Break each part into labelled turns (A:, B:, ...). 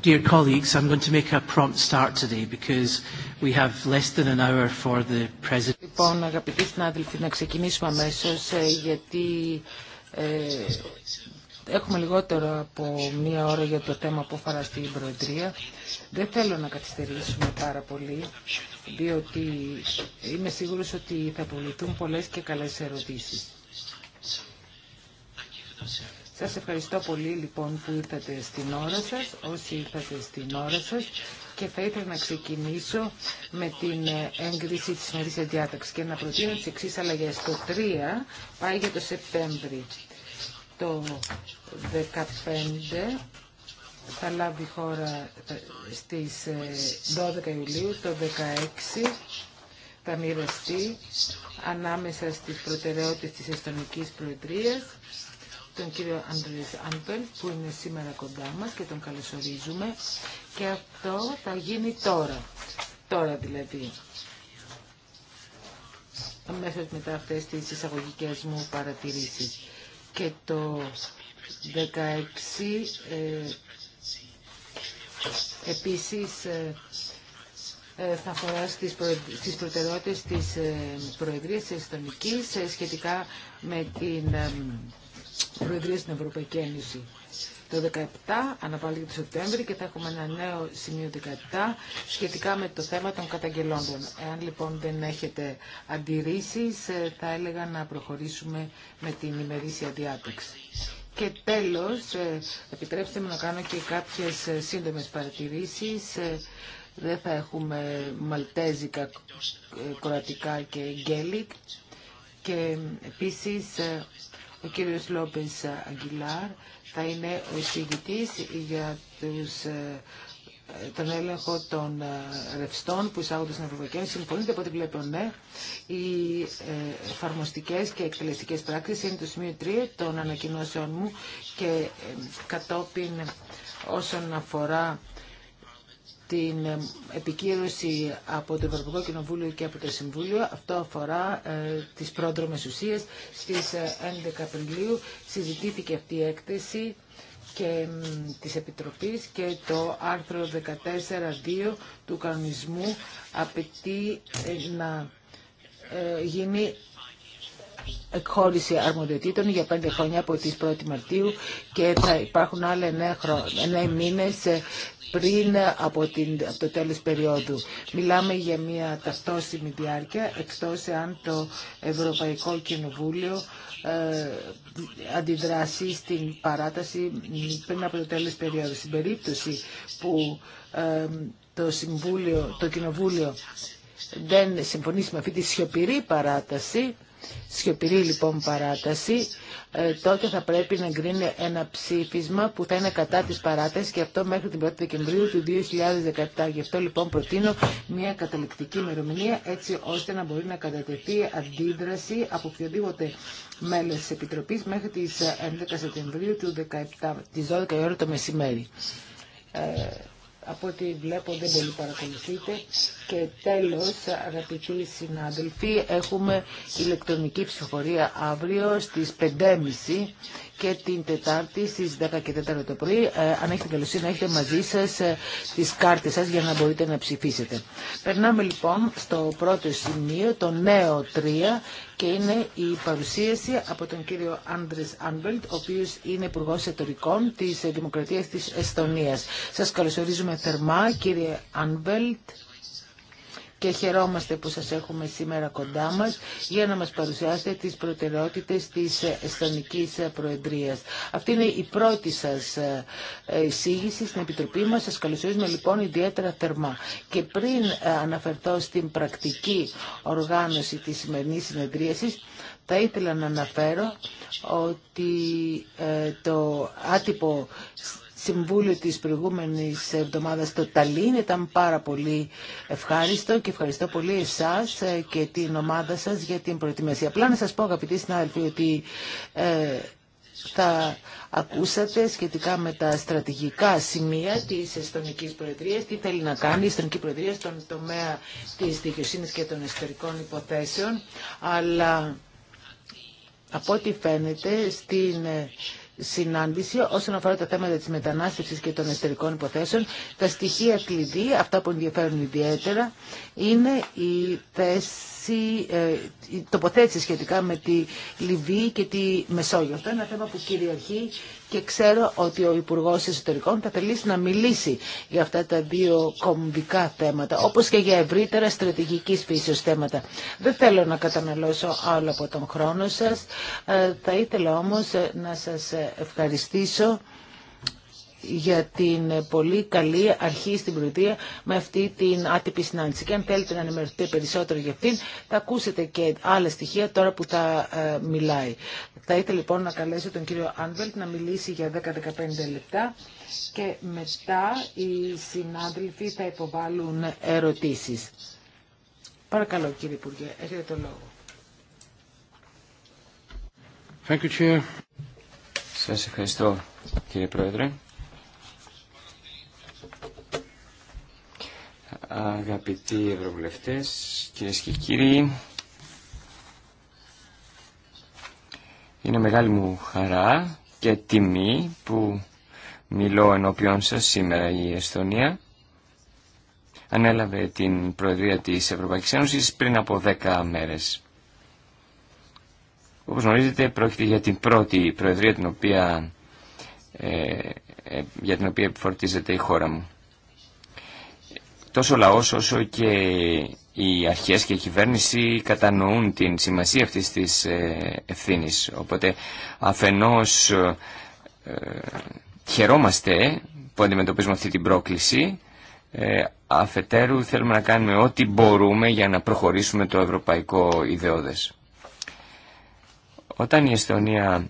A: Dear colleagues, I'm going to make a prompt start today because we have less than an hour for the president.
B: Λοιπόν, αγαπητοί συνάδελφοι, να ξεκινήσουμε αμέσω ε, γιατί ε, έχουμε λιγότερο από μία ώρα για το θέμα που αφορά στην Προεδρία. Δεν θέλω να καθυστερήσουμε πάρα πολύ, διότι είμαι σίγουρος ότι θα υποβληθούν πολλές και καλές ερωτήσεις. Σας ευχαριστώ πολύ λοιπόν που ήρθατε στην ώρα σας, όσοι ήρθατε στην ώρα σας και θα ήθελα να ξεκινήσω με την έγκριση της μερίσια διάταξης και να προτείνω τις εξής αλλαγές. Το 3 πάει για το Σεπτέμβρη. Το 15 θα λάβει χώρα ε, στις 12 ε, Ιουλίου, το 16 θα μοιραστεί ανάμεσα στις προτεραιότητες της Εστονικής Προεδρίας τον κύριο Αντρές Άμπελ που είναι σήμερα κοντά μας και τον καλωσορίζουμε και αυτό θα γίνει τώρα. Τώρα δηλαδή. μέσα μετά αυτέ τις εισαγωγικέ μου παρατηρήσεις. Και το 16 ε, επίσης ε, ε, θα αφορά στις, προ... στις προτεραιότητες της ε, Προεδρίας ε, σχετικά με την προεδρία στην Ευρωπαϊκή Ένωση. Το 17 αναβάλλεται το Σεπτέμβρη και θα έχουμε ένα νέο σημείο 17 σχετικά με το θέμα των καταγγελόντων. Εάν λοιπόν δεν έχετε αντιρρήσεις ε, θα έλεγα να προχωρήσουμε με την ημερήσια διάταξη. Και τέλος, ε, επιτρέψτε μου να κάνω και κάποιες ε, σύντομες παρατηρήσεις. Δεν θα έχουμε μαλτέζικα, κροατικά και γκέλικ. Και επίσης ο κύριος Λόπες Αγγιλάρ θα είναι ο εισηγητής για τους ε, τον έλεγχο των ε, ρευστών που εισάγονται στην Ευρωπαϊκή Ένωση. Συμφωνείτε από ό,τι βλέπω, ναι. Οι ε, εφαρμοστικέ και εκτελεστικέ πράξεις είναι το σημείο 3 των ανακοινώσεών μου και κατόπιν όσον αφορά την επικύρωση από το Ευρωπαϊκό Κοινοβούλιο και από το Συμβούλιο. Αυτό αφορά ε, τις πρόδρομες ουσίες. Στις 11 ε, Απριλίου συζητήθηκε αυτή η έκθεση και της Επιτροπής και το άρθρο 14.2 του κανονισμού απαιτεί ε, να ε, γίνει εκχώρηση αρμοδιοτήτων για πέντε χρόνια από τις 1η Μαρτίου και θα υπάρχουν άλλα εννέα μήνες ε, πριν από, το τέλος περίοδου. Μιλάμε για μια ταυτόσιμη διάρκεια, εκτός αν το Ευρωπαϊκό Κοινοβούλιο ε, αντιδράσει στην παράταση πριν από το τέλος περίοδου. Στην περίπτωση που ε, το, συμβούλιο, το Κοινοβούλιο δεν συμφωνήσει με αυτή τη σιωπηρή παράταση, σιωπηρή λοιπόν παράταση, ε, τότε θα πρέπει να εγκρίνει ένα ψήφισμα που θα είναι κατά της παράτασης και αυτό μέχρι την 1η Δεκεμβρίου του 2017. Γι' αυτό λοιπόν προτείνω μια καταληκτική ημερομηνία έτσι ώστε να μπορεί να κατατεθεί αντίδραση από οποιοδήποτε μέλος της Επιτροπής μέχρι τις 11 ε, Σεπτεμβρίου του 2017, τις 12 ώρα το μεσημέρι. Ε, από ό,τι βλέπω δεν πολύ παρακολουθείτε. Και τέλος, αγαπητοί συνάδελφοι, έχουμε ηλεκτρονική ψηφοφορία αύριο στις 5.30 και την Τετάρτη στι 10 και 4 το πρωί. Ε, αν έχετε καλοσύνη να έχετε μαζί σα ε, τις κάρτες σας για να μπορείτε να ψηφίσετε. Περνάμε λοιπόν στο πρώτο σημείο, το νέο τρία και είναι η παρουσίαση από τον κύριο Άντρε Ανβελτ, ο οποίος είναι υπουργό Ετορικών της Δημοκρατίας της Εστονίας. Σας καλωσορίζουμε θερμά κύριε Ανβελτ και χαιρόμαστε που σας έχουμε σήμερα κοντά μας για να μας παρουσιάσετε τις προτεραιότητες της εσθονική Προεδρίας. Αυτή είναι η πρώτη σας ε, εισήγηση στην Επιτροπή μας. Σας καλωσορίζουμε λοιπόν ιδιαίτερα θερμά. Και πριν ε, αναφερθώ στην πρακτική οργάνωση της σημερινής συνεδρίασης, θα ήθελα να αναφέρω ότι ε, το άτυπο συμβούλιο της προηγούμενης εβδομάδας στο Ταλίν. Ήταν πάρα πολύ ευχάριστο και ευχαριστώ πολύ εσάς ε, και την ομάδα σας για την προετοιμασία. Απλά να σας πω αγαπητοί συνάδελφοι ότι ε, θα ακούσατε σχετικά με τα στρατηγικά σημεία της Εστονικής Προεδρίας, τι θέλει να κάνει η Εστονική Προεδρία στον τομέα της δικαιοσύνης και των εσωτερικών υποθέσεων, αλλά από ό,τι φαίνεται στην ε, συνάντηση όσον αφορά τα θέματα της μετανάστευσης και των εσωτερικών υποθέσεων. Τα στοιχεία κλειδί, αυτά που ενδιαφέρουν ιδιαίτερα, είναι η ε, η τοποθέτηση σχετικά με τη Λιβύη και τη Μεσόγειο. Αυτό είναι ένα θέμα που κυριαρχεί και ξέρω ότι ο Υπουργό Εσωτερικών θα θελήσει να μιλήσει για αυτά τα δύο κομβικά θέματα, όπως και για ευρύτερα στρατηγικής φύσεως θέματα. Δεν θέλω να καταναλώσω άλλο από τον χρόνο σας, ε, θα ήθελα όμω να σας ευχαριστήσω για την πολύ καλή αρχή στην Προεδρία με αυτή την άτυπη συνάντηση. Και αν θέλετε να ενημερωθείτε περισσότερο για αυτήν, θα ακούσετε και άλλα στοιχεία τώρα που θα ε, μιλάει. Θα ήθελα λοιπόν να καλέσω τον κύριο Άνβελτ να μιλήσει για 10-15 λεπτά και μετά οι συνάδελφοι θα υποβάλουν ερωτήσεις. Παρακαλώ κύριε Υπουργέ, έχετε το λόγο. Thank
C: Σας ευχαριστώ κύριε Πρόεδρε. Αγαπητοί Ευρωβουλευτές, κυρίε και κύριοι, είναι μεγάλη μου χαρά και τιμή που μιλώ ενώπιον σας σήμερα η Εσθονία Ανέλαβε την Προεδρία της Ευρωπαϊκής Ένωσης πριν από δέκα μέρες. Όπως γνωρίζετε πρόκειται για την πρώτη Προεδρία την οποία, ε, ε για την οποία επιφορτίζεται η χώρα μου τόσο ο λαός όσο και οι αρχές και η κυβέρνηση κατανοούν την σημασία αυτής της ε, ευθύνης. Οπότε αφενός ε, ε, χαιρόμαστε που αντιμετωπίζουμε αυτή την πρόκληση, ε, αφετέρου θέλουμε να κάνουμε ό,τι μπορούμε για να προχωρήσουμε το ευρωπαϊκό ιδεώδες. Όταν η Εστονία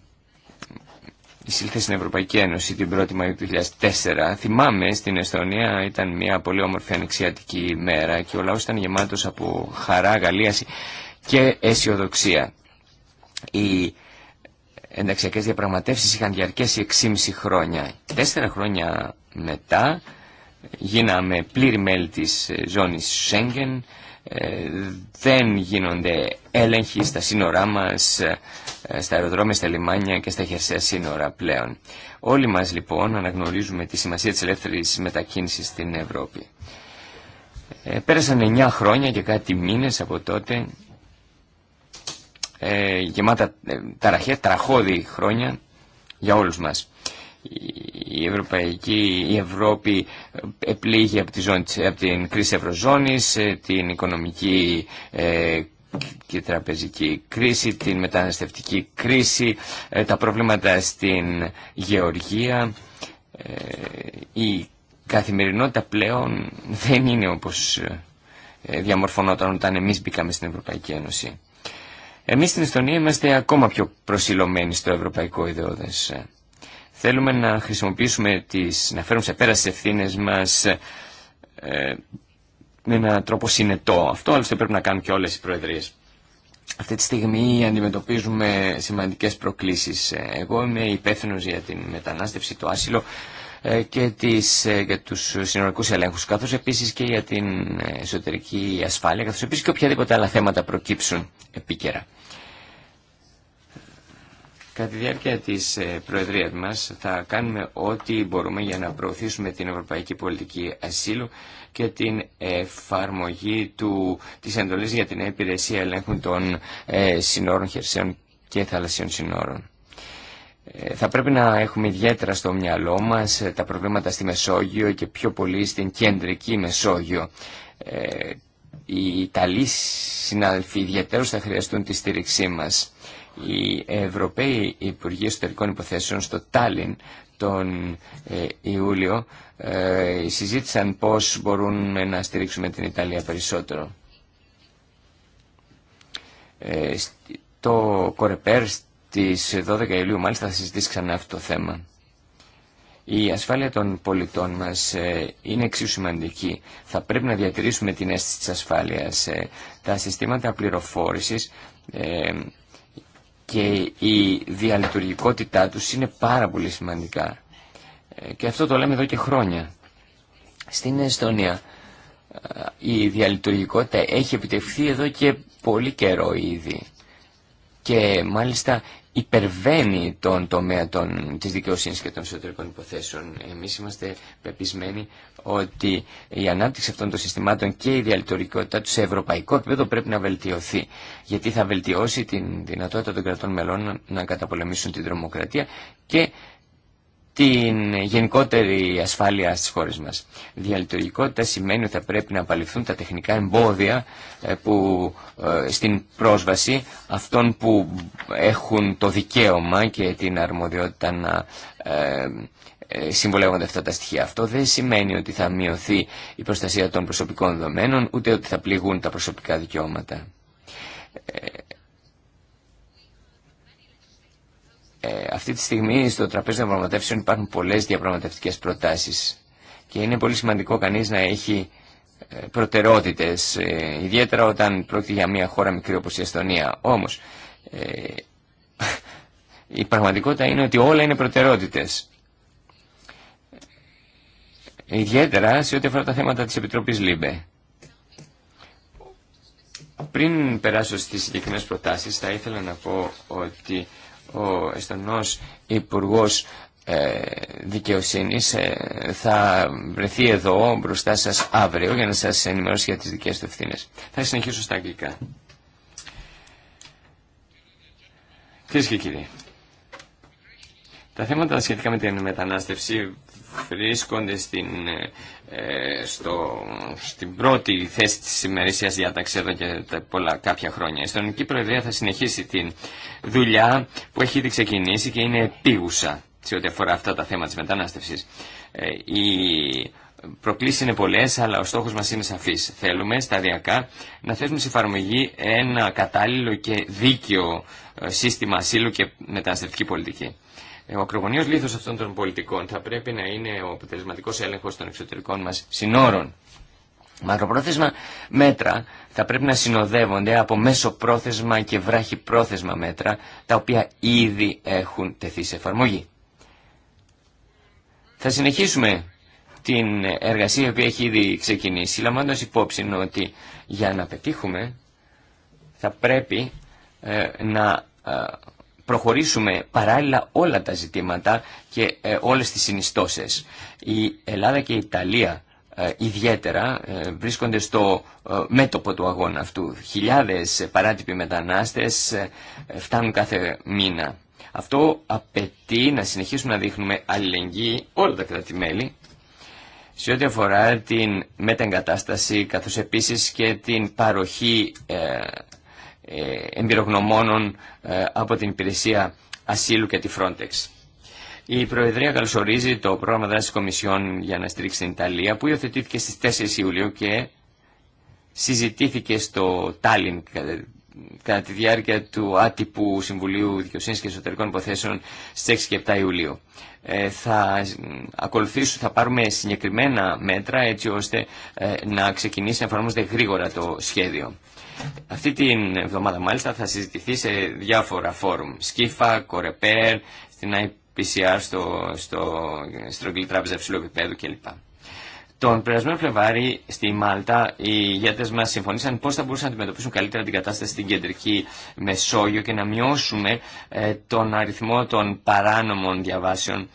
C: εισήλθε στην Ευρωπαϊκή Ένωση την 1η Μαΐου του 2004. Θυμάμαι στην Εστονία ήταν μια πολύ όμορφη ανεξιατική μερα και ο λαός ήταν γεμάτος από χαρά, γαλίαση και αισιοδοξία. Οι ενταξιακές διαπραγματεύσεις είχαν διαρκέσει 6,5 χρόνια. Τέσσερα χρόνια μετά γίναμε πλήρη μέλη της ζώνης Σέγγεν, ε, δεν γίνονται έλεγχοι στα σύνορά μας, στα αεροδρόμια, στα λιμάνια και στα χερσαία σύνορα πλέον. Όλοι μας λοιπόν αναγνωρίζουμε τη σημασία της ελεύθερης μετακίνησης στην Ευρώπη. Ε, πέρασαν 9 χρόνια και κάτι μήνες από τότε, ε, γεμάτα ε, τραχώδη χρόνια για όλους μας. Η Ευρωπαϊκή, η Ευρώπη επλήγει από, την κρίση ευρωζώνης, ε, την οικονομική ε, και τραπεζική κρίση, την μεταναστευτική κρίση, ε, τα προβλήματα στην γεωργία. Ε, η καθημερινότητα πλέον δεν είναι όπως ε, διαμορφωνόταν όταν εμείς μπήκαμε στην Ευρωπαϊκή Ένωση. Εμείς στην Εστονία είμαστε ακόμα πιο προσιλωμένοι στο ευρωπαϊκό ιδεώδες. Θέλουμε να χρησιμοποιήσουμε τις, να φέρουμε σε πέρα τις ευθύνες μας με έναν τρόπο συνετό. Αυτό άλλωστε πρέπει να κάνουν και όλες οι προεδρίες. Αυτή τη στιγμή αντιμετωπίζουμε σημαντικές προκλήσεις. Εγώ είμαι υπεύθυνο για την μετανάστευση, το άσυλο ε, και, τις, ε, για τους συνορικούς ελέγχους, καθώς επίσης και για την εσωτερική ασφάλεια, καθώς επίσης και οποιαδήποτε άλλα θέματα προκύψουν επίκαιρα. Κατά τη διάρκεια της ε, Προεδρίας μας θα κάνουμε ό,τι μπορούμε για να προωθήσουμε την Ευρωπαϊκή Πολιτική Ασύλου και την εφαρμογή του, της εντολής για την υπηρεσία ελέγχου των ε, συνόρων χερσαίων και θαλασσίων συνόρων. Ε, θα πρέπει να έχουμε ιδιαίτερα στο μυαλό μας τα προβλήματα στη Μεσόγειο και πιο πολύ στην κεντρική Μεσόγειο. οι Ιταλοί συνάδελφοι θα χρειαστούν τη στήριξή μας οι Ευρωπαίοι Υπουργοί Εσωτερικών Υποθέσεων στο Τάλιν τον ε, Ιούλιο ε, συζήτησαν πώς μπορούν να στηρίξουμε την Ιταλία περισσότερο. Ε, το Κορεπέρ στις 12 Ιουλίου μάλιστα θα συζητήσει ξανά αυτό το θέμα. Η ασφάλεια των πολιτών μας είναι εξίσου σημαντική. Θα πρέπει να διατηρήσουμε την αίσθηση της ασφάλειας. Τα συστήματα πληροφόρησης και η διαλειτουργικότητά τους είναι πάρα πολύ σημαντικά. Ε, και αυτό το λέμε εδώ και χρόνια. Στην Εστονία ε, η διαλειτουργικότητα έχει επιτευχθεί εδώ και πολύ καιρό ήδη. Και μάλιστα υπερβαίνει τον τομέα των, της δικαιοσύνης και των εσωτερικών υποθέσεων. Εμείς είμαστε πεπισμένοι ότι η ανάπτυξη αυτών των συστημάτων και η διαλειτουργικότητα του σε ευρωπαϊκό επίπεδο πρέπει να βελτιωθεί. Γιατί θα βελτιώσει την δυνατότητα των κρατών μελών να καταπολεμήσουν την τρομοκρατία και την γενικότερη ασφάλεια στις χώρες μας. Διαλειτουργικότητα σημαίνει ότι θα πρέπει να απαλληφθούν τα τεχνικά εμπόδια ε, που, ε, στην πρόσβαση αυτών που έχουν το δικαίωμα και την αρμοδιότητα να ε, συμβολεύονται αυτά τα στοιχεία. Αυτό δεν σημαίνει ότι θα μειωθεί η προστασία των προσωπικών δεδομένων, ούτε ότι θα πληγούν τα προσωπικά δικαιώματα. Ε, αυτή τη στιγμή στο τραπέζι των διαπραγματεύσεων υπάρχουν πολλές διαπραγματευτικές προτάσεις και είναι πολύ σημαντικό κανείς να έχει ε, προτεραιότητες, ε, ιδιαίτερα όταν πρόκειται για μια χώρα μικρή όπως η Εστονία. Όμως, ε, η πραγματικότητα είναι ότι όλα είναι προτεραιότητες. Ιδιαίτερα σε ό,τι αφορά τα θέματα της Επιτροπής ΛΥΜΠΕ. Πριν περάσω στις συγκεκριμένες προτάσεις, θα ήθελα να πω ότι ο Εστονός Υπουργός ε, Δικαιοσύνης ε, θα βρεθεί εδώ μπροστά σας αύριο για να σας ενημερώσει για τις δικές του ευθύνες. Θα συνεχίσω στα αγγλικά. Κυρίε και κύριοι. Τα θέματα σχετικά με την μετανάστευση βρίσκονται στην, ε, στο, στην πρώτη θέση της ημερήσιας διάταξη εδώ και τα πολλά κάποια χρόνια. Η Στονική Προεδρία θα συνεχίσει την δουλειά που έχει ήδη ξεκινήσει και είναι επίγουσα σε ό,τι αφορά αυτά τα θέματα της μετανάστευσης. Ε, η, Προκλήσεις είναι πολλέ, αλλά ο στόχο μα είναι σαφή. Θέλουμε σταδιακά να θέσουμε σε εφαρμογή ένα κατάλληλο και δίκαιο ε, σύστημα ασύλου και μεταναστευτική πολιτική ο ακρογωνίος λίθος αυτών των πολιτικών θα πρέπει να είναι ο αποτελεσματικό έλεγχος των εξωτερικών μας συνόρων. Μακροπρόθεσμα μέτρα θα πρέπει να συνοδεύονται από μέσο πρόθεσμα και βράχη πρόθεσμα μέτρα τα οποία ήδη έχουν τεθεί σε εφαρμογή. Θα συνεχίσουμε την εργασία που έχει ήδη ξεκινήσει, λαμβάνοντας υπόψη ότι για να πετύχουμε θα πρέπει ε, να ε, προχωρήσουμε παράλληλα όλα τα ζητήματα και ε, όλες τις συνιστώσεις. Η Ελλάδα και η Ιταλία ε, ιδιαίτερα ε, βρίσκονται στο μέτωπο του αγώνα αυτού. Χιλιάδες παράτυποι μετανάστες φτάνουν κάθε μήνα. Αυτό απαιτεί να συνεχίσουμε να δείχνουμε αλληλεγγύη όλα τα κράτη-μέλη σε ό,τι αφορά την μετεγκατάσταση καθώς επίσης και την παροχή ε, εμπειρογνωμόνων ε, από την Υπηρεσία Ασύλου και τη Frontex. Η Προεδρία καλωσορίζει το πρόγραμμα δράσης Κομισιόν για να στηρίξει την Ιταλία που υιοθετήθηκε στις 4 Ιουλίου και συζητήθηκε στο Τάλιν κατά τη διάρκεια του άτυπου Συμβουλίου Δικαιοσύνης και Εσωτερικών Υποθέσεων στις 6 και 7 Ιουλίου. Ε, θα ακολουθήσουμε, θα πάρουμε συγκεκριμένα μέτρα έτσι ώστε να ξεκινήσει να εφαρμόζεται γρήγορα το σχέδιο. Αυτή την εβδομάδα μάλιστα θα συζητηθεί σε διάφορα φόρουμ. Σκύφα, Κορεπέρ, στην IPCR, στο, στο, Στρογγυλή Τράπεζα Υψηλού Επιπέδου κλπ. Τον περασμένο Φλεβάρι στη Μάλτα οι ηγέτε μα συμφωνήσαν πώ θα μπορούσαν να αντιμετωπίσουν καλύτερα την κατάσταση στην κεντρική Μεσόγειο και να μειώσουμε ε, τον αριθμό των παράνομων διαβάσεων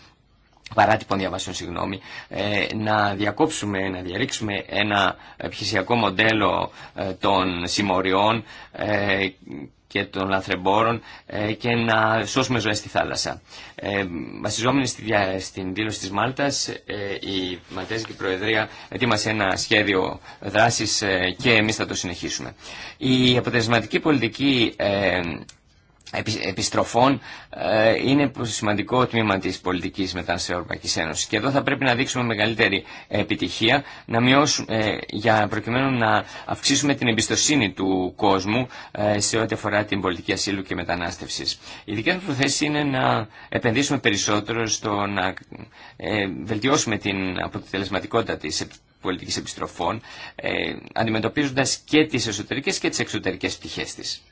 C: παράτυπων διαβάσεων, συγγνώμη, ε, να διακόψουμε, να διαρρήξουμε ένα επιχειρησιακό μοντέλο ε, των συμμοριών ε, και των λαθρεμπόρων και να σώσουμε ζωές στη θάλασσα. Ε, βασιζόμενοι στη, στην δήλωση της Μάλτας, η Μαλτέζικη Προεδρία ετοίμασε ένα σχέδιο δράσης και εμείς θα το συνεχίσουμε. Η αποτελεσματική πολιτική επιστροφών ε, είναι σημαντικό τμήμα της πολιτικής μετά σε Ευρωπαϊκής Ένωσης. Και εδώ θα πρέπει να δείξουμε μεγαλύτερη επιτυχία να μειώσουμε, για προκειμένου να αυξήσουμε την εμπιστοσύνη του κόσμου ε, σε ό,τι αφορά την πολιτική ασύλου και μετανάστευσης. Η δική μας προθέση είναι να επενδύσουμε περισσότερο στο να ε, βελτιώσουμε την αποτελεσματικότητα της πολιτικής επιστροφών αντιμετωπίζοντας και τις εσωτερικές και τις εξωτερικές πτυχές της.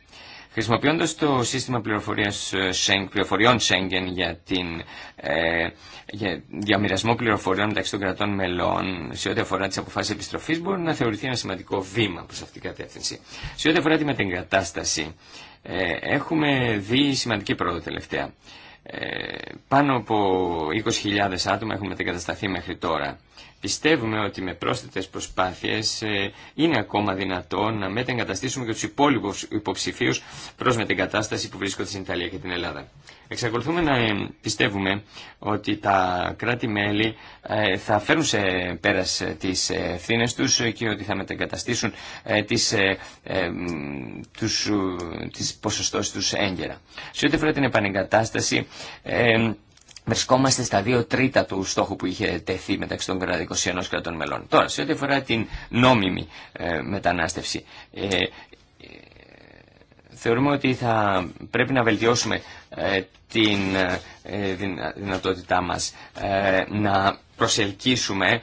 C: Χρησιμοποιώντα το σύστημα ε, πληροφοριών Schengen για, την, ε, για διαμοιρασμό πληροφοριών μεταξύ των κρατών μελών σε ό,τι αφορά τι αποφάσει επιστροφή, μπορεί να θεωρηθεί ένα σημαντικό βήμα προ αυτήν την κατεύθυνση. Σε ό,τι αφορά τη μετεγκατάσταση ε, έχουμε δει σημαντική πρόοδο τελευταία. Ε, πάνω από 20.000 άτομα έχουν μετεγκατασταθεί μέχρι τώρα. Πιστεύουμε ότι με πρόσθετες προσπάθειες ε, είναι ακόμα δυνατό να μετεγκαταστήσουμε και τους υπόλοιπους υποψηφίους προς κατάσταση που βρίσκονται στην Ιταλία και την Ελλάδα. Εξακολουθούμε να ε, πιστεύουμε ότι τα κράτη-μέλη ε, θα φέρουν σε πέρας τις ευθύνε τους και ότι θα μετεγκαταστήσουν τις, τους, τις ποσοστώσεις τους έγκαιρα. Σε ό,τι αφορά την επανεγκατάσταση βρισκόμαστε στα δύο τρίτα του στόχου που είχε τεθεί μεταξύ των 21 κρατών μελών. Τώρα, σε ό,τι αφορά την νόμιμη ε, μετανάστευση, ε, ε, θεωρούμε ότι θα πρέπει να βελτιώσουμε ε, την δυνατότητά μας να προσελκύσουμε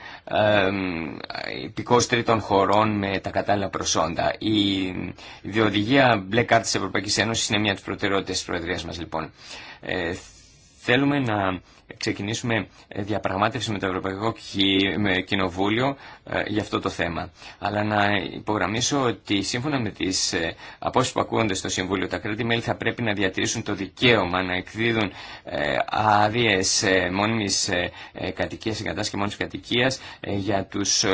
C: υπηκός τρίτων χωρών με τα κατάλληλα προσόντα. Η διοδηγία μπλε κάρτα της Ευρωπαϊκής Ένωσης είναι μια της προτεραιότητας της Προεδρίας μας λοιπόν. Θέλουμε να ξεκινήσουμε ε, διαπραγμάτευση με το Ευρωπαϊκό Κοινοβούλιο ε, για αυτό το θέμα. Αλλά να υπογραμμίσω ότι σύμφωνα με τις ε, απόψεις που ακούγονται στο Συμβούλιο, τα κράτη-μέλη θα πρέπει να διατηρήσουν το δικαίωμα να εκδίδουν άδειε μόνιμης κατοικίας, και μόνιμης κατοικίας για τους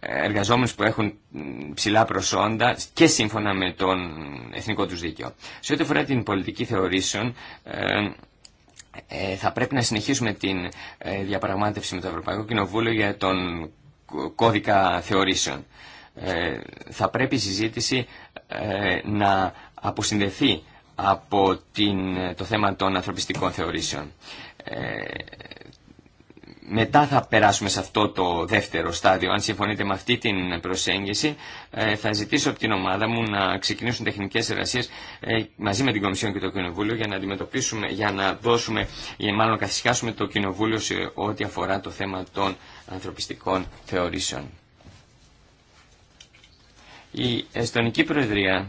C: εργαζόμενους που έχουν ψηλά προσόντα και σύμφωνα με τον εθνικό τους δίκαιο. Σε ό,τι αφορά την πολιτική θεωρήσεων, ε, θα πρέπει να συνεχίσουμε την ε, διαπραγμάτευση με το Ευρωπαϊκό Κοινοβούλιο για τον κώδικα θεωρήσεων. Ε, θα πρέπει η συζήτηση να αποσυνδεθεί από την, το θέμα των ανθρωπιστικών θεωρήσεων μετά θα περάσουμε σε αυτό το δεύτερο στάδιο. Αν συμφωνείτε με αυτή την προσέγγιση, ε, θα ζητήσω από την ομάδα μου να ξεκινήσουν τεχνικέ εργασίε ε, μαζί με την Κομισιόν και το Κοινοβούλιο για να αντιμετωπίσουμε, για να δώσουμε, για μάλλον να καθισκάσουμε το Κοινοβούλιο σε ό,τι αφορά το θέμα των ανθρωπιστικών θεωρήσεων. Η Εστονική Προεδρία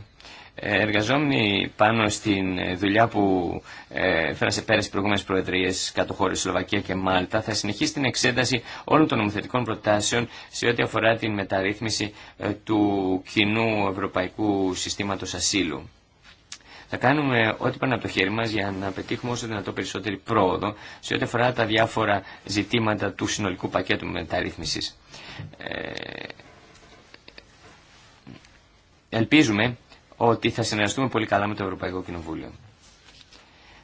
C: ε, εργαζόμενοι πάνω στην ε, δουλειά που ε, έφεραν σε πέρα στι προηγούμενε προεδρίε κάτω χώρε Σλοβακία και Μάλτα θα συνεχίσει την εξέταση όλων των νομοθετικών προτάσεων σε ό,τι αφορά την μεταρρύθμιση του κοινού ευρωπαϊκού συστήματο ασύλου. Θα κάνουμε ό,τι πάνε από το χέρι μα για να πετύχουμε όσο δυνατό περισσότερη πρόοδο σε ό,τι αφορά τα διάφορα ζητήματα του συνολικού πακέτου μεταρρύθμιση. Ελπίζουμε ότι θα συνεργαστούμε πολύ καλά με το Ευρωπαϊκό Κοινοβούλιο.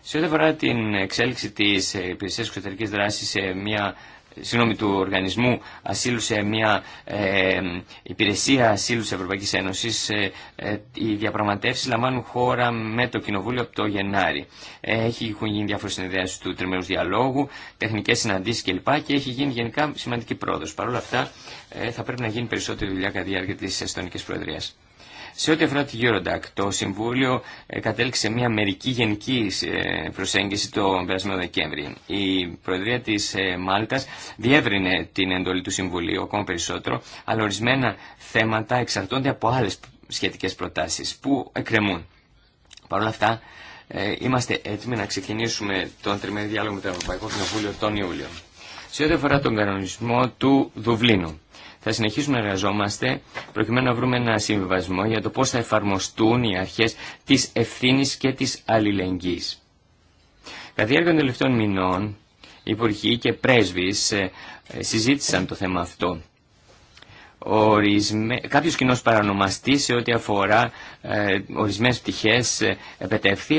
C: Σε ό,τι αφορά την εξέλιξη τη ε, υπηρεσία εξωτερική δράση σε μια συγγνώμη, του οργανισμού ασύλου σε μια ε, υπηρεσία ασύλου της Ευρωπαϊκής Ένωσης ε, ε, οι διαπραγματεύσεις λαμβάνουν χώρα με το Κοινοβούλιο από το Γενάρη. Ε, έχει, έχουν γίνει διάφορες συνδέσεις του τριμερούς διαλόγου, τεχνικές συναντήσεις κλπ. και έχει γίνει γενικά σημαντική πρόοδος. Παρ' όλα αυτά ε, θα πρέπει να γίνει περισσότερη δουλειά κατά τη διάρκεια της Εστονικής Προεδρίας. Σε ό,τι αφορά τη Eurodac, το Συμβούλιο ε, κατέληξε μια μερική γενική ε, προσέγγιση το περασμένο Δεκέμβρη. Η Προεδρία τη ε, Μάλτα διεύρυνε την εντολή του Συμβουλίου ακόμα περισσότερο, αλλά ορισμένα θέματα εξαρτώνται από άλλε σχετικέ προτάσει που εκκρεμούν. Παρ' όλα αυτά, είμαστε έτοιμοι να ξεκινήσουμε τον τριμερή διάλογο με το Ευρωπαϊκό Κοινοβούλιο τον Ιούλιο. Σε ό,τι αφορά τον κανονισμό του Δουβλίνου θα συνεχίσουμε να εργαζόμαστε προκειμένου να βρούμε ένα συμβιβασμό για το πώς θα εφαρμοστούν οι αρχές της ευθύνης και της αλληλεγγύης. Κατά διάρκεια των τελευταίων μηνών, οι υπουργοί και πρέσβεις ε, ε, συζήτησαν το θέμα αυτό. Ορισμέ... Κάποιος κοινός παρανομαστής σε ό,τι αφορά ε, ορισμένες πτυχές ε,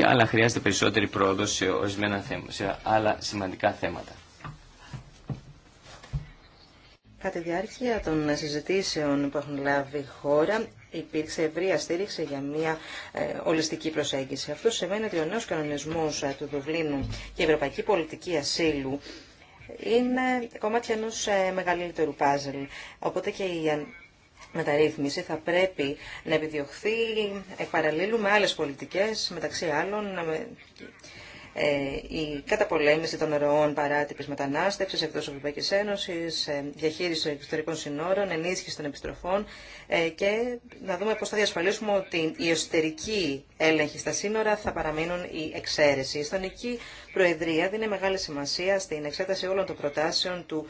C: αλλά χρειάζεται περισσότερη πρόοδο σε άλλα σημαντικά θέματα.
D: Κατά τη διάρκεια των συζητήσεων που έχουν λάβει η χώρα, υπήρξε ευρεία στήριξη για μια ε, ολιστική προσέγγιση. Αυτό σημαίνει ότι ο νέος κανονισμός ε, του Δουβλίνου και η Ευρωπαϊκή Πολιτική Ασύλου είναι κομμάτια ενό ε, μεγαλύτερου πάζλ. Οπότε και η μεταρρύθμιση θα πρέπει να επιδιωχθεί παραλλήλου με άλλες πολιτικές, μεταξύ άλλων ε, η καταπολέμηση των ροών παράτυπης μετανάστευσης εκτός Ευρωπαϊκής Ένωσης, ε, διαχείριση των εξωτερικών συνόρων, ενίσχυση των επιστροφών ε, και να δούμε πώ θα διασφαλίσουμε ότι οι εσωτερικοί έλεγχοι στα σύνορα θα παραμείνουν η εξαίρεση. Η Ιστονική Προεδρία δίνει μεγάλη σημασία στην εξέταση όλων των προτάσεων του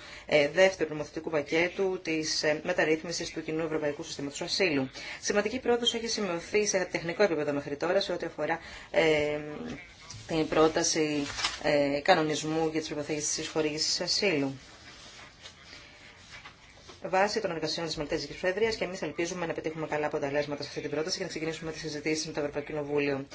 D: δεύτερου νομοθετικού πακέτου τη μεταρρύθμιση του κοινού Ευρωπαϊκού Συστήματο Ασύλου. Σημαντική πρόοδο έχει σημειωθεί σε τεχνικό επίπεδο μέχρι τώρα σε ό,τι αφορά την πρόταση ε, κανονισμού για τις προποθέσεις της χορήγησης ασύλου. Βάσει των εργασιών τη Μαλτέζικη Προεδρία και εμεί ελπίζουμε να πετύχουμε καλά αποτελέσματα σε αυτή την πρόταση και να ξεκινήσουμε τι συζητήσει με το Ευρωπαϊκό Κοινοβούλιο.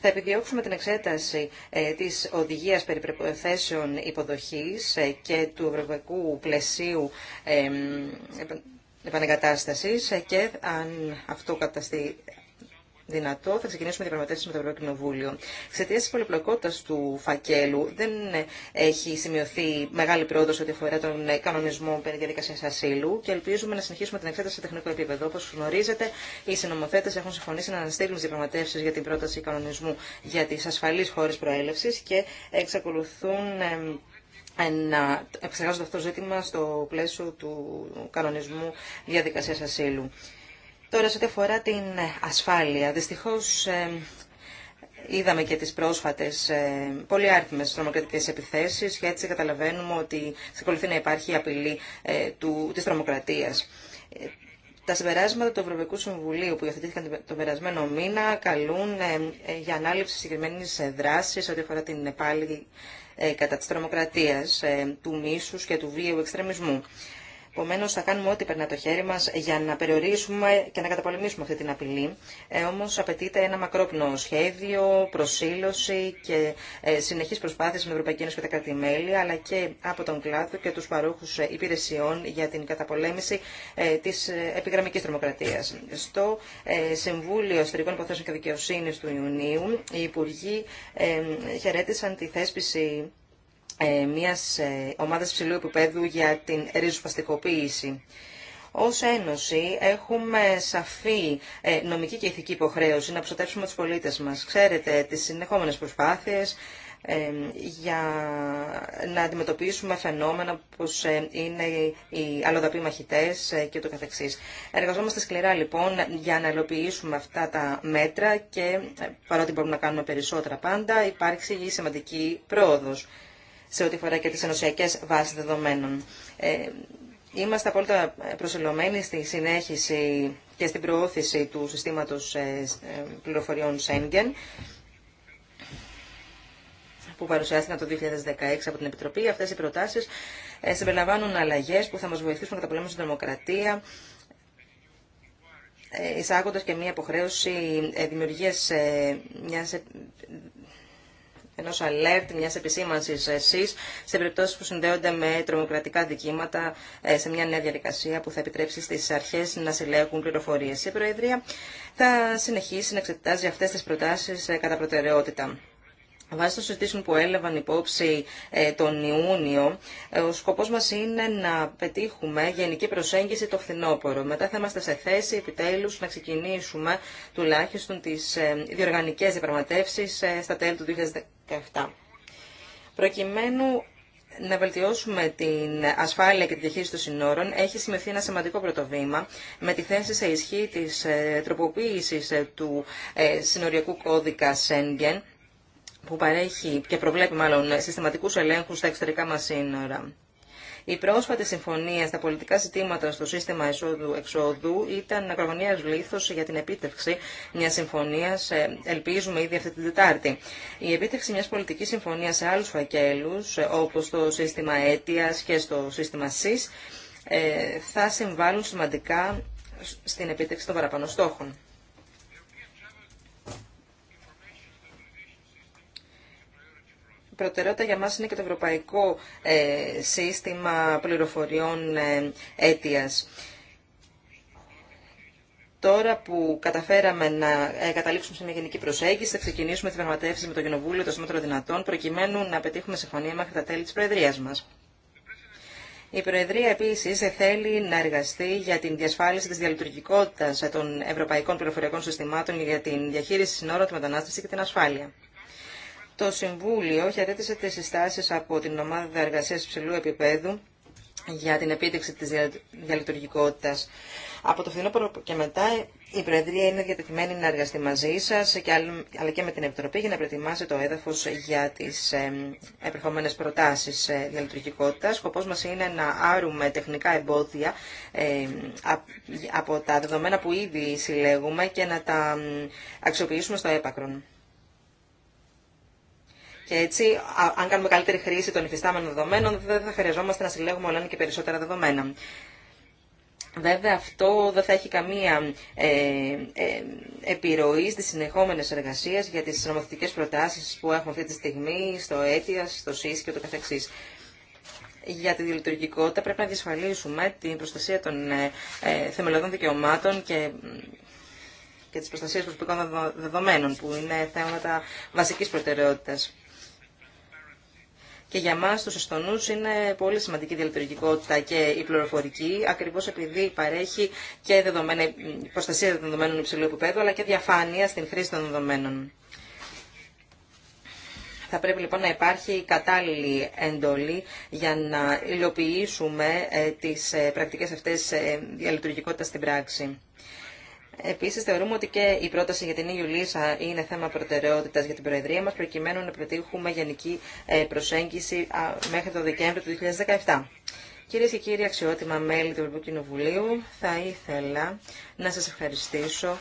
D: Θα επιδιώξουμε την εξέταση ε, τη οδηγία περί προποθέσεων υποδοχή ε, και του ευρωπαϊκού πλαισίου ε, επανεγκατάσταση ε, και αν αυτό καταστεί δυνατό θα ξεκινήσουμε διαπραγματεύσει με το Ευρωπαϊκό Κοινοβούλιο. Εξαιτία τη πολυπλοκότητα του φακέλου δεν έχει σημειωθεί μεγάλη πρόοδο ό,τι αφορά τον κανονισμό περί διαδικασία ασύλου και ελπίζουμε να συνεχίσουμε την εξέταση σε τεχνικό επίπεδο. Όπω γνωρίζετε, οι συνομοθέτε έχουν συμφωνήσει να αναστείλουν τι διαπραγματεύσει για την πρόταση κανονισμού για τι ασφαλεί χώρε προέλευση και εξακολουθούν να επεξεργάζονται αυτό το ζήτημα στο πλαίσιο του κανονισμού διαδικασίας ασύλου. Τώρα, σε ό,τι αφορά την ε, ασφάλεια, δυστυχώς ε, είδαμε και τις πρόσφατες ε, πολύ άρθμες τρομοκρατικές επιθέσεις και έτσι καταλαβαίνουμε ότι συγκολουθεί να υπάρχει η απειλή του, της τρομοκρατίας. Τα συμπεράσματα του Ευρωπαϊκού Συμβουλίου που υιοθετήθηκαν τον περασμένο μήνα καλούν για ανάληψη συγκεκριμένη δράση ό,τι αφορά την ε, κατά της τρομοκρατίας, του μίσους και του βίαιου εξτρεμισμού. Επομένω, θα κάνουμε ό,τι περνά το χέρι μα για να περιορίσουμε και να καταπολεμήσουμε αυτή την απειλή. Ε, Όμω, απαιτείται ένα μακρόπνο σχέδιο, προσήλωση και ε, συνεχεί προσπάθειε με Ευρωπαϊκή Ένωση και τα κράτη-μέλη, αλλά και από τον κλάδο και του παρόχου ε, υπηρεσιών για την καταπολέμηση ε, τη ε, επιγραμμική τρομοκρατία. Στο ε, Συμβούλιο Αστυνομικών Υποθέσεων και Δικαιοσύνη του Ιουνίου, οι Υπουργοί χαιρέτησαν τη θέσπιση ε, μιας ε, ομάδας ψηλού επίπεδου για την ριζοσπαστικοποίηση. Ως Ένωση έχουμε σαφή ε, νομική και ηθική υποχρέωση να προστατεύσουμε τους πολίτες μας. Ξέρετε τις συνεχόμενες προσπάθειες για να αντιμετωπίσουμε φαινόμενα όπως είναι οι αλλοδαποί μαχητές και το καθεξής. Εργαζόμαστε σκληρά λοιπόν για να ελοποιήσουμε αυτά τα μέτρα και παρότι μπορούμε να κάνουμε περισσότερα πάντα υπάρχει σημαντική πρόοδος σε ό,τι αφορά και τι ενωσιακέ βάσει δεδομένων. Ε, είμαστε απόλυτα προσελωμένοι στη συνέχιση και στην προώθηση του συστήματος ε, ε, πληροφοριών Schengen που παρουσιάστηκαν το 2016 από την Επιτροπή. Αυτές οι προτάσεις συμπεριλαμβάνουν αλλαγές που θα μας βοηθήσουν κατά πολέμου στην δημοκρατία, εισάγοντα και μια υποχρέωση δημιουργία μιας ενό alert, μιας επισήμανσης ε, εσεί, σε περιπτώσει που συνδέονται με τρομοκρατικά δικήματα, ε, σε μια νέα διαδικασία που θα επιτρέψει στι αρχές να συλλέγουν πληροφορίε. Η Προεδρία θα συνεχίσει να εξετάζει αυτές τις προτάσεις ε, κατά προτεραιότητα. Βάσει των συζητήσεων που έλαβαν υπόψη ε, τον Ιούνιο, ε, ο σκοπός μας είναι να πετύχουμε γενική προσέγγιση το φθινόπωρο. Μετά θα είμαστε σε θέση επιτέλους να ξεκινήσουμε τουλάχιστον τις ε, διοργανικές διαπραγματεύσεις στα τέλη του 2017. Προκειμένου να βελτιώσουμε την ασφάλεια και τη διαχείριση των συνόρων, έχει σημειωθεί ένα σημαντικό πρωτοβήμα με τη θέση σε ισχύ της τροποποίησης του συνοριακού κώδικα Σέγγεν, που παρέχει και προβλέπει μάλλον συστηματικούς ελέγχους στα εξωτερικά μα σύνορα. Η πρόσφατη συμφωνία στα πολιτικά ζητήματα στο σύστημα εισόδου-εξόδου ήταν ακρογωνία λήθο για την επίτευξη μια συμφωνία, ε, ελπίζουμε ήδη αυτή την Τετάρτη. Η επίτευξη μια πολιτική συμφωνία σε άλλου φακέλου, ε, όπω το σύστημα αίτια και στο σύστημα ΣΥΣ, ε, θα συμβάλλουν σημαντικά στην επίτευξη των παραπάνω στόχων. προτεραιότητα για μας είναι και το Ευρωπαϊκό ε, Σύστημα Πληροφοριών ε, Αίτιας. Τώρα που καταφέραμε να ε, καταλήξουμε σε μια γενική προσέγγιση, θα ξεκινήσουμε τη πραγματεύσει με το Κοινοβούλιο των Σύμμετρο Δυνατών, προκειμένου να πετύχουμε συμφωνία μέχρι τα τέλη της Προεδρίας μας. Η Προεδρία επίση θέλει να εργαστεί για την διασφάλιση τη διαλειτουργικότητα των ευρωπαϊκών πληροφοριακών συστημάτων για την διαχείριση συνόρων, τη μετανάστευση και την ασφάλεια. Το Συμβούλιο χαιρέτησε τις συστάσεις από την ομάδα εργασίας υψηλού επίπεδου για την επίτευξη της διαλειτουργικότητας. Από το φθινόπωρο και μετά η Προεδρία είναι διατεθειμένη να εργαστεί μαζί σας αλλά και με την Επιτροπή για να προετοιμάσει το έδαφος για τις ε, επερχόμενες προτάσεις ε, διαλειτουργικότητας. Σκοπός μας είναι να άρουμε τεχνικά εμπόδια από τα δεδομένα που ήδη συλλέγουμε και να τα αξιοποιήσουμε στο έπακρον. Και έτσι, αν κάνουμε καλύτερη χρήση των υφιστάμενων δεδομένων, δεν θα χρειαζόμαστε να συλλέγουμε όλα και περισσότερα δεδομένα. Βέβαια, αυτό δεν θα έχει καμία ε, ε, επιρροή στις συνεχόμενες εργασίες για τις νομοθετικές προτάσεις που έχουμε αυτή τη στιγμή στο αίτια, στο ΣΥΣ και το καθεξής. Για τη λειτουργικότητα πρέπει να διασφαλίσουμε την προστασία των ε, ε, θεμελιωδών δικαιωμάτων και και της προστασίας προσωπικών δεδομένων, που είναι θέματα βασικής προτεραιότητας. Και για μας τους εστονούς είναι πολύ σημαντική διαλειτουργικότητα και η πληροφορική, ακριβώς επειδή παρέχει και δεδομένα, προστασία δεδομένων υψηλού επίπεδου, αλλά και διαφάνεια στην χρήση των δεδομένων. Θα πρέπει λοιπόν να υπάρχει κατάλληλη εντολή για να υλοποιήσουμε ε, τις ε, πρακτικές αυτές ε, διαλειτουργικότητας στην πράξη. Επίση, θεωρούμε ότι και η πρόταση για την EU Λύσα είναι θέμα προτεραιότητα για την Προεδρία μα, προκειμένου να πετύχουμε γενική ε, προσέγγιση μέχρι το Δεκέμβριο του 2017. Κυρίε και κύριοι αξιότιμα μέλη του Ευρωπαϊκού Κοινοβουλίου, θα ήθελα να σα ευχαριστήσω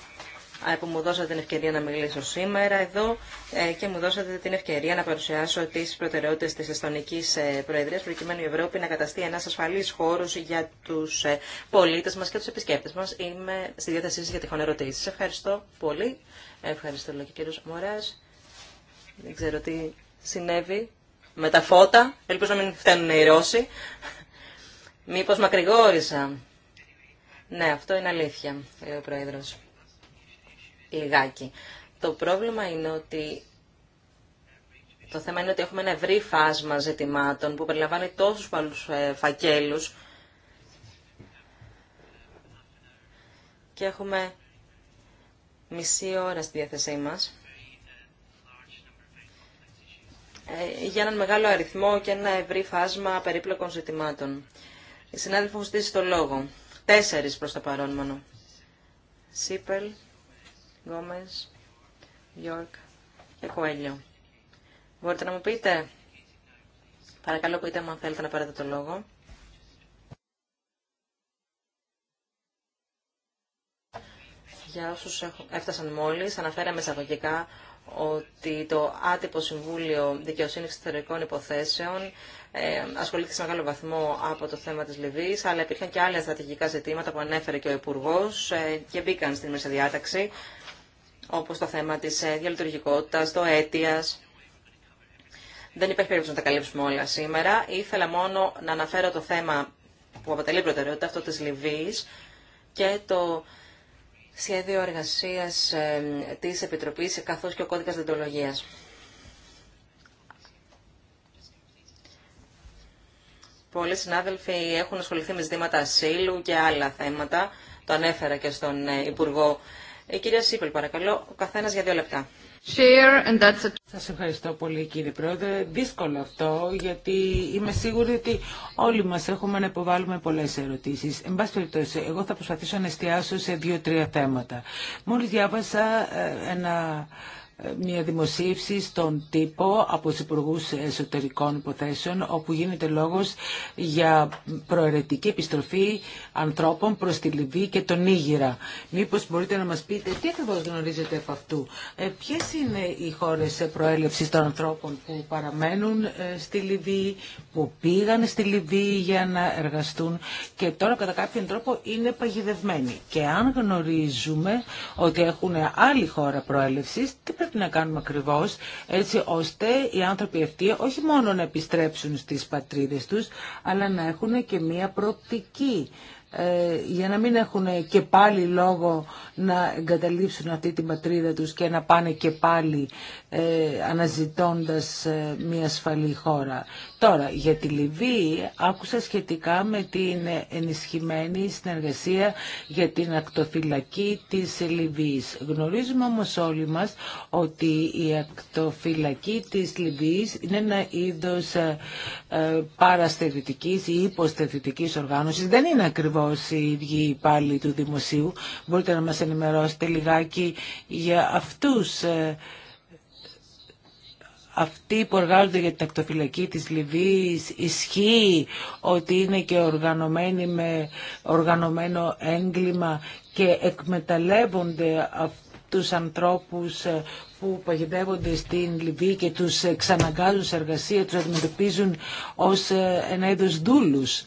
D: που μου δώσατε την ευκαιρία να μιλήσω σήμερα εδώ ε, και μου δώσατε την ευκαιρία να παρουσιάσω τι προτεραιότητε τη Εστονικής ε, Προεδρία προκειμένου η Ευρώπη να καταστεί ένα ασφαλή χώρο για του ε, πολίτε μα και του επισκέπτε μα Είμαι στη διάθεσή σα για τυχόν ερωτήσεις. Ευχαριστώ πολύ. Ευχαριστώ ο κύριο Μωράς. Δεν ξέρω τι συνέβη με τα φώτα. Ελπίζω να μην φταίνουν οι Ρώσοι. Μήπως μακρηγόρησα. Ναι, αυτό είναι αλήθεια, λέει ο Πρόεδρος. Το πρόβλημα είναι ότι το θέμα είναι ότι έχουμε ένα ευρύ φάσμα ζητημάτων που περιλαμβάνει τόσους πολλούς ε, φακέλους και έχουμε μισή ώρα στη διάθεσή μας ε, για έναν μεγάλο αριθμό και ένα ευρύ φάσμα περίπλοκων ζητημάτων. Η συνάδελφος στήσει το λόγο. Τέσσερις προς το παρόν μόνο. Σίπελ, Γκόμες, Γιόρκ και Κοέλιο. Μπορείτε να μου πείτε, παρακαλώ πείτε μου αν θέλετε να πάρετε το λόγο. Για όσους έφτασαν μόλις, αναφέραμε εισαγωγικά ότι το άτυπο Συμβούλιο Δικαιοσύνη Εξωτερικών Υποθέσεων ε, ασχολήθηκε σε μεγάλο βαθμό από το θέμα της Λιβύης, αλλά υπήρχαν και άλλα στρατηγικά ζητήματα που ανέφερε και ο Υπουργό ε, και μπήκαν στην μέσα όπως το θέμα της ε, διαλειτουργικότητας, το αίτιας. Δεν υπάρχει περίπτωση να τα καλύψουμε όλα σήμερα. Ήθελα μόνο να αναφέρω το θέμα που αποτελεί προτεραιότητα, αυτό της Λιβύης και το σχέδιο εργασίας ε, της Επιτροπής καθώς και ο κώδικας δεντολογίας. Πολλοί συνάδελφοι έχουν ασχοληθεί με ζητήματα ασύλου και άλλα θέματα. Το ανέφερα και στον ε, Υπουργό η ε, κυρία Σίπελ, παρακαλώ, ο καθένα για δύο λεπτά.
B: Σας ευχαριστώ πολύ κύριε Πρόεδρε. Δύσκολο αυτό γιατί είμαι σίγουρη ότι όλοι μας έχουμε να υποβάλουμε πολλές ερωτήσεις. Εν πάση περιπτώσει, εγώ θα προσπαθήσω να εστιάσω σε δύο-τρία θέματα. Μόλις διάβασα ε, ένα μια δημοσίευση στον τύπο από του υπουργού εσωτερικών υποθέσεων όπου γίνεται λόγο για προαιρετική επιστροφή ανθρώπων προ τη Λιβύη και τον Ήγηρα. Μήπω μπορείτε να μα πείτε τι ακριβώ γνωρίζετε από αυτού. Ε, είναι οι χώρες προέλευση των ανθρώπων που παραμένουν ε, στη Λιβύη, που πήγαν στη Λιβύη για να εργαστούν και τώρα κατά κάποιον τρόπο είναι παγιδευμένοι. Και αν γνωρίζουμε ότι έχουν άλλη χώρα προέλευση, πρέπει να κάνουμε ακριβώ έτσι ώστε οι άνθρωποι αυτοί όχι μόνο να επιστρέψουν στις πατρίδες τους αλλά να έχουν και μία προοπτική ε, για να μην έχουν και πάλι λόγο να εγκαταλείψουν αυτή την πατρίδα τους και να πάνε και πάλι ε, αναζητώντας ε, μια ασφαλή χώρα. Τώρα, για τη Λιβύη άκουσα σχετικά με την ενισχυμένη συνεργασία για την ακτοφυλακή της Λιβύης. Γνωρίζουμε όμως όλοι μας ότι η ακτοφυλακή της Λιβύης είναι ένα είδος παραστερητικής ή υποστερητικής οργάνωσης. Δεν είναι ακριβώς ακριβώς οι ίδιοι υπάλληλοι του Δημοσίου. Μπορείτε να μας ενημερώσετε λιγάκι για αυτούς ε, αυτοί που εργάζονται για την ακτοφυλακή της Λιβύης ισχύει ότι είναι και οργανωμένοι με οργανωμένο έγκλημα και εκμεταλλεύονται τους ανθρώπους ε, που παγιδεύονται στην Λιβύη και τους ε, ξαναγκάζουν σε εργασία, τους αντιμετωπίζουν ως ένα είδος δούλους.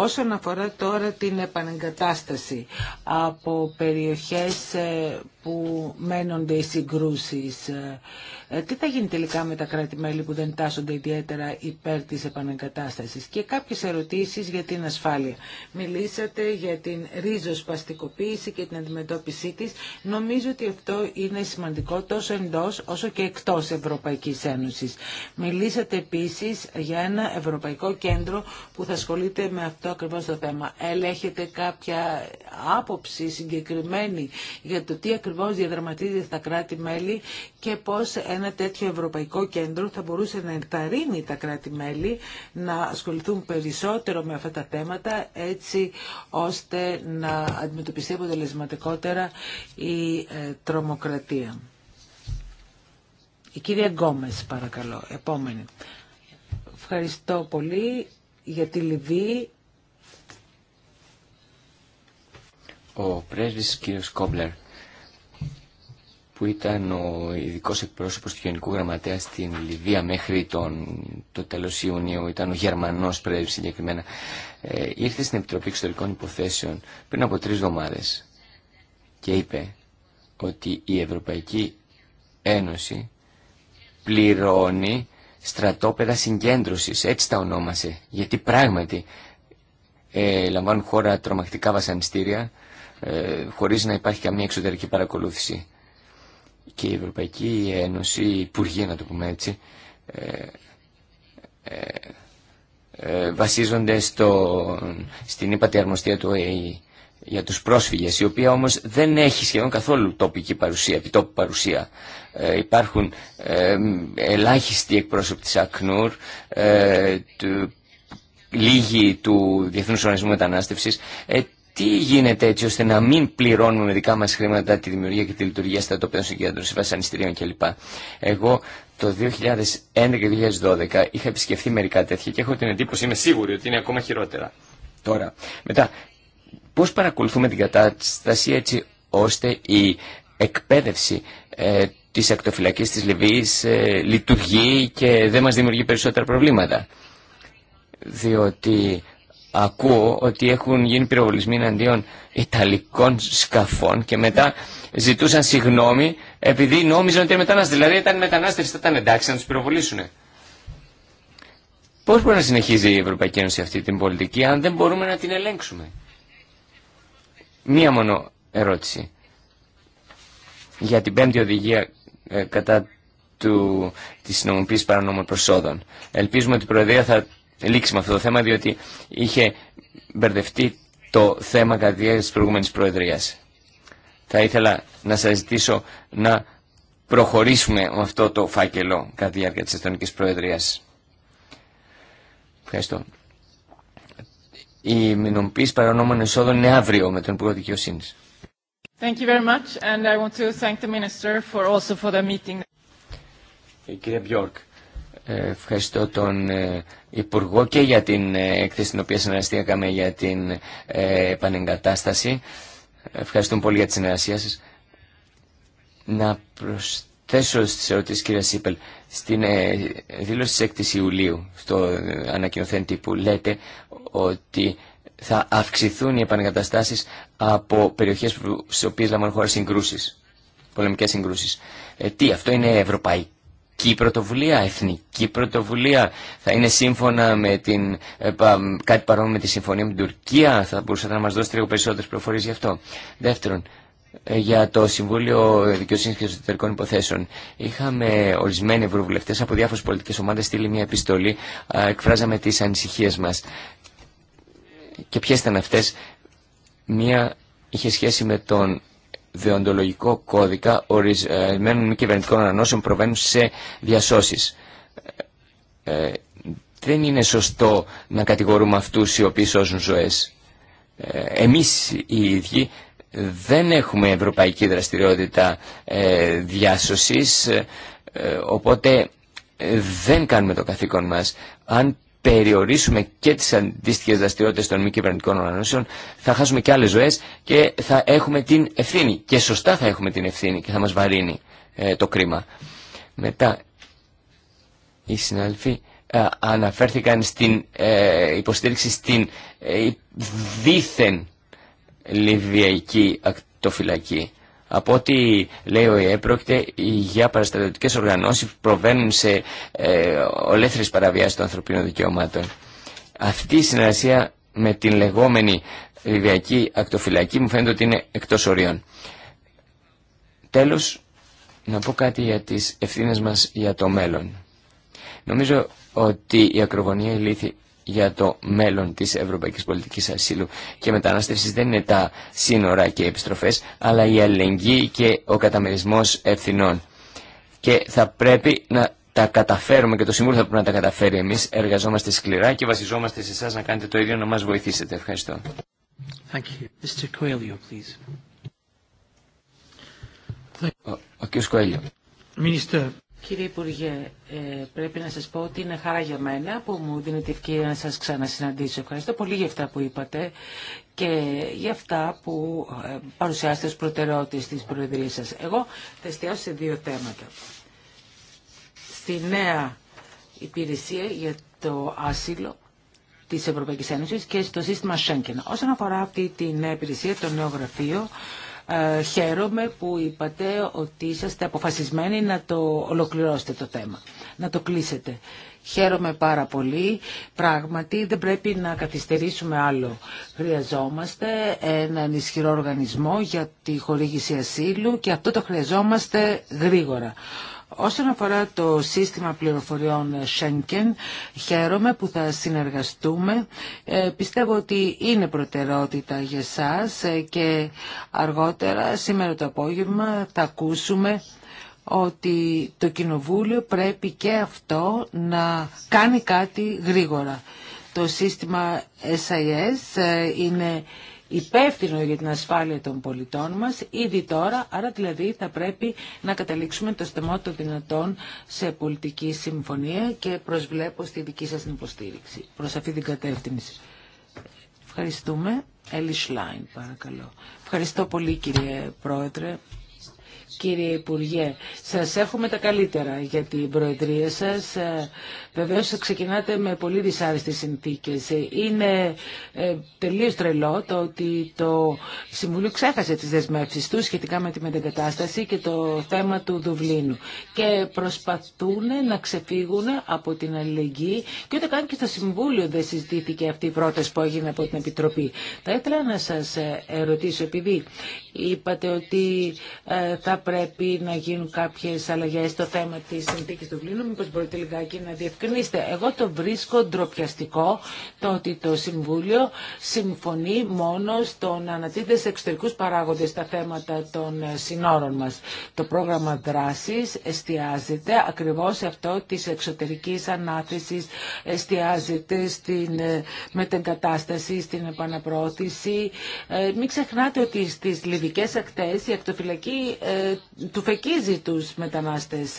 B: Όσον αφορά τώρα την επανεγκατάσταση από περιοχές ε, που μένονται οι συγκρούσεις, ε, ε, τι θα γίνει τελικά με τα κράτη-μέλη που δεν τάσσονται ιδιαίτερα υπέρ της επανεγκατάστασης και κάποιες ερωτήσεις για την ασφάλεια. Μιλήσατε για την ρίζοσπαστικοποίηση και την αντιμετώπιση της. Νομίζω ότι αυτό είναι σημαντικό τόσο εντός όσο και εκτός Ευρωπαϊκής Ένωσης. Μιλήσατε επίσης για ένα Ευρωπαϊκό Κέντρο που θα ασχολείται με αυτό αυτό ακριβώς το θέμα. Ελέγχετε κάποια άποψη συγκεκριμένη για το τι ακριβώς διαδραματίζεται στα κράτη-μέλη και πώς ένα τέτοιο ευρωπαϊκό κέντρο θα μπορούσε να ενταρρύνει τα κράτη-μέλη να ασχοληθούν περισσότερο με αυτά τα θέματα έτσι ώστε να αντιμετωπιστεί αποτελεσματικότερα η ε, τρομοκρατία. Η κυρία Γκόμες, παρακαλώ, επόμενη. Ευχαριστώ πολύ για τη Λιβύη.
C: ο πρέσβης κ. Κόμπλερ που ήταν ο ειδικό εκπρόσωπος του Γενικού Γραμματέα στην Λιβύα μέχρι τον, το τέλος Ιουνίου, ήταν ο Γερμανός πρέσβης συγκεκριμένα, ε, ήρθε στην Επιτροπή Εξωτερικών Υποθέσεων πριν από τρεις εβδομάδε και είπε ότι η Ευρωπαϊκή Ένωση πληρώνει στρατόπεδα συγκέντρωσης, έτσι τα ονόμασε, γιατί πράγματι ε, λαμβάνουν χώρα τρομακτικά βασανιστήρια, ε, χωρίς να υπάρχει καμία εξωτερική παρακολούθηση. Και η Ευρωπαϊκή Ένωση, η να το πούμε έτσι, ε, ε, ε, βασίζονται στο, στην ύπατη αρμοστία του για τους πρόσφυγες, η οποία όμως δεν έχει σχεδόν καθόλου τοπική παρουσία, επιτόπου παρουσία. υπάρχουν ε, ελάχιστοι εκπρόσωποι της ΑΚΝΟΥΡ, του, λίγοι του Διεθνούς Οργανισμού Μετανάστευσης τι γίνεται έτσι ώστε να μην πληρώνουμε με δικά μας χρήματα τη δημιουργία και τη λειτουργία στα στρατοπέδων συγκέντρωση βασανιστήριων κλπ. Εγώ το 2011 και 2012 είχα επισκεφθεί μερικά τέτοια και έχω την εντύπωση, είμαι σίγουρη ότι είναι ακόμα χειρότερα. Τώρα, μετά, πώς παρακολουθούμε την κατάσταση έτσι ώστε η εκπαίδευση ε, της ακτοφυλακής της Λιβύης ε, λειτουργεί και δεν μας δημιουργεί περισσότερα προβλήματα. Διότι ακούω ότι έχουν γίνει πυροβολισμοί εναντίον Ιταλικών σκαφών και μετά ζητούσαν συγγνώμη επειδή νόμιζαν ότι ήταν μετανάστες. Δηλαδή ήταν μετανάστε θα ήταν εντάξει να του πυροβολήσουν. Πώς μπορεί να συνεχίζει η Ευρωπαϊκή Ένωση αυτή την πολιτική αν δεν μπορούμε να την ελέγξουμε. Μία μόνο ερώτηση για την πέμπτη οδηγία ε, κατά του, της νομοποίησης παρανόμων προσόδων. Ελπίζουμε ότι η Προεδρία θα Λήξη με αυτό το θέμα διότι είχε μπερδευτεί το θέμα κατά τη διάρκεια της προηγούμενης Προεδρίας. Θα ήθελα να σα ζητήσω να προχωρήσουμε με αυτό το φάκελο κατά τη διάρκεια της Προεδρίας. Ευχαριστώ. Η μηνοποίηση παρανόμων εσόδων είναι αύριο με τον Υπουργό Δικαιοσύνη. Η Μπιόρκ. Ευχαριστώ τον ε, Υπουργό και για την ε, έκθεση την οποία συνεργαστήκαμε για την ε, επανεγκατάσταση. Ευχαριστούμε πολύ για τη συνεργασία σας. Να προσθέσω στις ερωτήσεις κυρία Σίπελ. Στην δήλωση της 6 Ιουλίου στο ανακοινωθέν τύπου λέτε ότι θα αυξηθούν οι επανεγκαταστάσεις από περιοχές στις οποίες λαμβάνουν χώρα συγκρούσεις, πολεμικές συγκρούσεις. Ε, τι, αυτό είναι ευρωπαϊκό η πρωτοβουλία. Εθνική πρωτοβουλία θα είναι σύμφωνα με την, ε, κάτι παρόμοιο με τη συμφωνία με την Τουρκία. Θα μπορούσατε να μας δώσετε λίγο περισσότερε πληροφορίες γι' αυτό. Δεύτερον, ε, για το Συμβούλιο Δικαιοσύνη και Εσωτερικών Υποθέσεων. Είχαμε ορισμένοι ευρωβουλευτέ από διάφορε πολιτικέ ομάδε στείλει μια επιστολή, εκφράζαμε τι ανησυχίε μα. Και ποιε ήταν αυτέ. Μία είχε σχέση με τον δεοντολογικό κώδικα ορισμένων ε, μη κυβερνητικών ανανώσεων προβαίνουν σε διασώσεις. Ε, δεν είναι σωστό να κατηγορούμε αυτούς οι οποίοι σώζουν ζωές. Ε, εμείς οι ίδιοι δεν έχουμε ευρωπαϊκή δραστηριότητα ε, διάσωσης, ε, ε, οπότε δεν κάνουμε το καθήκον μας. Αν περιορίσουμε και τις αντίστοιχε δραστηριότητε των μη κυβερνητικών οργανώσεων, θα χάσουμε και άλλες ζωές και θα έχουμε την ευθύνη. Και σωστά θα έχουμε την ευθύνη και θα μας βαρύνει ε, το κρίμα. Μετά, οι συνάδελφοι ε, αναφέρθηκαν στην ε, υποστήριξη στην ε, δίθεν λιβιαϊκή ακτοφυλακή. Από ό,τι λέει ο ΕΕΠΡΟΚΤΕ, πρόκειται για παραστατευτικές οργανώσεις προβαίνουν σε ε, ολέθρες παραβιάσεις των ανθρωπίνων δικαιωμάτων. Αυτή η συνεργασία με την λεγόμενη Λιβιακή ακτοφυλακή μου φαίνεται ότι είναι εκτός ορίων. Τέλος, να πω κάτι για τις ευθύνες μας για το μέλλον. Νομίζω ότι η ακρογωνία λύθη για το μέλλον της ευρωπαϊκής πολιτικής ασύλου και μετανάστευσης δεν είναι τα σύνορα και οι επιστροφές, αλλά η αλληλεγγύη και ο καταμερισμός ευθυνών. Και θα πρέπει να τα καταφέρουμε και το Συμβούλιο θα πρέπει να τα καταφέρει εμείς. Εργαζόμαστε σκληρά και βασιζόμαστε σε εσά να κάνετε το ίδιο να μας βοηθήσετε. Ευχαριστώ.
B: Κύριε Υπουργέ, ε, πρέπει να σας πω ότι είναι χαρά για μένα που μου δίνετε ευκαιρία να σας ξανασυναντήσω. Ευχαριστώ πολύ για αυτά που είπατε και για αυτά που ε, παρουσιάσετε ως προτεραιότητες της Προεδρίας σας. Εγώ θα εστιάσω σε δύο θέματα. Στη νέα υπηρεσία για το άσυλο της Ευρωπαϊκής Ένωσης και στο σύστημα Schengen. Όσον αφορά αυτή τη νέα υπηρεσία, το νέο γραφείο, ε, χαίρομαι που είπατε ότι είσαστε αποφασισμένοι να το ολοκληρώσετε το θέμα, να το κλείσετε. Χαίρομαι πάρα πολύ. Πράγματι δεν πρέπει να καθυστερήσουμε άλλο. Χρειαζόμαστε έναν ισχυρό οργανισμό για τη χορήγηση ασύλου και αυτό το χρειαζόμαστε γρήγορα. Όσον αφορά το σύστημα πληροφοριών Schengen, χαίρομαι που θα συνεργαστούμε. Ε, πιστεύω ότι είναι προτεραιότητα για σας ε, και αργότερα, σήμερα το απόγευμα, θα ακούσουμε ότι το Κοινοβούλιο πρέπει και αυτό να κάνει κάτι γρήγορα. Το σύστημα SIS ε, είναι υπεύθυνο για την ασφάλεια των πολιτών μας ήδη τώρα, άρα δηλαδή θα πρέπει να καταλήξουμε το στεμό των δυνατών σε πολιτική συμφωνία και προσβλέπω στη δική σας υποστήριξη προς αυτή την κατεύθυνση. Ευχαριστούμε. Έλλη παρακαλώ. Ευχαριστώ πολύ κύριε Πρόεδρε. Κύριε Υπουργέ, σας εύχομαι τα καλύτερα για την Προεδρία σας. Ε, βεβαίως ξεκινάτε με πολύ δυσάρεστες συνθήκες. Είναι ε, τελείως τρελό το ότι το Συμβουλίο ξέχασε τις δεσμεύσεις του σχετικά με τη μετεγκατάσταση και το θέμα του Δουβλίνου. Και προσπαθούν να ξεφύγουν από την αλληλεγγύη και ούτε καν και στο Συμβούλιο δεν συζητήθηκε αυτή η πρόταση που έγινε από την Επιτροπή. Θα ήθελα να σας ε, ερωτήσω, επειδή είπατε ότι θα πρέπει να γίνουν κάποιε αλλαγέ στο θέμα τη συνθήκη του Βλήνου. Μήπω μπορείτε λιγάκι να διευκρινίσετε. Εγώ το βρίσκω ντροπιαστικό το ότι το Συμβούλιο συμφωνεί μόνο στο να σε εξωτερικούς παράγοντε τα θέματα των ε, συνόρων μα. Το πρόγραμμα δράση εστιάζεται ακριβώ σε αυτό τη εξωτερική ανάθεση εστιάζεται στην ε, μετεγκατάσταση, στην επαναπρόθεση. Ε, μην ξεχνάτε ότι στι λιβικέ ακτέ η ακτοφυλακή του φεκίζει τους μετανάστες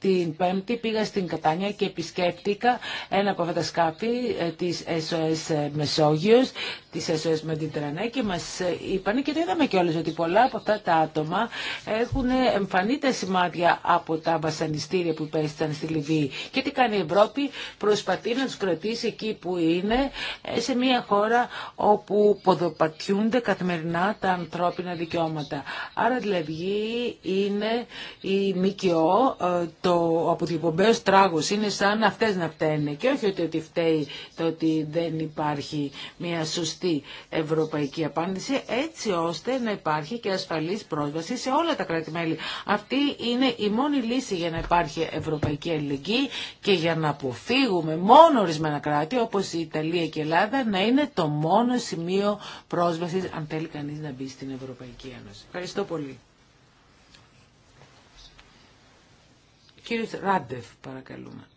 B: την Πέμπτη πήγα στην Κατάνια και επισκέπτηκα ένα από αυτά τα σκάφη ε, της SOS ε, Μεσόγειος, της SOS Μεντιτρανέ και μας ε, είπαν και το είδαμε κιόλας ότι πολλά από αυτά τα άτομα έχουν εμφανεί τα σημάδια από τα βασανιστήρια που υπέστησαν στη Λιβύη. Και τι κάνει η Ευρώπη, προσπαθεί να τους κρατήσει εκεί που είναι, σε μια χώρα όπου ποδοπατιούνται καθημερινά τα ανθρώπινα δικαιώματα. Άρα δηλαδή είναι η ΜΚΟ, το αποδιοπομπαίος τράγος είναι σαν αυτές να φταίνε και όχι ότι φταίει το ότι δεν υπάρχει μια σωστή ευρωπαϊκή απάντηση έτσι ώστε να υπάρχει και ασφαλής πρόσβαση σε όλα τα κράτη-μέλη. Αυτή είναι η μόνη λύση για να υπάρχει ευρωπαϊκή αλληλεγγύη και για να αποφύγουμε μόνο ορισμένα κράτη όπως η Ιταλία και η Ελλάδα να είναι το μόνο σημείο πρόσβασης αν θέλει κανείς να μπει στην Ευρωπαϊκή Ένωση. Ευχαριστώ πολύ. Κύριος Ράντεφ, παρακαλούμε.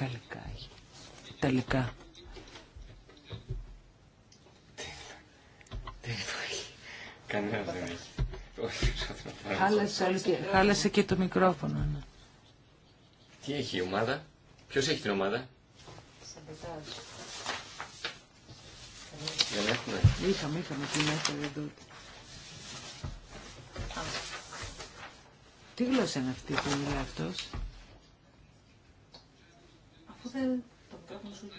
B: γαλλικά έχει. Ιταλικά.
C: Κανένα δεν έχει.
B: Χάλασε και το μικρόφωνο. Ναι.
C: Τι έχει η ομάδα, ποιος έχει την ομάδα. Δεν
B: έχουμε. Είχαμε, είχαμε την έφερε τότε. Τι γλώσσα είναι αυτή που μιλάει αυτός.
D: Αφού δεν... Το μικρόφωνο σου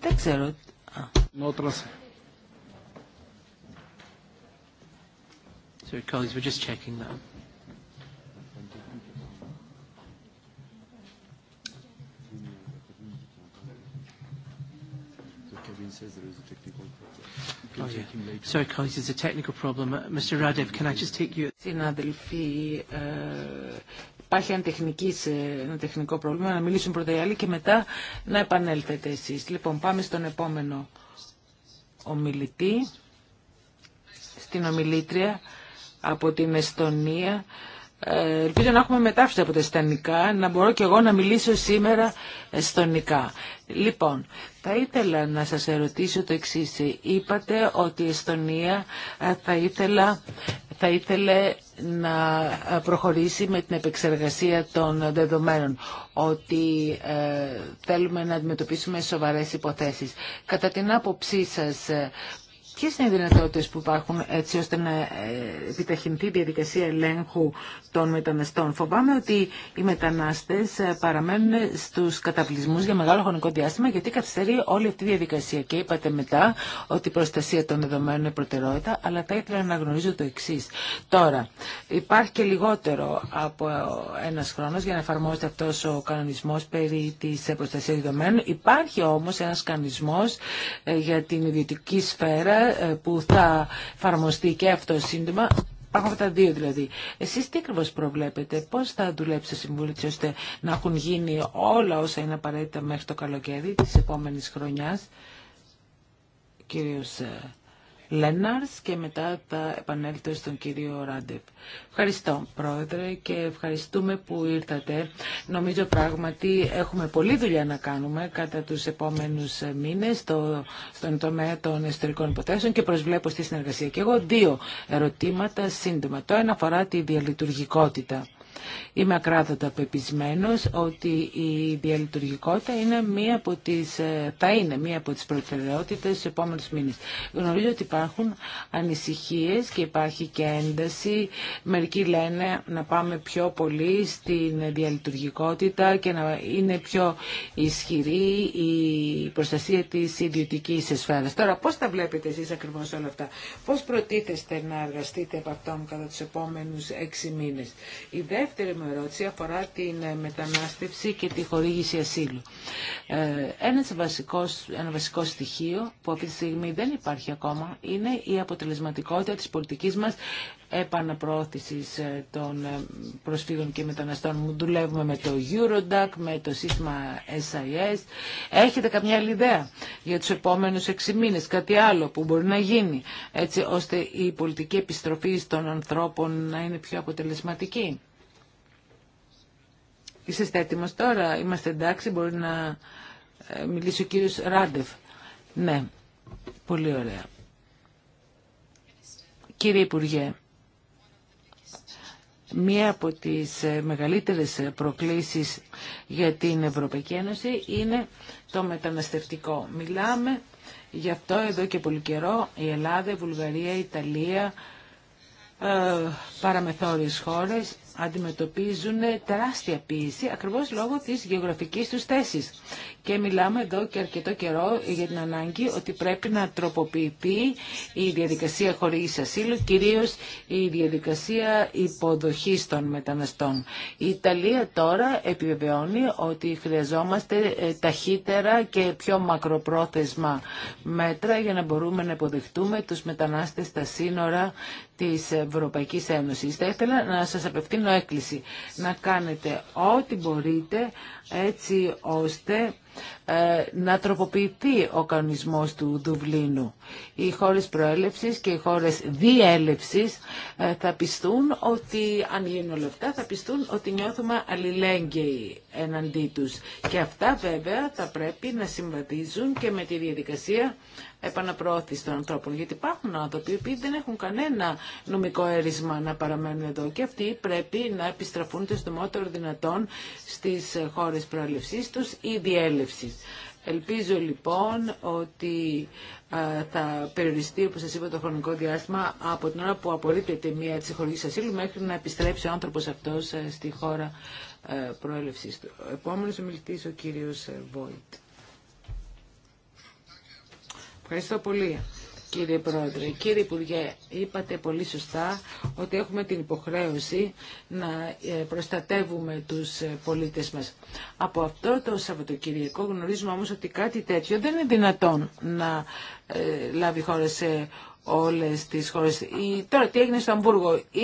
B: δεν ξέρω. Sorry,
A: colleagues, we're just checking that. Oh, Συναδελφοί,
B: ε, υπάρχει ένα, τεχνικής, ε, ένα τεχνικό πρόβλημα. Να μιλήσουν πρώτα οι άλλοι και μετά να επανέλθετε εσείς. Λοιπόν, πάμε στον επόμενο ομιλητή, στην ομιλήτρια από την Εστονία ε, ελπίζω να έχουμε μετάφραση από τα αισθανικά, να μπορώ και εγώ να μιλήσω σήμερα εστονικά. Λοιπόν, θα ήθελα να σας ερωτήσω το εξής. Είπατε ότι η Εστονία ε, θα, ήθελα, θα ήθελε να ε, προχωρήσει με την επεξεργασία των δεδομένων, ότι θέλουμε να αντιμετωπίσουμε σοβαρές υποθέσεις. Κατά την άποψή σας, Ποιε είναι οι δυνατότητε που υπάρχουν έτσι ώστε να ε, επιταχυνθεί η διαδικασία ελέγχου των μεταναστών. Φοβάμαι ότι οι μετανάστε ε, παραμένουν στου καταβλισμού για μεγάλο χρονικό διάστημα γιατί καθυστερεί όλη αυτή η διαδικασία. Και είπατε μετά ότι η προστασία των δεδομένων είναι προτεραιότητα, αλλά θα ήθελα να γνωρίζω το εξή. Τώρα, υπάρχει και λιγότερο από ένα χρόνο για να εφαρμόσετε αυτό ο κανονισμό περί τη προστασία δεδομένων. Υπάρχει όμω ένα κανονισμό ε, για την ιδιωτική σφαίρα ε, που θα εφαρμοστεί και αυτό σύντομα. Πάμε από τα δύο δηλαδή. Εσείς τι ακριβώ προβλέπετε, πώς θα δουλέψει το Συμβούλιο ώστε να έχουν γίνει όλα όσα είναι απαραίτητα μέχρι το καλοκαίρι της επόμενης χρονιάς. Κύριος Λέναρς και μετά θα επανέλθω στον κύριο Ράντεβ. Ευχαριστώ πρόεδρε και ευχαριστούμε που ήρθατε. Νομίζω πράγματι έχουμε πολλή δουλειά να κάνουμε κατά τους επόμενους μήνες στο, στον τομέα των εσωτερικών υποθέσεων και προσβλέπω στη συνεργασία. Και εγώ δύο ερωτήματα σύντομα. Το ένα αφορά τη διαλειτουργικότητα. Είμαι ακράδοτα πεπισμένος ότι η διαλειτουργικότητα είναι μία από τις, ε, θα είναι μία από τις προτεραιότητες στους επόμενους μήνες. Γνωρίζω ότι υπάρχουν ανησυχίες και υπάρχει και ένταση. Μερικοί λένε να πάμε πιο πολύ στην διαλειτουργικότητα και να είναι πιο ισχυρή η προστασία της ιδιωτικής εσφαίρα. Τώρα πώς τα βλέπετε εσείς ακριβώς όλα αυτά. Πώς προτίθεστε να εργαστείτε από αυτόν κατά τους επόμενους έξι μήνες δεύτερη μου ερώτηση αφορά την ε, μετανάστευση και τη χορήγηση ασύλου. Ε, ένας βασικός, ένα βασικό στοιχείο που αυτή τη στιγμή δεν υπάρχει ακόμα είναι η αποτελεσματικότητα της πολιτικής μας επαναπρόθεσης ε, των προσφύγων και μεταναστών. Δουλεύουμε με το Eurodac, με το σύστημα SIS. Έχετε καμιά άλλη ιδέα για τους επόμενους έξι μήνες, κάτι άλλο που μπορεί να γίνει, έτσι ώστε η πολιτική επιστροφή των ανθρώπων να είναι πιο αποτελεσματική. Είσαστε έτοιμος τώρα, είμαστε εντάξει, μπορεί να ε, μιλήσει ο κύριος Ράντεφ. Ναι, πολύ ωραία. Κύριε Υπουργέ, μία από τις ε, μεγαλύτερες ε, προκλήσεις για την Ευρωπαϊκή Ένωση είναι το μεταναστευτικό. Μιλάμε γι' αυτό εδώ και πολύ καιρό η Ελλάδα, η Βουλγαρία, η Ιταλία, παραμεθόριες χώρες αντιμετωπίζουν τεράστια πίεση ακριβώς λόγω της γεωγραφικής τους θέσης. Και μιλάμε εδώ και αρκετό καιρό για την ανάγκη ότι πρέπει να τροποποιηθεί η διαδικασία χορήγησης ασύλου, κυρίως η διαδικασία υποδοχής των μεταναστών. Η Ιταλία τώρα επιβεβαιώνει ότι χρειαζόμαστε ε, ταχύτερα και πιο μακροπρόθεσμα μέτρα για να μπορούμε να υποδεχτούμε τους μετανάστες στα σύνορα της Ευρωπαϊκής Ένωσης. Θα ήθελα να σας απευθύνω έκκληση να κάνετε ό,τι μπορείτε έτσι ώστε ε, να τροποποιηθεί ο κανονισμός του Δουβλίνου. Οι χώρες προέλευσης και οι χώρες διέλευσης ε, θα πιστούν ότι, αν γίνουν όλα αυτά, θα πιστούν ότι νιώθουμε αλληλέγγυοι εναντί τους. Και αυτά βέβαια θα πρέπει να συμβαδίζουν και με τη διαδικασία επαναπροώθηση των ανθρώπων. Γιατί υπάρχουν άνθρωποι που δεν έχουν κανένα νομικό αίρισμα να παραμένουν εδώ και αυτοί πρέπει να επιστραφούν το στομότερο δυνατόν στις χώρες προέλευσής τους ή διέλευσης. Ελπίζω λοιπόν ότι θα περιοριστεί, όπως σας είπα, το χρονικό διάστημα από την ώρα που απορρίπτεται μια της χωρίς ασύλου μέχρι να επιστρέψει ο άνθρωπος αυτός ε, στη χώρα ε, προέλευσης του. Επόμενος ομιλητής ο κύριος ε, Βόιτ. Ευχαριστώ πολύ. Κύριε Πρόεδρε, κύριε Υπουργέ, είπατε πολύ σωστά ότι έχουμε την υποχρέωση να ε, προστατεύουμε τους ε, πολίτες μας. Από αυτό το Σαββατοκυριακό γνωρίζουμε όμως ότι κάτι τέτοιο δεν είναι δυνατόν να ε, λάβει χώρα σε όλες τις χώρες. Η, τώρα τι έγινε στο Αμβούργο, 20.000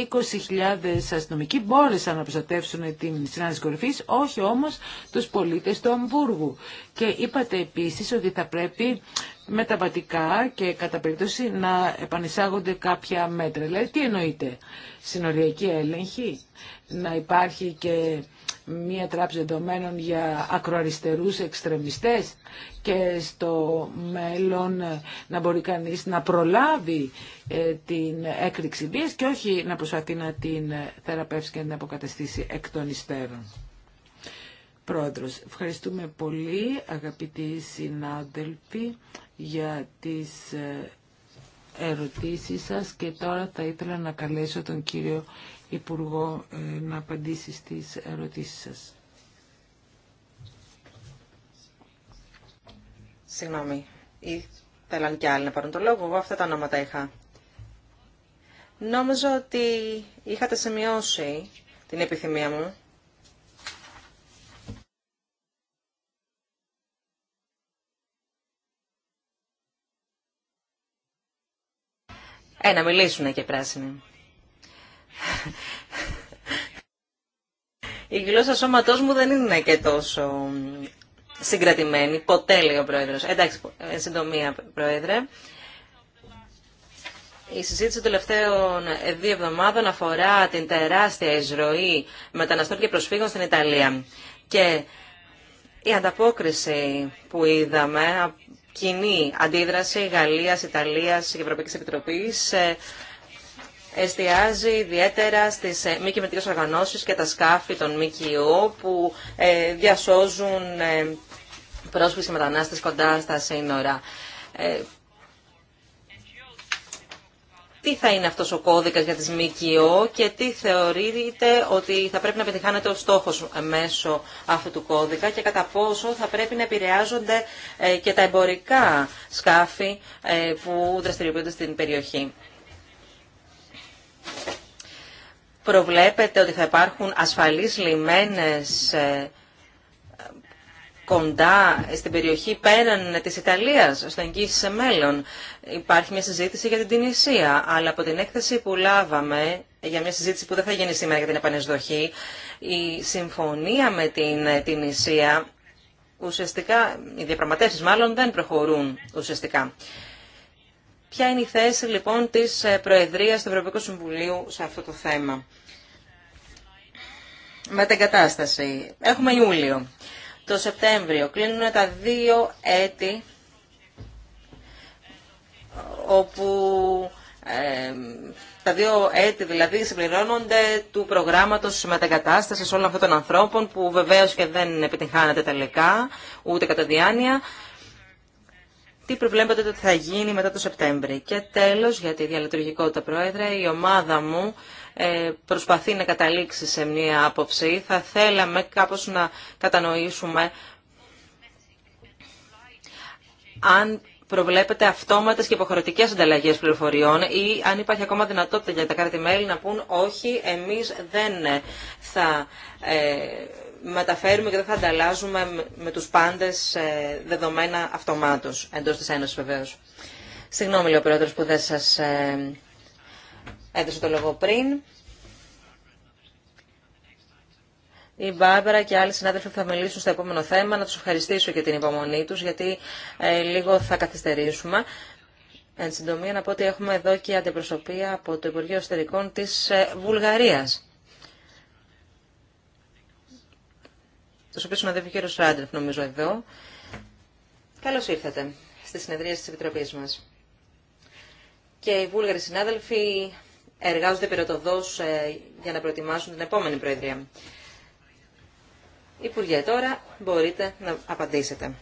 B: αστυνομικοί μπόρεσαν να προστατεύσουν την συνάντηση κορυφή, όχι όμως τους πολίτες του Αμβούργου. Και είπατε επίσης ότι θα πρέπει μεταβατικά και κατά περίπτωση να επανεισάγονται κάποια μέτρα. Δηλαδή τι εννοείται, συνοριακή έλεγχη, να υπάρχει και μία τράπεζα δεδομένων για ακροαριστερούς εξτρεμιστές και στο μέλλον να μπορεί κανείς να προλάβει ε, την έκρηξη βίας και όχι να προσπαθεί να την ε, θεραπεύσει και να την αποκαταστήσει εκ των υστέρων. Πρόεδρος, ευχαριστούμε πολύ αγαπητοί συνάδελφοι για τις ε, ερωτήσεις σας και τώρα θα ήθελα να καλέσω τον κύριο Υπουργό ε, να απαντήσει στις ερωτήσεις σας.
D: Συγγνώμη, ήθελαν και άλλοι να πάρουν το λόγο, εγώ αυτά τα ονόματα είχα. Νόμιζα ότι είχατε σημειώσει την επιθυμία μου Ε, να μιλήσουν και πράσινοι. Η γλώσσα σώματό μου δεν είναι και τόσο συγκρατημένη. Ποτέ, λέει ο Πρόεδρος. Ε, εντάξει, ε, συντομία, Πρόεδρε. Η συζήτηση των τελευταίων ε, δύο εβδομάδων αφορά την τεράστια εισρωή μεταναστών και προσφύγων στην Ιταλία. Και η ανταπόκριση που είδαμε κοινή αντίδραση Γαλλίας, Ιταλίας και Ευρωπαϊκής Επιτροπής ε, εστιάζει ιδιαίτερα στις ε, μη κυβερνητικές οργανώσεις και τα σκάφη των ΜΚΟ που ε, διασώζουν πρόσφυγες και μετανάστες κοντά στα σύνορα τι θα είναι αυτός ο κώδικας για τις ΜΚΟ και τι θεωρείτε ότι θα πρέπει να πετυχάνεται ο στόχος μέσω αυτού του κώδικα και κατά πόσο θα πρέπει να επηρεάζονται ε, και τα εμπορικά σκάφη ε, που δραστηριοποιούνται στην περιοχή. Προβλέπετε ότι θα υπάρχουν ασφαλείς λιμένες ε, κοντά στην περιοχή πέραν της Ιταλίας, στο εγγύηση σε μέλλον. Υπάρχει μια συζήτηση για την Τινησία, αλλά από την έκθεση που λάβαμε, για μια συζήτηση που δεν θα γίνει σήμερα για την επανεσδοχή, η συμφωνία με την Τινησία, ουσιαστικά, οι διαπραγματεύσεις μάλλον δεν προχωρούν ουσιαστικά. Ποια είναι η θέση λοιπόν της Προεδρίας του Ευρωπαϊκού Συμβουλίου σε αυτό το θέμα. Με την κατάσταση. Έχουμε Ιούλιο το Σεπτέμβριο. Κλείνουν τα δύο έτη όπου ε, τα δύο έτη δηλαδή συμπληρώνονται του προγράμματος μετακατάστασης όλων αυτών των ανθρώπων που βεβαίως και δεν επιτυγχάνεται τελικά ούτε κατά διάνοια. Τι προβλέπετε ότι θα γίνει μετά το Σεπτέμβριο. Και τέλος, για τη διαλειτουργικότητα, Πρόεδρε, η ομάδα μου ε, προσπαθεί να καταλήξει σε μία άποψη. Θα θέλαμε κάπως να κατανοήσουμε αν προβλέπετε αυτόματες και υποχρεωτικές ανταλλαγές πληροφοριών ή αν υπάρχει ακόμα δυνατότητα για τα κράτη-μέλη να πούν όχι, εμείς δεν θα ε, μεταφέρουμε και δεν θα ανταλλάζουμε με τους πάντες ε, δεδομένα αυτομάτως εντός της Ένωσης βεβαίως. Συγγνώμη, λέει ο Πρόεδρος, που δεν σας έδωσε το λόγο πριν. Η Μπάρμπαρα και άλλοι συνάδελφοι θα μιλήσουν στο επόμενο θέμα, να τους ευχαριστήσω και την υπομονή τους, γιατί ε, λίγο θα καθυστερήσουμε. Εν συντομία να πω ότι έχουμε εδώ και αντιπροσωπεία από το Υπουργείο Εστερικών της ε, Βουλγαρίας. Τους οποίους συνοδεύει ο κ. Ράντρεφ, νομίζω, εδώ. Καλώς ήρθατε στη συνεδρία της Επιτροπής μας. Και οι Βούλγαροι συνάδελφοι εργάζονται ε, για να προετοιμάσουν την επόμενη Προεδρία. Υπουργέ, τώρα μπορείτε να απαντήσετε.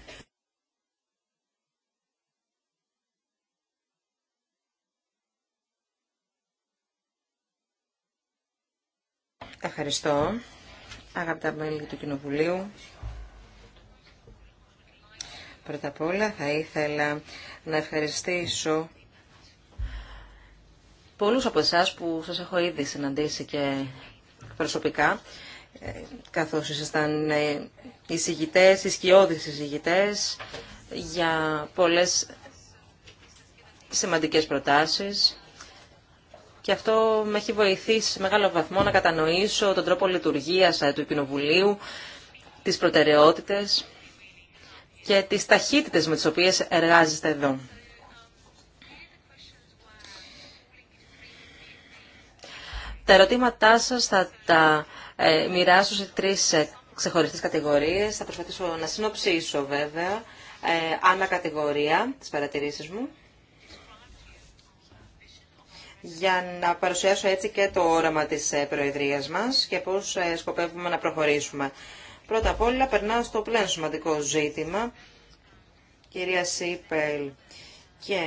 D: Ευχαριστώ, αγαπητά μέλη του Κοινοβουλίου. Πρώτα απ' όλα θα ήθελα να ευχαριστήσω πολλούς από εσά που σας έχω ήδη συναντήσει και προσωπικά, ε, καθώς ήσασταν ε, εισηγητές, ισκιώδεις εισηγητές, για πολλές σημαντικές προτάσεις. Και αυτό με έχει βοηθήσει σε μεγάλο βαθμό να κατανοήσω τον τρόπο λειτουργίας ε, του Επινοβουλίου τις προτεραιότητες και τις ταχύτητες με τις οποίες εργάζεστε εδώ. Τα ερωτήματά σας θα τα ε, μοιράσω σε τρεις ε, ξεχωριστές κατηγορίες. Θα προσπαθήσω να συνοψίσω βέβαια ε, ανακατηγορία τις παρατηρήσεις μου για να παρουσιάσω έτσι και το όραμα της ε, Προεδρίας μας και πώς ε, σκοπεύουμε να προχωρήσουμε. Πρώτα απ' όλα περνάω στο πλέον σημαντικό ζήτημα, κυρία Σίπελ και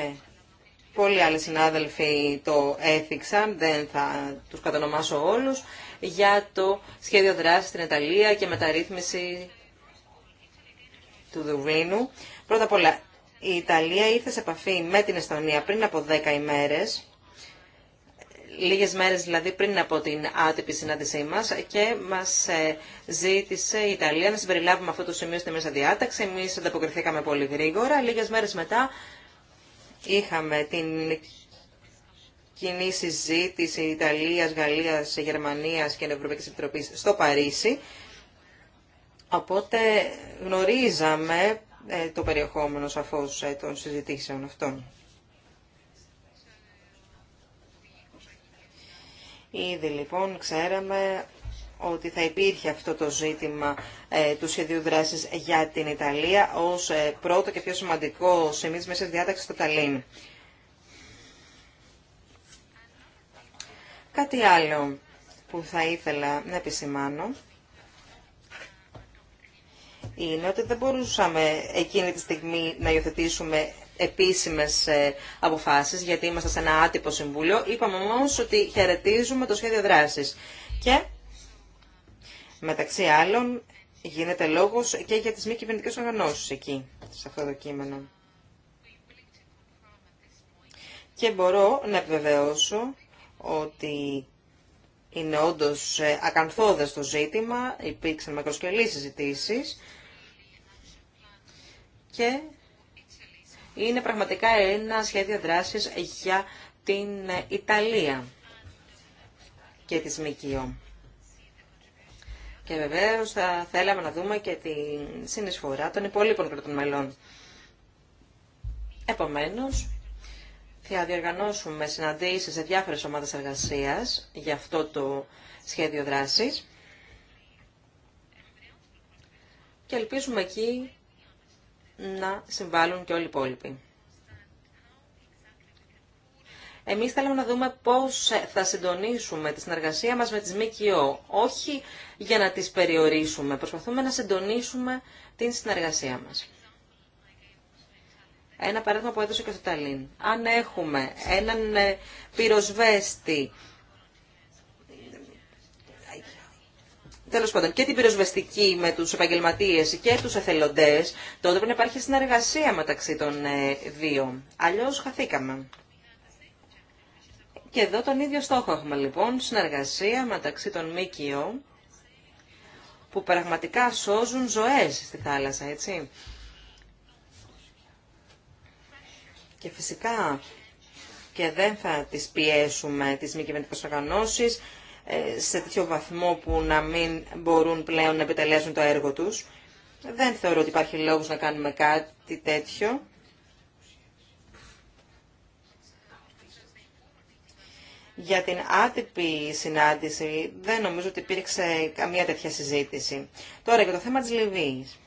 D: Πολλοί άλλοι συνάδελφοι το έθιξαν, δεν θα τους κατανομάσω όλους, για το σχέδιο δράσης στην Ιταλία και μεταρρύθμιση του Δουβλίνου. Πρώτα απ' όλα, η Ιταλία ήρθε σε επαφή με την Εστονία πριν από 10 ημέρες, λίγες μέρες δηλαδή πριν από την άτυπη συνάντησή μας και μας ε, ζήτησε η Ιταλία να συμπεριλάβουμε αυτό το σημείο στη μέσα διάταξη. Εμείς ανταποκριθήκαμε πολύ γρήγορα. Λίγες μέρες μετά Είχαμε την κοινή συζήτηση Ιταλίας, Γαλλίας, Γερμανίας και Ευρωπαϊκής Επιτροπής στο Παρίσι. Οπότε γνωρίζαμε ε, το περιεχόμενο σαφώς ε, των συζητήσεων αυτών. Ήδη λοιπόν ξέραμε ότι θα υπήρχε αυτό το ζήτημα ε, του σχεδίου δράση για την Ιταλία ως ε, πρώτο και πιο σημαντικό σημείο μέσα στη διάταξη του Ταλίν. Κάτι άλλο που θα ήθελα να επισημάνω είναι ότι δεν μπορούσαμε εκείνη τη στιγμή να υιοθετήσουμε επίσημες ε, αποφάσεις γιατί είμαστε σε ένα άτυπο συμβούλιο. Είπαμε όμω ότι χαιρετίζουμε το σχέδιο δράσης. Και Μεταξύ άλλων, γίνεται λόγος και για τις μη κυβερνητικές οργανώσεις εκεί, σε αυτό το κείμενο. Και μπορώ να επιβεβαιώσω ότι είναι όντω ε, ακαθόδε το ζήτημα, υπήρξαν μακροσκελεί συζητήσει και είναι πραγματικά ένα σχέδιο δράσης για την ε, Ιταλία και τις ΜΚΙΟ. Και βεβαίω θα θέλαμε να δούμε και τη συνεισφορά των υπόλοιπων κρατών μελών. Επομένω, θα διοργανώσουμε συναντήσει σε διάφορε ομάδε εργασία για αυτό το σχέδιο δράση και ελπίζουμε εκεί να συμβάλλουν και όλοι οι υπόλοιποι. Εμείς θέλουμε να δούμε πώς θα συντονίσουμε τη συνεργασία μας με τις ΜΚΟ, όχι για να τις περιορίσουμε. Προσπαθούμε να συντονίσουμε την συνεργασία μας. Ένα παράδειγμα που έδωσε και στο Ταλίν. Αν έχουμε έναν ε, πυροσβέστη, τέλο πάντων και την πυροσβεστική με του επαγγελματίε και του εθελοντέ, τότε πρέπει να υπάρχει συνεργασία μεταξύ των ε, δύο. Αλλιώ χαθήκαμε. Και εδώ τον ίδιο στόχο έχουμε λοιπόν, συνεργασία μεταξύ των ΜΚΟ που πραγματικά σώζουν ζωές στη θάλασσα, έτσι. Και φυσικά και δεν θα τις πιέσουμε τις μη κυβερνητικές οργανώσεις ε, σε τέτοιο βαθμό που να μην μπορούν πλέον να επιτελέσουν το έργο τους. Δεν θεωρώ ότι υπάρχει λόγος να κάνουμε κάτι τέτοιο. Για την άτυπη συνάντηση δεν νομίζω ότι υπήρξε καμία τέτοια συζήτηση. Τώρα για το θέμα της Λιβύης.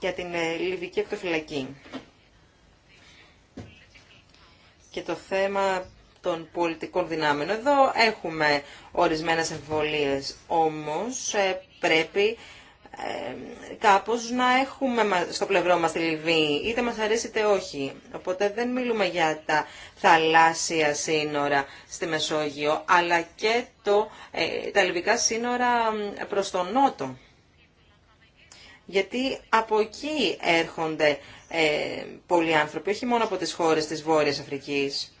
D: Για την ε, λιβυκή Εκτοφυλακή. Και το θέμα των πολιτικών δυνάμεων. Εδώ έχουμε ορισμένες εμβολίες, όμως ε, πρέπει ε, κάπως να έχουμε στο πλευρό μας τη Λιβύη, είτε μας αρέσει είτε όχι. Οπότε δεν μιλούμε για τα θαλάσσια σύνορα στη Μεσόγειο, αλλά και το, ε, τα λιβικά σύνορα προς τον Νότο. Γιατί από εκεί έρχονται ε, πολλοί άνθρωποι, όχι μόνο από τις χώρες της Βόρειας Αφρικής.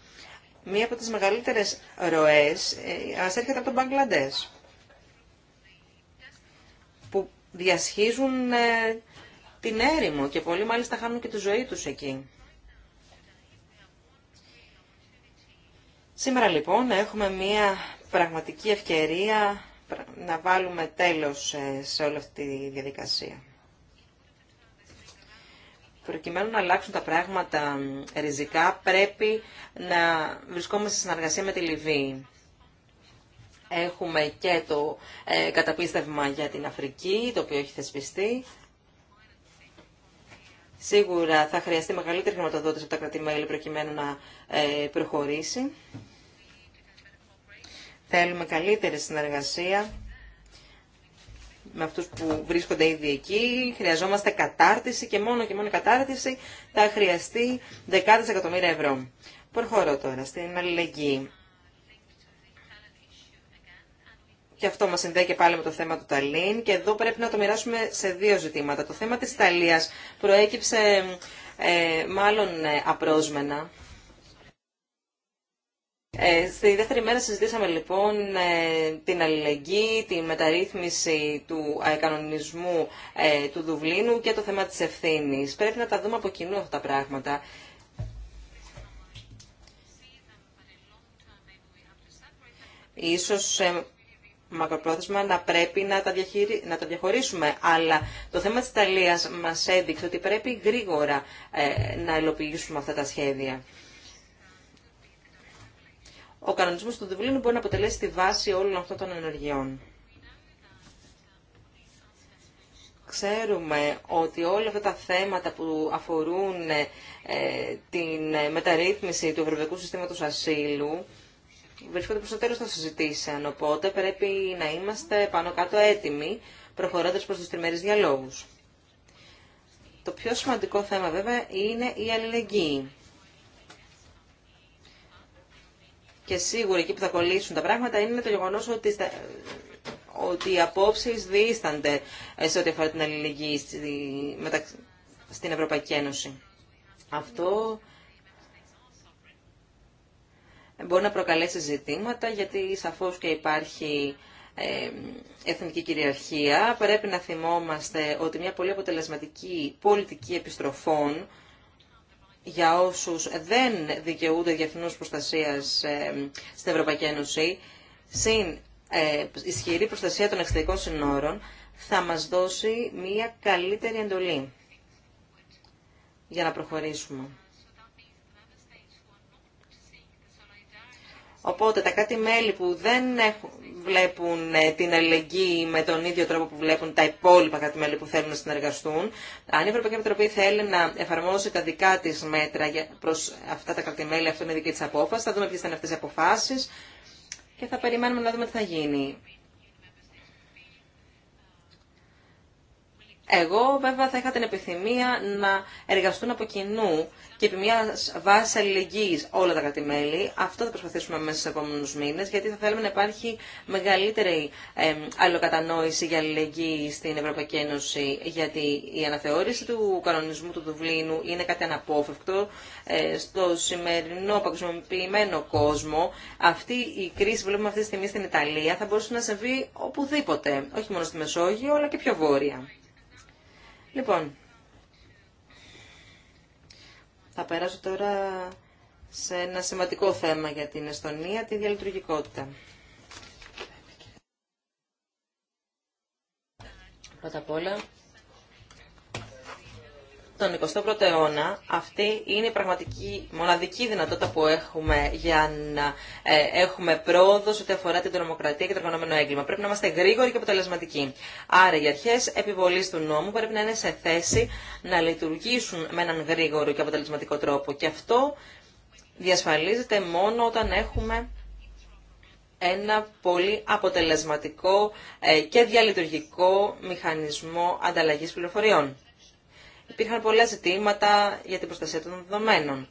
D: Μία από τις μεγαλύτερες ροές ε, έρχεται από τον Μπαγκλαντές διασχίζουν ε, την έρημο και πολλοί μάλιστα χάνουν και τη ζωή τους εκεί. Σήμερα λοιπόν έχουμε μία πραγματική ευκαιρία να βάλουμε τέλος ε, σε όλη αυτή τη διαδικασία. Προκειμένου να αλλάξουν τα πράγματα ριζικά πρέπει να βρισκόμαστε σε συνεργασία με τη Λιβύη. Έχουμε και το ε, καταπίστευμα για την Αφρική, το οποίο έχει θεσπιστεί. Σίγουρα θα χρειαστεί μεγαλύτερη χρηματοδότηση από τα κρατημέλη προκειμένου να ε, προχωρήσει. Θέλουμε καλύτερη συνεργασία με αυτούς που βρίσκονται ήδη εκεί. Χρειαζόμαστε κατάρτιση και μόνο και μόνο κατάρτιση θα χρειαστεί δεκάδες εκατομμύρια ευρώ. Προχωρώ τώρα στην αλληλεγγύη. και αυτό μας συνδέει και πάλι με το θέμα του Ταλίν και εδώ πρέπει να το μοιράσουμε σε δύο ζητήματα. Το θέμα της Ιταλίας προέκυψε ε, μάλλον ε, απρόσμενα. Ε, στη δεύτερη μέρα συζητήσαμε λοιπόν ε, την αλληλεγγύη, τη μεταρρύθμιση του ε, κανονισμού ε, του Δουβλίνου και το θέμα της ευθύνης. Πρέπει να τα δούμε από κοινού αυτά τα πράγματα. Ίσως μακροπρόθεσμα να πρέπει να τα, διαχειρι... να τα διαχωρίσουμε. Αλλά το θέμα της Ιταλίας μας έδειξε ότι πρέπει γρήγορα ε, να υλοποιήσουμε αυτά τα σχέδια. Ο κανονισμός του Δουβλίνου μπορεί να αποτελέσει τη βάση όλων αυτών των ενεργειών. Ξέρουμε ότι όλα αυτά τα θέματα που αφορούν ε, την μεταρρύθμιση του Ευρωπαϊκού Συστήματος Ασύλου βρίσκονται προ το τέλο των συζητήσεων, οπότε πρέπει να είμαστε πάνω κάτω έτοιμοι, προχωρώντα προς τους τριμερεί διαλόγου. Το πιο σημαντικό θέμα βέβαια είναι η αλληλεγγύη. Και σίγουρα εκεί που θα κολλήσουν τα πράγματα είναι το γεγονό ότι, στα... οι απόψει δίστανται σε ό,τι αφορά την αλληλεγγύη στη... μεταξύ... στην Ευρωπαϊκή Ένωση. Αυτό μπορεί να προκαλέσει ζητήματα γιατί σαφώς και υπάρχει εθνική κυριαρχία. Πρέπει να θυμόμαστε ότι μια πολύ αποτελεσματική πολιτική επιστροφών για όσους δεν δικαιούνται διεθνούς προστασίας στην Ευρωπαϊκή Ένωση, συν ε, ισχυρή προστασία των εξωτερικών συνόρων, θα μας δώσει μια καλύτερη εντολή για να προχωρήσουμε. Οπότε τα κάτι μέλη που δεν βλέπουν ε, την αλληλεγγύη με τον ίδιο τρόπο που βλέπουν τα υπόλοιπα κρατη μέλη που θέλουν να συνεργαστούν, αν η Ευρωπαϊκή Επιτροπή θέλει να εφαρμόσει τα δικά τη μέτρα προ αυτά τα κρατη μέλη, αυτό είναι η δική τη απόφαση, θα δούμε ποιες θα είναι αυτές οι αποφάσεις και θα περιμένουμε να δούμε τι θα γίνει. Εγώ βέβαια θα είχα την επιθυμία να εργαστούν από κοινού και επί μια βάση αλληλεγγύη όλα τα κρατημέλη. Αυτό θα προσπαθήσουμε μέσα στου επόμενου μήνε, γιατί θα θέλουμε να υπάρχει μεγαλύτερη αλληλοκατανόηση για αλληλεγγύη στην Ευρωπαϊκή Ένωση, γιατί η αναθεώρηση του κανονισμού του Δουβλίνου είναι κάτι αναπόφευκτο. Ε, στο σημερινό παγκοσμιοποιημένο κόσμο, αυτή η κρίση που βλέπουμε αυτή τη στιγμή στην Ιταλία θα μπορούσε να συμβεί οπουδήποτε, όχι μόνο στη Μεσόγειο, αλλά και πιο βόρεια. Λοιπόν, θα περάσω τώρα σε ένα σημαντικό θέμα για την Εστονία, τη διαλειτουργικότητα. Πρώτα απ' όλα, τον 21ο αιώνα αυτή είναι η πραγματική μοναδική δυνατότητα που έχουμε για να ε, έχουμε πρόοδο ό,τι αφορά την τρομοκρατία και το οργανωμένο έγκλημα. Πρέπει να είμαστε γρήγοροι και αποτελεσματικοί. Άρα οι αρχέ επιβολή του νόμου πρέπει να είναι σε θέση να λειτουργήσουν με έναν γρήγορο και αποτελεσματικό τρόπο. Και αυτό διασφαλίζεται μόνο όταν έχουμε ένα πολύ αποτελεσματικό ε, και διαλειτουργικό μηχανισμό ανταλλαγής πληροφοριών υπήρχαν πολλά ζητήματα για την προστασία των δεδομένων.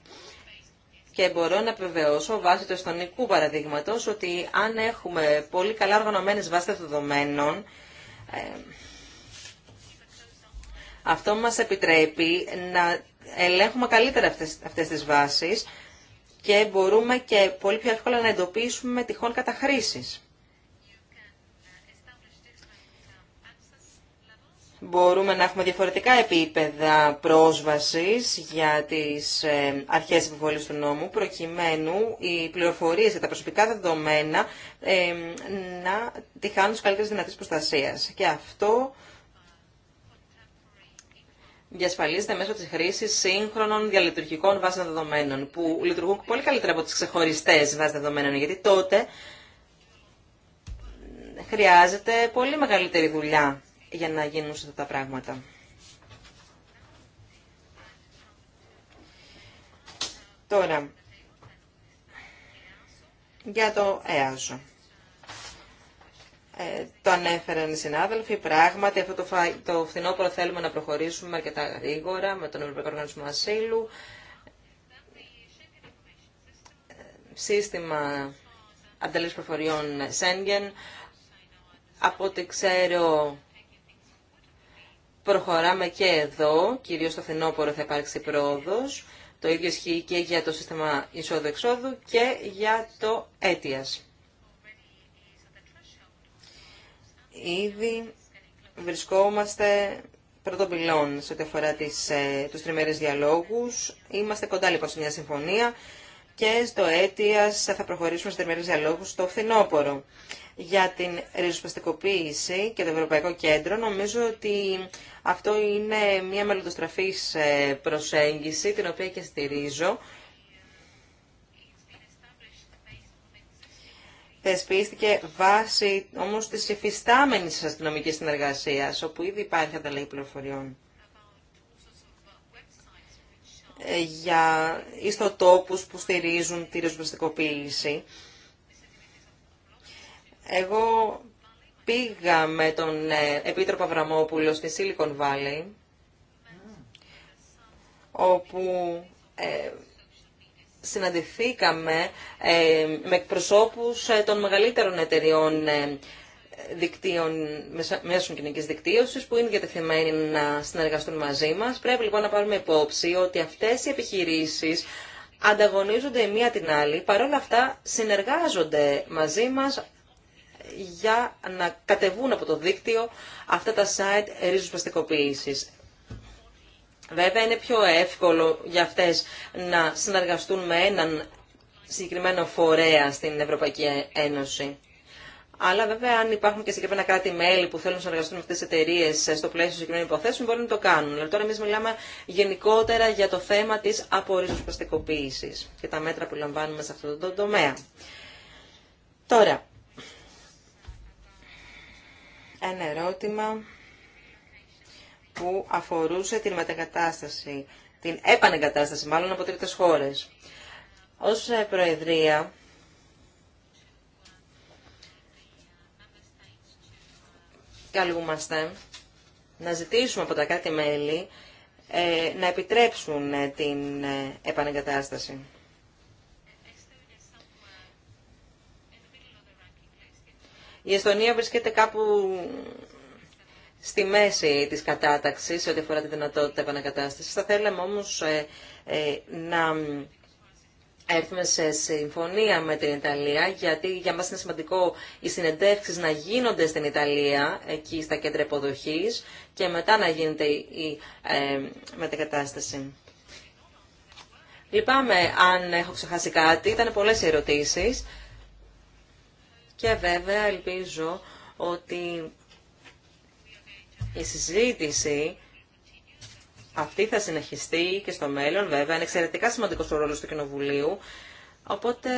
D: Και μπορώ να επιβεβαιώσω βάσει του εστονικού παραδείγματο ότι αν έχουμε πολύ καλά οργανωμένε βάσει δεδομένων, ε, αυτό μας επιτρέπει να ελέγχουμε καλύτερα αυτές, αυτές τις βάσεις και μπορούμε και πολύ πιο εύκολα να εντοπίσουμε τυχόν καταχρήσεις. μπορούμε να έχουμε διαφορετικά επίπεδα πρόσβασης για τις ε, αρχές επιβολής του νόμου, προκειμένου οι πληροφορίες για τα προσωπικά δεδομένα ε, να τυχάνουν χάνουν στις καλύτερες δυνατές προστασίας. Και αυτό διασφαλίζεται μέσω της χρήσης σύγχρονων διαλειτουργικών βάσεων δεδομένων, που λειτουργούν πολύ καλύτερα από τις ξεχωριστές βάσεις δεδομένων, γιατί τότε χρειάζεται πολύ μεγαλύτερη δουλειά για να γίνουν αυτά τα πράγματα. Τώρα, για το ΕΑΖΟ. Ε, το ανέφεραν οι συνάδελφοι. Πράγματι, αυτό το, φα... το φθινόπωρο θέλουμε να προχωρήσουμε αρκετά γρήγορα με τον Ευρωπαϊκό Οργανισμό Ασύλου. Σύστημα ανταλλήλωση προφοριών Σέγγεν. Από ό,τι ξέρω, Προχωράμε και εδώ, κυρίως στο φθινόπωρο θα υπάρξει πρόοδος. Το ίδιο ισχύει και για το σύστημα εισόδου-εξόδου και για το αίτιας. Ήδη βρισκόμαστε πυλών σε ό,τι αφορά τις, ε, τους τριμερείς διαλόγους. Είμαστε κοντά λοιπόν σε μια συμφωνία και στο αίτια θα προχωρήσουμε σε τερμερίες διαλόγους στο φθινόπωρο. Για την ριζοσπαστικοποίηση και το Ευρωπαϊκό Κέντρο νομίζω ότι αυτό είναι μια μελλοντοστραφής ε, προσέγγιση την οποία και στηρίζω. Θεσπίστηκε βάσει όμως της εφιστάμενης αστυνομικής συνεργασίας, όπου ήδη υπάρχει ανταλλαγή πληροφοριών. Ε, για ιστοτόπους που στηρίζουν τη ριζοσπαστικοποίηση. Εγώ πήγα με τον ε, Επίτροπο Αβραμόπουλο στη Silicon Valley, όπου ε, συναντηθήκαμε με εκπροσώπους των μεγαλύτερων εταιριών δικτύων, μέσων κοινωνική δικτύωση που είναι διατεθειμένοι να συνεργαστούν μαζί μα. Πρέπει λοιπόν να πάρουμε υπόψη ότι αυτές οι επιχειρήσει ανταγωνίζονται η μία την άλλη, παρόλα αυτά συνεργάζονται μαζί μα για να κατεβούν από το δίκτυο αυτά τα site ρίζους Βέβαια είναι πιο εύκολο για αυτές να συνεργαστούν με έναν συγκεκριμένο φορέα στην Ευρωπαϊκή Ένωση. Αλλά βέβαια, αν υπάρχουν και συγκεκριμένα κράτη-μέλη που θέλουν να συνεργαστούν με αυτέ τι εταιρείε στο πλαίσιο συγκεκριμένων υποθέσεων, μπορούν να το κάνουν. Αλλά τώρα εμεί μιλάμε γενικότερα για το θέμα τη απορριζοσπαστικοποίηση και τα μέτρα που λαμβάνουμε σε αυτό το τομέα. Τώρα, ένα ερώτημα που αφορούσε την μετεγκατάσταση, την επανεγκατάσταση μάλλον από τρίτες χώρες. Ως ε, Προεδρία καλούμαστε να ζητήσουμε από τα κάτι μελη ε, να επιτρέψουν ε, την ε, επανεγκατάσταση. Η Εστονία βρίσκεται κάπου στη μέση της κατάταξης σε ό,τι αφορά τη δυνατότητα επανακατάστασης. Θα θέλαμε όμως να έρθουμε σε συμφωνία με την Ιταλία, γιατί για μας είναι σημαντικό οι συνεντεύξεις να γίνονται στην Ιταλία, εκεί στα κέντρα υποδοχή και μετά να γίνεται η ε, μετακατάσταση. Λυπάμαι αν έχω ξεχάσει κάτι, ήταν πολλές οι ερωτήσεις. Και βέβαια ελπίζω ότι η συζήτηση αυτή θα συνεχιστεί και στο μέλλον βέβαια. Είναι εξαιρετικά σημαντικό ο ρόλο του Κοινοβουλίου. Οπότε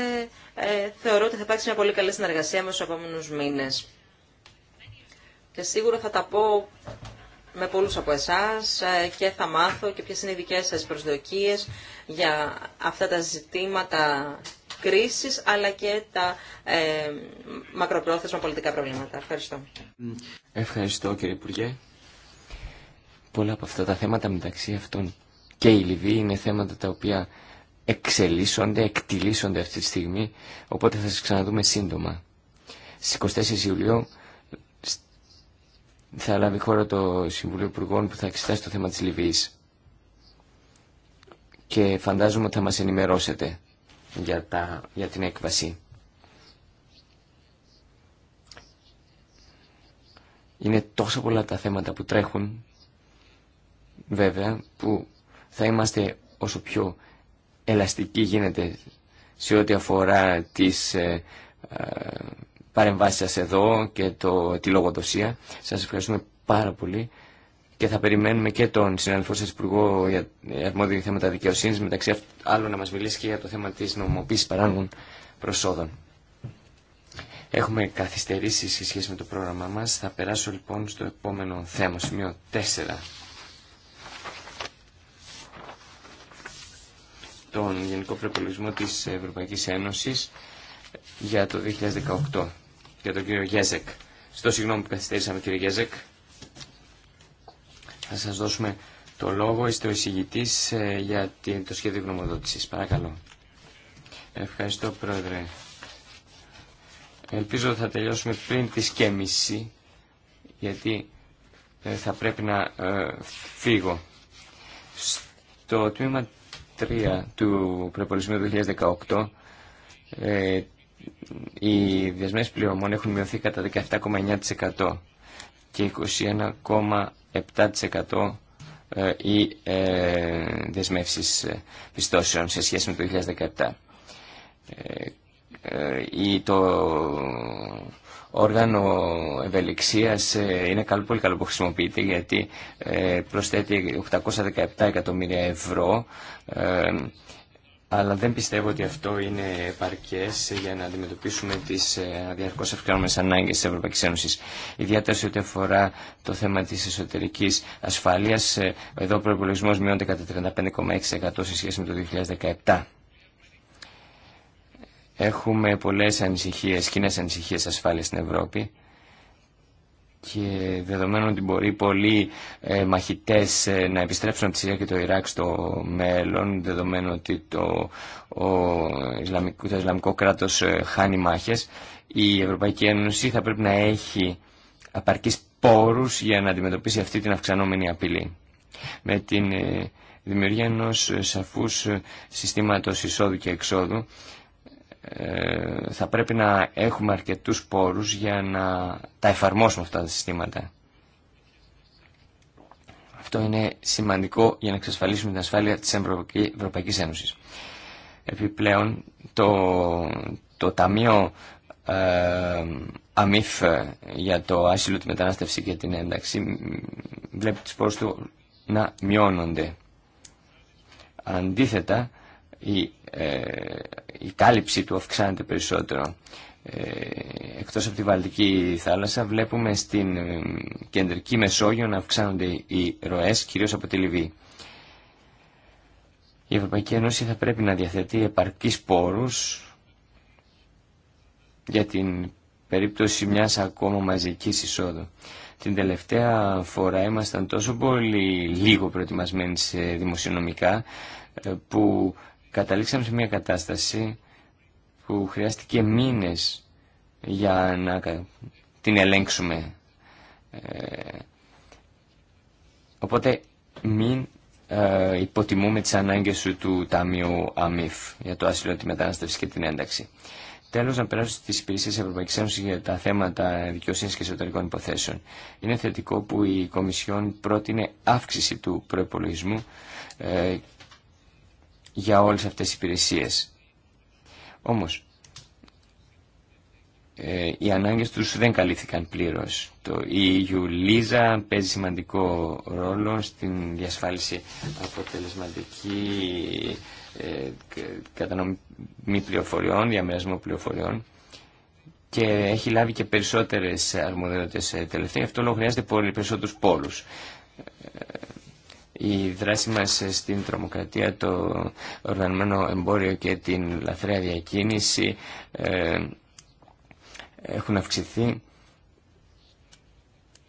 D: ε, θεωρώ ότι θα υπάρξει μια πολύ καλή συνεργασία με του επόμενου μήνες. Και σίγουρα θα τα πω με πολλούς από εσάς ε, και θα μάθω και ποιε είναι οι δικέ σα προσδοκίε για αυτά τα ζητήματα κρίσης αλλά και τα ε, μακροπρόθεσμα πολιτικά προβλήματα. Ευχαριστώ.
C: Ευχαριστώ κύριε Υπουργέ πολλά από αυτά τα θέματα μεταξύ αυτών και η Λιβύη είναι θέματα τα οποία εξελίσσονται, εκτιλίσσονται αυτή τη στιγμή, οπότε θα σας ξαναδούμε σύντομα. Στις 24 Ιουλίου θα λάβει χώρα το Συμβουλίο Υπουργών που θα εξετάσει το θέμα της Λιβύης. Και φαντάζομαι ότι θα μας ενημερώσετε για, για την έκβαση. Είναι τόσο πολλά τα θέματα που τρέχουν βέβαια που θα είμαστε όσο πιο ελαστικοί γίνεται σε ό,τι αφορά τις ε, ε, παρεμβάσεις σας εδώ και το, τη λογοδοσία. Σας ευχαριστούμε πάρα πολύ και θα περιμένουμε και τον συναλληφό σας Υπουργό για ε, αρμόδιο θέματα δικαιοσύνης μεταξύ άλλων να μας μιλήσει και για το θέμα της νομοποίησης παράνομων προσόδων. Έχουμε καθυστερήσει σε σχέση με το πρόγραμμά μας. Θα περάσω λοιπόν στο επόμενο θέμα, σημείο 4. τον Γενικό Προπολογισμό της Ευρωπαϊκής Ένωσης για το 2018, για τον κύριο Γέζεκ. Στο συγγνώμη που καθυστερήσαμε κύριε Γέζεκ, θα σας δώσουμε το λόγο. Είστε ο εισηγητής ε, για το σχέδιο γνωμοδότησης. Παρακαλώ. Ευχαριστώ πρόεδρε. Ελπίζω θα τελειώσουμε πριν τις σκέμιση, γιατί ε, θα πρέπει να ε, φύγω. Στο τμήμα 3 του προπολισμού 2018 ε, οι διασμένες πληρωμών έχουν μειωθεί κατά 17,9% και 21,7% ε, οι ε, δεσμεύσεις πιστώσεων σε σχέση με το 2017. Ε, ή το όργανο ευελιξίας ε, είναι καλό, πολύ καλό που χρησιμοποιείται γιατί ε, προσθέτει 817 εκατομμύρια ευρώ αλλά δεν πιστεύω ότι αυτό είναι επαρκές για να αντιμετωπίσουμε τις διαρκώς ευκαιρόμενες ανάγκες της Ευρωπαϊκής Ένωσης. Ιδιαίτερα σε ό,τι αφορά το θέμα της εσωτερικής ασφάλειας, εδώ ο προϋπολογισμός μειώνεται κατά 35,6% σε σχέση με το 2017. Έχουμε πολλές ανησυχίες, κοινέ ανησυχίες ασφάλειας στην Ευρώπη και δεδομένου ότι μπορεί πολλοί ε, μαχητές ε, να επιστρέψουν από τη Συρία και το Ιράκ στο μέλλον, δεδομένου ότι το, ο, Ισλαμικό, το κράτος ε, χάνει μάχες, η Ευρωπαϊκή Ένωση θα πρέπει να έχει απαρκείς πόρους για να αντιμετωπίσει αυτή την αυξανόμενη απειλή. Με την ε, δημιουργία ενός σαφούς συστήματος εισόδου και εξόδου ε, θα πρέπει να έχουμε αρκετούς πόρους για να τα εφαρμόσουμε αυτά τα συστήματα. Αυτό είναι σημαντικό για να εξασφαλίσουμε την ασφάλεια της Ευρωπαϊκής Ένωσης. Επιπλέον, το, το Ταμείο ε, ΑΜΙΦ ε, για το άσυλο, τη μετανάστευση και την ένταξη βλέπει τις πόρους του να μειώνονται. Αντίθετα, η ε, η κάλυψη του αυξάνεται περισσότερο. Ε, εκτός από τη Βαλτική θάλασσα βλέπουμε στην ε, κεντρική Μεσόγειο να αυξάνονται οι ροές, κυρίως από τη Λιβύη. Η Ευρωπαϊκή Ένωση θα πρέπει να διαθέτει επαρκείς πόρους για την περίπτωση μιας ακόμα μαζικής εισόδου. Την τελευταία φορά ήμασταν τόσο πολύ λίγο προετοιμασμένοι σε δημοσιονομικά ε, που καταλήξαμε σε μια κατάσταση που χρειάστηκε μήνες για να την ελέγξουμε. Ε, οπότε μην ε, υποτιμούμε τις ανάγκες του Ταμείου ΑΜΙΦ για το άσυλο, τη μετανάστευση και την ένταξη. Τέλος, να περάσω στις υπηρεσίες Ευρωπαϊκής Ένωσης για τα θέματα δικαιοσύνης και εσωτερικών υποθέσεων. Είναι θετικό που η Κομισιόν πρότεινε αύξηση του προπολογισμού ε, για όλες αυτές τις υπηρεσίες. Όμως, ε, οι ανάγκες τους δεν καλύφθηκαν πλήρως. Το, η Ιουλίζα παίζει σημαντικό ρόλο στην διασφάλιση αποτελεσματική ε, κατανομή πληροφοριών, διαμερισμό πληροφοριών και έχει λάβει και περισσότερες αρμοδιότητες ε, τελευταία. Αυτό λόγω χρειάζεται πολύ περισσότερους πόλους. Ε, η δράση μας στην τρομοκρατία, το οργανωμένο εμπόριο και την λαθρέα διακίνηση ε, έχουν αυξηθεί.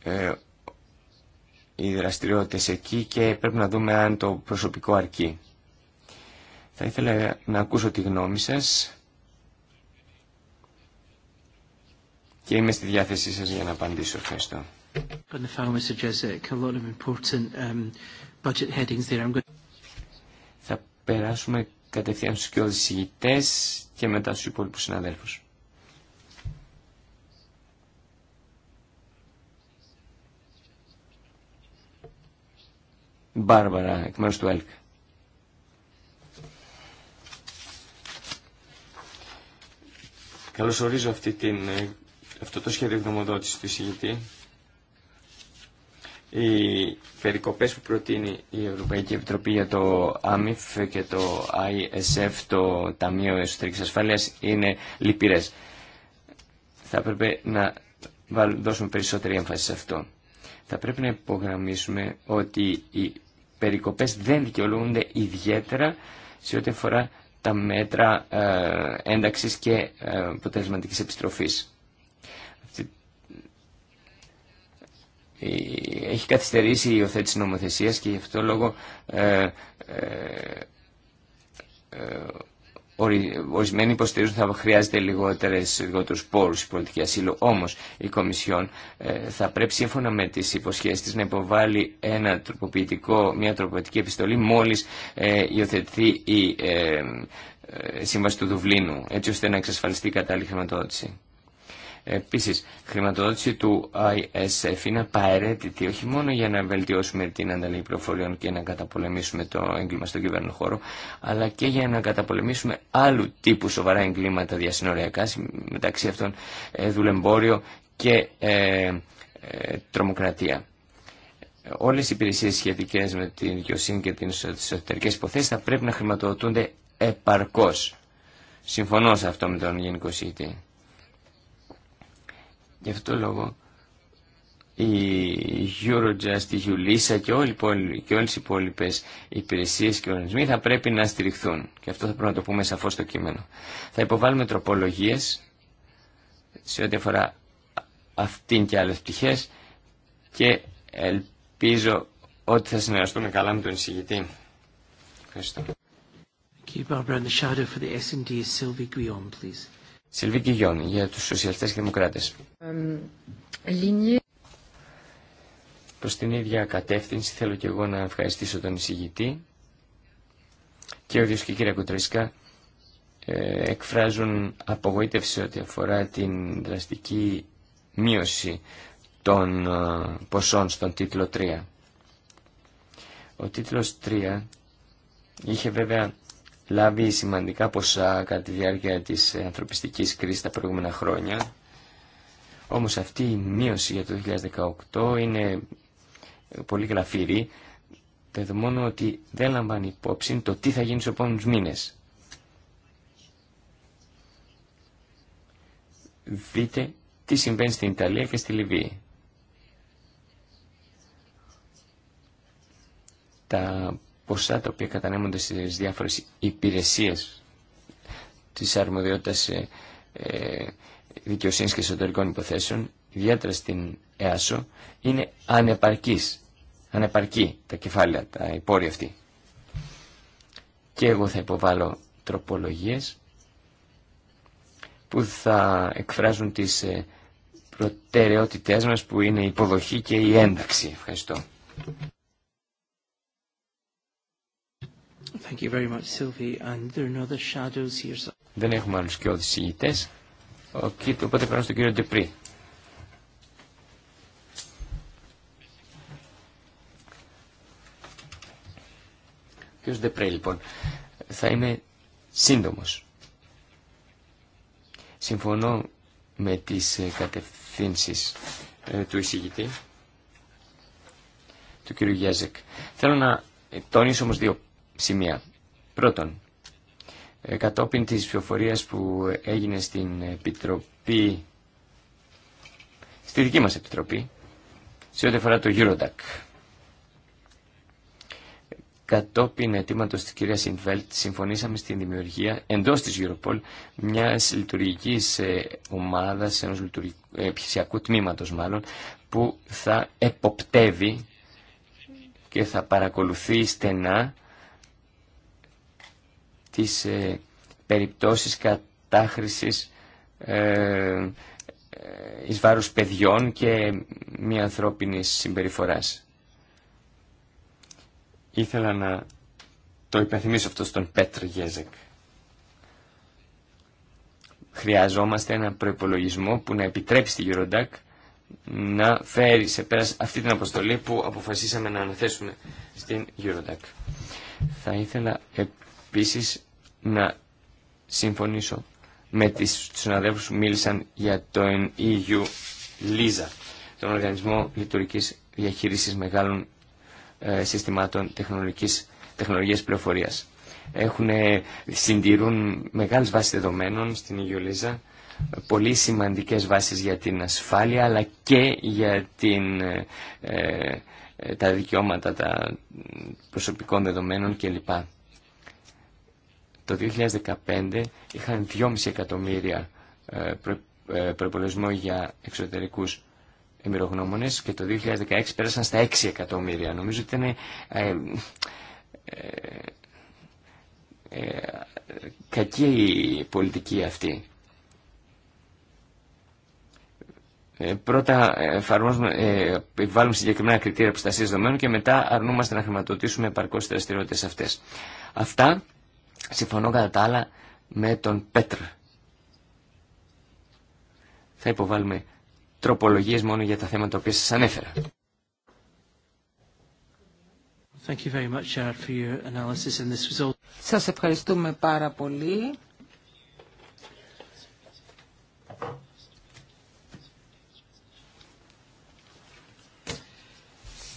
C: Ε, οι δραστηριότητε εκεί και πρέπει να δούμε αν το προσωπικό αρκεί. Θα ήθελα να ακούσω τη γνώμη σας και είμαι στη διάθεσή σας για να απαντήσω. Ευχαριστώ
A: budget headings
C: Θα περάσουμε κατευθείαν στους κοιόδους συγητές και μετά στους υπόλοιπους συναδέλφους. Μπάρβαρα, εκ μέρους του ΕΛΚ. Καλωσορίζω αυτή ε, αυτό το σχέδιο γνωμοδότηση του εισηγητή. Οι περικοπές που προτείνει η Ευρωπαϊκή Επιτροπή για το ΑΜΙΦ και το ISF, το Ταμείο Εσωτερικής Ασφάλειας, είναι λυπηρές. Θα πρέπει να δώσουμε περισσότερη έμφαση σε αυτό. Θα πρέπει να υπογραμμίσουμε ότι οι περικοπές δεν δικαιολογούνται ιδιαίτερα σε ό,τι αφορά τα μέτρα ε, ένταξης και ε, αποτελεσματικής επιστροφής. Ε, έχει καθυστερήσει η υιοθέτηση νομοθεσία και γι' αυτό λόγο ε, ε, ε Ορισμένοι υποστηρίζουν θα χρειάζεται λιγότερου λιγότερους πόρους η πολιτική ασύλου. όμω η Κομισιόν θα πρέπει σύμφωνα με τι υποσχέσει τη να υποβάλει ένα τροποποιητικό, μια τροποποιητική επιστολή μόλι ε, υιοθετηθεί η Σύμβαση του Δουβλίνου έτσι ώστε να εξασφαλιστεί η κατάλληλη χρηματοδότηση. Επίσης, χρηματοδότηση του ISF είναι απαραίτητη όχι μόνο για να βελτιώσουμε την ανταλλαγή πληροφοριών και να καταπολεμήσουμε το έγκλημα στον κυβέρνο χώρο, αλλά και για να καταπολεμήσουμε άλλου τύπου σοβαρά εγκλήματα διασυνοριακά, μεταξύ αυτών ε, δουλεμπόριο και ε, ε τρομοκρατία. Όλε οι υπηρεσίε σχετικέ με την δικαιοσύνη και τι εσωτερικέ υποθέσει θα πρέπει να χρηματοδοτούνται επαρκώ, Συμφωνώ σε αυτό με τον Γενικό Συγητή. Γι' αυτό το λόγο η Eurojust, η Ulyssa και, όλοι, και όλες οι υπόλοιπε υπηρεσίες και οργανισμοί θα πρέπει να στηριχθούν. Και αυτό θα πρέπει να το πούμε σαφώς στο κείμενο. Θα υποβάλουμε τροπολογίες σε ό,τι αφορά αυτήν και άλλες πτυχές και ελπίζω ότι θα συνεργαστούμε καλά με τον εισηγητή. Ευχαριστώ.
A: the shadow for the S&D Sylvie Guillaume, please.
C: Σιλβί Κιγιόν για τους σοσιαλιστές και δημοκράτες. Προς την ίδια κατεύθυνση θέλω και εγώ να ευχαριστήσω τον εισηγητή και ο ίδιος και η κυρία Κουτρίσκα ε, εκφράζουν απογοήτευση ό,τι αφορά την δραστική μείωση των ε, ποσών στον τίτλο 3. Ο τίτλος 3 είχε βέβαια λάβει σημαντικά ποσά κατά τη διάρκεια της ανθρωπιστικής κρίσης τα προηγούμενα χρόνια. Όμως αυτή η μείωση για το 2018 είναι πολύ γραφήρη, δεδομένου ότι δεν λαμβάνει υπόψη το τι θα γίνει στους επόμενους μήνες. Δείτε τι συμβαίνει στην Ιταλία και στη Λιβύη. Τα ποσά τα οποία κατανέμονται στις διάφορες υπηρεσίες της αρμοδιότητας ε, ε, δικαιοσύνης και εσωτερικών υποθέσεων, ιδιαίτερα στην ΕΑΣΟ, είναι ανεπαρκής, ανεπαρκή τα κεφάλαια, τα υπόρρια αυτή. Και εγώ θα υποβάλω τροπολογίες που θα εκφράζουν τις ε, προτεραιότητές μας που είναι η υποδοχή και η ένταξη. Ευχαριστώ.
A: Thank you very much, Sylvie. And there are no other shadows here. So...
C: Δεν έχουμε άλλους και συγητές. Οπότε περνάμε στον κύριο Ντεπρί. Κύριος Ντεπρέ, λοιπόν, θα είμαι σύντομος. Συμφωνώ με τις ε, κατευθύνσεις ε, του εισηγητή, του κύριου Γιάζεκ. Θέλω να τονίσω όμως δύο σημεία. Πρώτον, ε, κατόπιν της ψηφοφορίας που έγινε στην Επιτροπή, στη δική μας Επιτροπή, σε ό,τι αφορά το Eurodac. Κατόπιν αιτήματος της κυρίας Σιντβέλτ συμφωνήσαμε στην δημιουργία εντός της Europol μιας λειτουργικής ε, ομάδας, ενός λειτουργικού ε, τμήματος μάλλον, που θα εποπτεύει και θα παρακολουθεί στενά τις ε, περιπτώσεις κατάχρησης ε, ε εις παιδιών και μη ανθρώπινης συμπεριφοράς. Ήθελα να το υπενθυμίσω αυτό στον Πέτρ Γέζεκ. Χρειαζόμαστε ένα προϋπολογισμό που να επιτρέψει τη Eurodac να φέρει σε πέρα αυτή την αποστολή που αποφασίσαμε να αναθέσουμε στην Eurodac. Θα ήθελα επίσης να συμφωνήσω με τις, συναδέλφους που μίλησαν για το EU LISA, τον Οργανισμό Λειτουργικής Διαχείρισης Μεγάλων ε, Συστημάτων Τεχνολογικής, Τεχνολογίας Πληροφορίας. Έχουν, ε, συντηρούν μεγάλες βάσεις δεδομένων στην EU LISA, πολύ σημαντικές βάσεις για την ασφάλεια αλλά και για την, ε, τα δικαιώματα τα προσωπικών δεδομένων κλπ. Το 2015 είχαν 2,5 εκατομμύρια ε, ε, προπολογισμό για εξωτερικούς εμπειρογνώμονες και το 2016 πέρασαν στα 6 εκατομμύρια. Νομίζω ότι ήταν ε, κακή η πολιτική αυτή. Πρώτα βάλουμε συγκεκριμένα κριτήρια προστασία δεδομένων και μετά αρνούμαστε να χρηματοδοτήσουμε επαρκώς τις δραστηριότητες αυτέ. Αυτά Συμφωνώ κατά τα άλλα με τον Πέτρ. Θα υποβάλουμε τροπολογίες μόνο για τα θέματα που οποία σας ανέφερα.
A: Σας
B: ευχαριστούμε πάρα πολύ.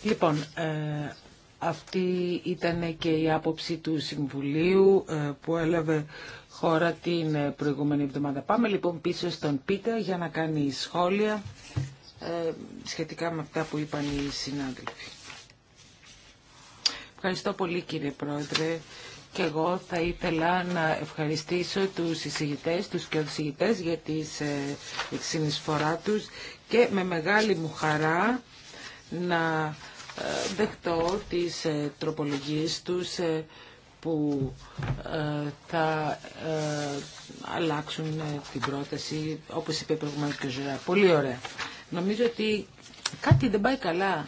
B: Λοιπόν, ε, αυτή ήταν και η άποψη του Συμβουλίου ε, που έλαβε χώρα την ε, προηγούμενη εβδομάδα. Πάμε λοιπόν πίσω στον Πίτα για να κάνει σχόλια ε, σχετικά με αυτά που είπαν οι συνάδελφοι. Ευχαριστώ πολύ κύριε Πρόεδρε. Και εγώ θα ήθελα να ευχαριστήσω τους εισηγητές, τους και συζητητές για τη συνεισφορά τους και με μεγάλη μου χαρά να δεχτώ τις ε, τροπολογίες τους ε, που ε, θα αλλάξουν την πρόταση, όπως είπε προηγουμένως και ο Ζωρά. Πολύ ωραία. Νομίζω ότι κάτι δεν πάει καλά.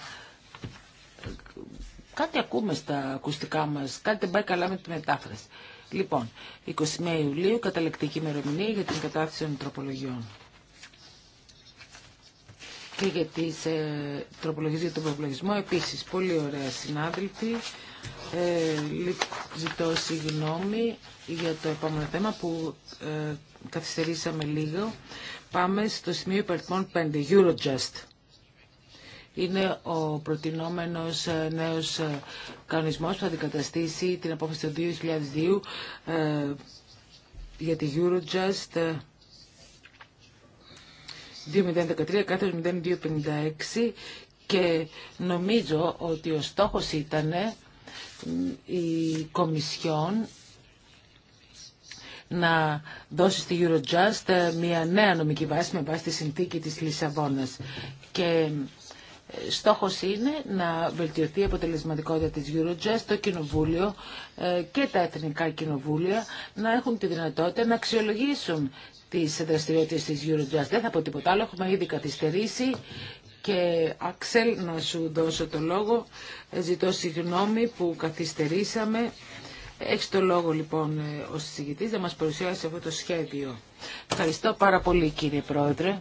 B: Κάτι ακούμε στα ακουστικά μας, κάτι δεν πάει καλά με τη μετάφραση. Λοιπόν, 20 Ιουλίου, καταλεκτική ημερομηνία για την κατάθεση των τροπολογιών και για τις ε, τροπολογίες για τον προπολογισμό. Επίσης, πολύ ωραία συνάδελφοι. Ε, ζητώ συγγνώμη για το επόμενο θέμα που ε, καθυστερήσαμε λίγο. Πάμε στο σημείο υπερθμών 5, Eurojust. Είναι ο προτινόμενος ε, νέος ε, κανονισμός που θα αντικαταστήσει την απόφαση του 2002 ε, για τη Eurojust 2013-0256 και νομίζω ότι ο στόχος ήταν η Κομισιόν να δώσει στη Eurojust μια νέα νομική βάση με βάση τη συνθήκη της Λισαβόνας. Και Στόχος είναι να βελτιωθεί η αποτελεσματικότητα της Eurojust, το Κοινοβούλιο ε, και τα Εθνικά Κοινοβούλια να έχουν τη δυνατότητα να αξιολογήσουν τις δραστηριότητες της Eurojust. Δεν θα πω τίποτα άλλο, έχουμε ήδη καθυστερήσει και Αξέλ να σου δώσω το λόγο. Ε, ζητώ συγγνώμη που καθυστερήσαμε. Έχει το λόγο λοιπόν ο ε, συζητήτη να μα παρουσιάσει αυτό το σχέδιο. Ευχαριστώ πάρα πολύ κύριε Πρόεδρε.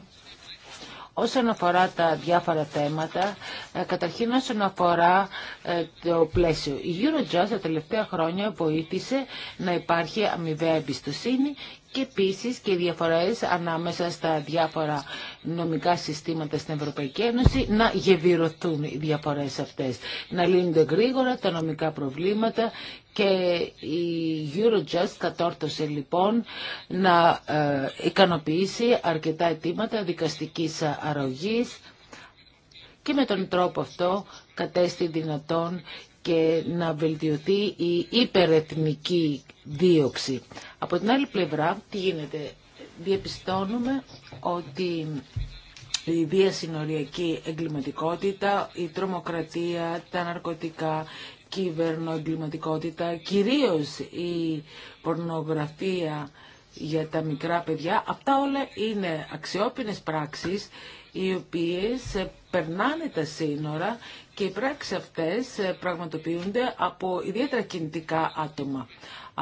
B: Όσον αφορά τα διάφορα θέματα, ε, καταρχήν όσον αφορά ε, το πλαίσιο. Η Eurojust τα τελευταία χρόνια βοήθησε να υπάρχει αμοιβαία εμπιστοσύνη και επίση και οι διαφορές ανάμεσα στα διάφορα νομικά συστήματα στην Ευρωπαϊκή Ένωση να γεβυρωθούν οι διαφορέ αυτές, να λύνονται γρήγορα τα νομικά προβλήματα και η Eurojust κατόρθωσε λοιπόν να ε, ικανοποιήσει αρκετά αιτήματα δικαστικής αρρωγής και με τον τρόπο αυτό κατέστη δυνατόν και να βελτιωθεί η υπερεθνική δίωξη. Από την άλλη πλευρά, τι γίνεται, διαπιστώνουμε ότι η διασυνοριακή εγκληματικότητα, η τρομοκρατία, τα ναρκωτικά, κυβερνοεγκληματικότητα, κυρίως η πορνογραφία για τα μικρά παιδιά. Αυτά όλα είναι αξιόπινες πράξεις οι οποίες περνάνε τα σύνορα και οι πράξεις αυτές πραγματοποιούνται από ιδιαίτερα κινητικά άτομα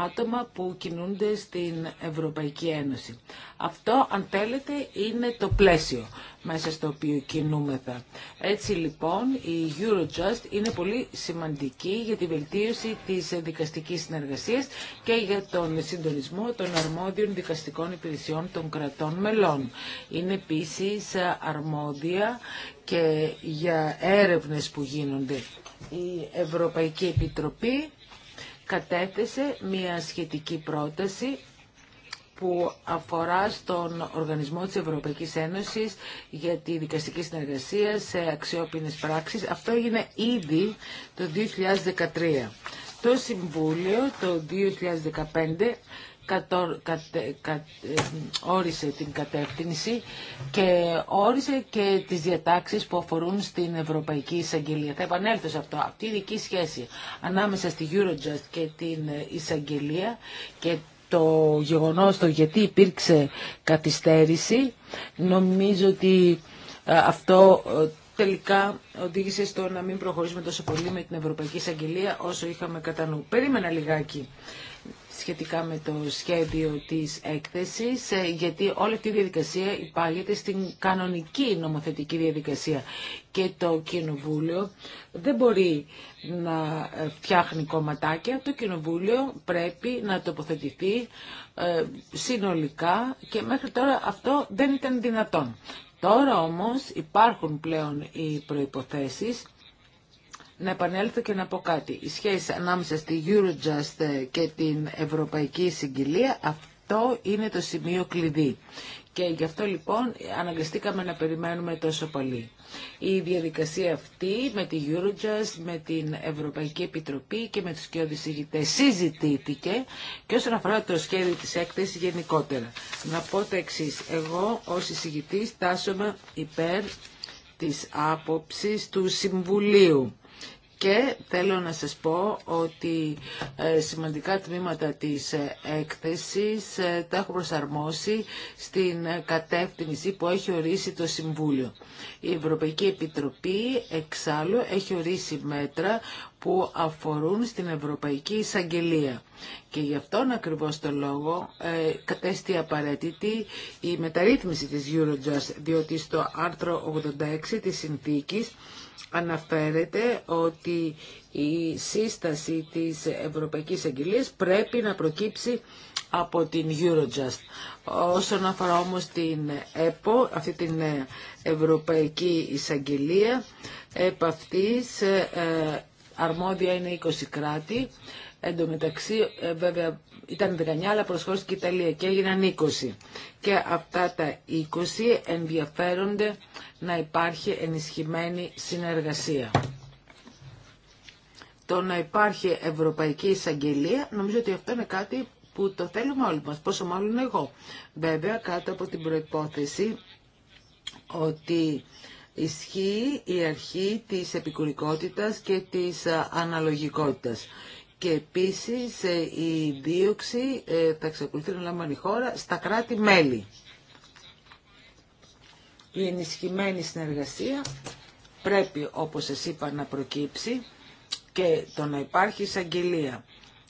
B: άτομα που κινούνται στην Ευρωπαϊκή Ένωση. Αυτό, αν θέλετε, είναι το πλαίσιο μέσα στο οποίο κινούμεθα. Έτσι λοιπόν η Eurojust είναι πολύ σημαντική για τη βελτίωση της δικαστικής συνεργασίας και για τον συντονισμό των αρμόδιων δικαστικών υπηρεσιών των κρατών μελών. Είναι επίσης αρμόδια και για έρευνες που γίνονται. Η Ευρωπαϊκή Επιτροπή κατέθεσε μια σχετική πρόταση που αφορά στον Οργανισμό της Ευρωπαϊκής Ένωσης για τη δικαστική συνεργασία σε αξιόπινες πράξεις. Αυτό έγινε ήδη το 2013. Το Συμβούλιο το 2015 ε, όρισε την κατεύθυνση και όρισε και τις διατάξεις που αφορούν στην Ευρωπαϊκή Εισαγγελία. Θα επανέλθω σε αυτό. Αυτή η δική σχέση ανάμεσα στη Eurojust και την ε, Εισαγγελία και το γεγονός το γιατί υπήρξε καθυστέρηση νομίζω ότι ε, αυτό τελικά οδήγησε στο να μην προχωρήσουμε τόσο πολύ με την Ευρωπαϊκή Εισαγγελία όσο είχαμε κατά νου. Περίμενα λιγάκι σχετικά με το σχέδιο της έκθεσης, ε, γιατί όλη αυτή η διαδικασία υπάγεται στην κανονική νομοθετική διαδικασία και το Κοινοβούλιο δεν μπορεί να ε, φτιάχνει κομματάκια. Το Κοινοβούλιο πρέπει να τοποθετηθεί ε, συνολικά και μέχρι τώρα αυτό δεν ήταν δυνατόν. Τώρα όμως υπάρχουν πλέον οι προϋποθέσεις να επανέλθω και να πω κάτι. Η σχέση ανάμεσα στη Eurojust και την Ευρωπαϊκή Συγκυλία, αυτό είναι το σημείο κλειδί. Και γι' αυτό λοιπόν αναγκαστήκαμε να περιμένουμε τόσο πολύ. Η διαδικασία αυτή με τη Eurojust, με την Ευρωπαϊκή Επιτροπή και με τους κοιόδης συζητήθηκε και όσον αφορά το σχέδιο της έκθεσης γενικότερα. Να πω το εξή. Εγώ ως εισηγητής τάσομαι υπέρ της άποψης του Συμβουλίου και θέλω να σας πω ότι ε, σημαντικά τμήματα της ε, έκθεσης ε, τα έχω προσαρμόσει στην κατεύθυνση που έχει ορίσει το Συμβούλιο. Η Ευρωπαϊκή Επιτροπή εξάλλου έχει ορίσει μέτρα που αφορούν στην Ευρωπαϊκή Εισαγγελία. Και γι' αυτόν ακριβώς το λόγο κατέστη απαραίτητη η μεταρρύθμιση της Eurojust, διότι στο άρθρο 86 της συνθήκης αναφέρεται ότι η σύσταση της Ευρωπαϊκής Αγγελίας πρέπει να προκύψει από την Eurojust. Όσον αφορά όμως την ΕΠΟ, αυτή την Ευρωπαϊκή Εισαγγελία, επ' αυτής ε, αρμόδια είναι 20 κράτη. Εν ε, βέβαια, ήταν 19 αλλά προσχώρησε και η Ιταλία και έγιναν 20. Και αυτά τα 20 ενδιαφέρονται να υπάρχει ενισχυμένη συνεργασία. Το να υπάρχει Ευρωπαϊκή Εισαγγελία νομίζω ότι αυτό είναι κάτι που το θέλουμε όλοι μας, πόσο μάλλον εγώ. Βέβαια κάτω από την προϋπόθεση ότι ισχύει η αρχή της επικουρικότητας και της αναλογικότητας και επίσης ε, η δίωξη ε, θα εξακολουθεί να λαμβάνει χώρα στα κράτη-μέλη. Η ενισχυμένη συνεργασία πρέπει, όπως σας είπα, να προκύψει και το να υπάρχει εισαγγελία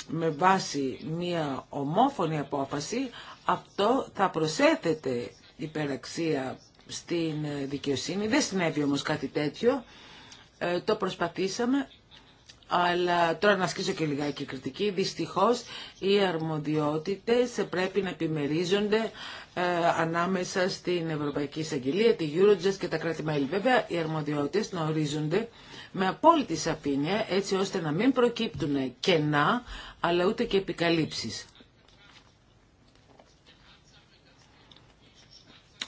B: με βάση μια ομόφωνη απόφαση, αυτό θα προσέθεται υπεραξία στην δικαιοσύνη. Δεν συνέβη όμως κάτι τέτοιο. Ε, το προσπαθήσαμε, αλλά τώρα να ασκήσω και λιγάκι κριτική, δυστυχώς οι αρμοδιότητες πρέπει να επιμερίζονται ε, ανάμεσα στην Ευρωπαϊκή Εισαγγελία, τη Eurojust και τα κράτη-μέλη. Βέβαια, οι αρμοδιότητες να ορίζονται με απόλυτη σαφήνεια, έτσι ώστε να μην προκύπτουν κενά, αλλά ούτε και επικαλύψεις.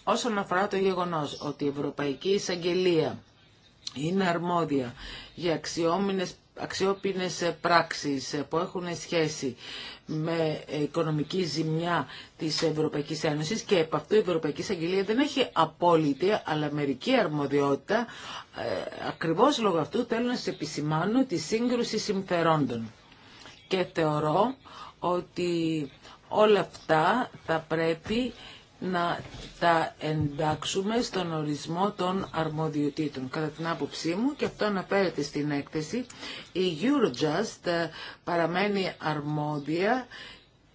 B: Όσον αφορά το γεγονός ότι η Ευρωπαϊκή Εισαγγελία είναι αρμόδια για αξιόμενες αξιόπινες πράξεις που έχουν σχέση με οικονομική ζημιά της Ευρωπαϊκής Ένωσης και επ' αυτού η Ευρωπαϊκή Αγγελία δεν έχει απόλυτη αλλά μερική αρμοδιότητα. Ε, ακριβώς λόγω αυτού θέλω να σε επισημάνω τη σύγκρουση συμφερόντων. Και θεωρώ ότι όλα αυτά θα πρέπει να τα εντάξουμε στον ορισμό των αρμοδιοτήτων. Κατά την άποψή μου, και αυτό αναφέρεται στην έκθεση, η Eurojust ε, παραμένει αρμόδια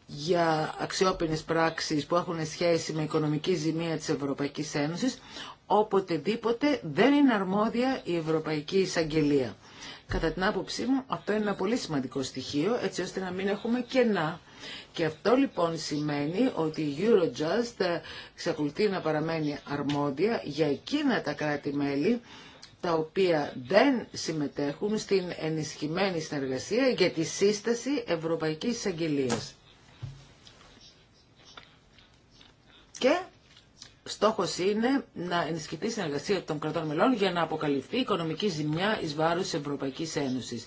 B: για αξιόπινες πράξεις που έχουν σχέση με οικονομική ζημία της Ευρωπαϊκής Ένωσης, οποτεδήποτε δεν είναι αρμόδια η Ευρωπαϊκή Εισαγγελία. Κατά την άποψή μου αυτό είναι ένα πολύ σημαντικό στοιχείο έτσι ώστε να μην έχουμε κενά. Και αυτό λοιπόν σημαίνει ότι η Eurojust εξακολουθεί να παραμένει αρμόδια για εκείνα τα κράτη-μέλη τα οποία δεν συμμετέχουν στην ενισχυμένη συνεργασία για τη σύσταση Ευρωπαϊκής Αγγελίας. Και Στόχο είναι να ενισχυθεί η συνεργασία των κρατών μελών για να αποκαλυφθεί η οικονομική ζημιά ει βάρος τη Ευρωπαϊκής Ένωση.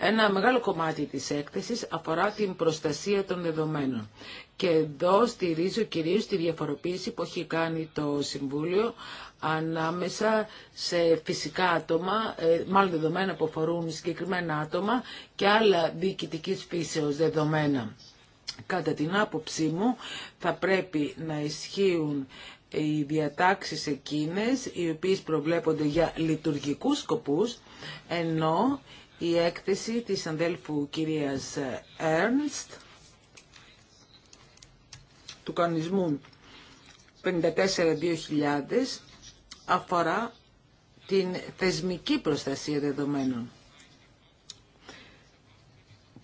B: Ένα μεγάλο κομμάτι της έκθεσης αφορά την προστασία των δεδομένων. Και εδώ στηρίζω κυρίως τη διαφοροποίηση που έχει κάνει το Συμβούλιο ανάμεσα σε φυσικά άτομα, ε, μάλλον δεδομένα που αφορούν συγκεκριμένα άτομα και άλλα διοικητική φύσεως δεδομένα. Κατά την άποψή μου θα πρέπει να ισχύουν οι διατάξεις εκείνες οι οποίες προβλέπονται για λειτουργικούς σκοπούς, ενώ η έκθεση της αδέλφου κυρίας Έρνστ του κανονισμού 54-2000 αφορά την θεσμική προστασία δεδομένων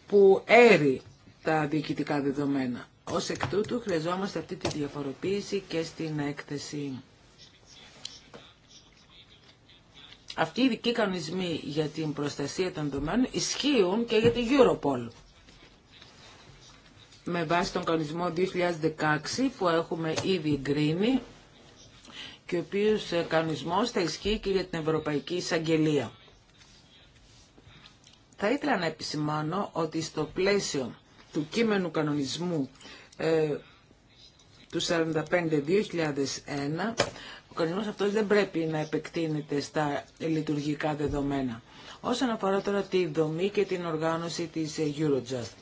B: που έρει τα διοικητικά δεδομένα. Ως εκ τούτου χρειαζόμαστε αυτή τη διαφοροποίηση και στην έκθεση. Αυτοί οι ειδικοί κανονισμοί για την προστασία των δεδομένων ισχύουν και για την Europol. Με βάση τον κανονισμό 2016 που έχουμε ήδη εγκρίνει και ο οποίος ε, κανονισμός θα ισχύει και για την Ευρωπαϊκή Εισαγγελία. Θα ήθελα να επισημάνω ότι στο πλαίσιο του κείμενου κανονισμού ε, του 45-2001, ο κανονισμός αυτός δεν πρέπει να επεκτείνεται στα λειτουργικά δεδομένα. Όσον αφορά τώρα τη δομή και την οργάνωση της Eurojust,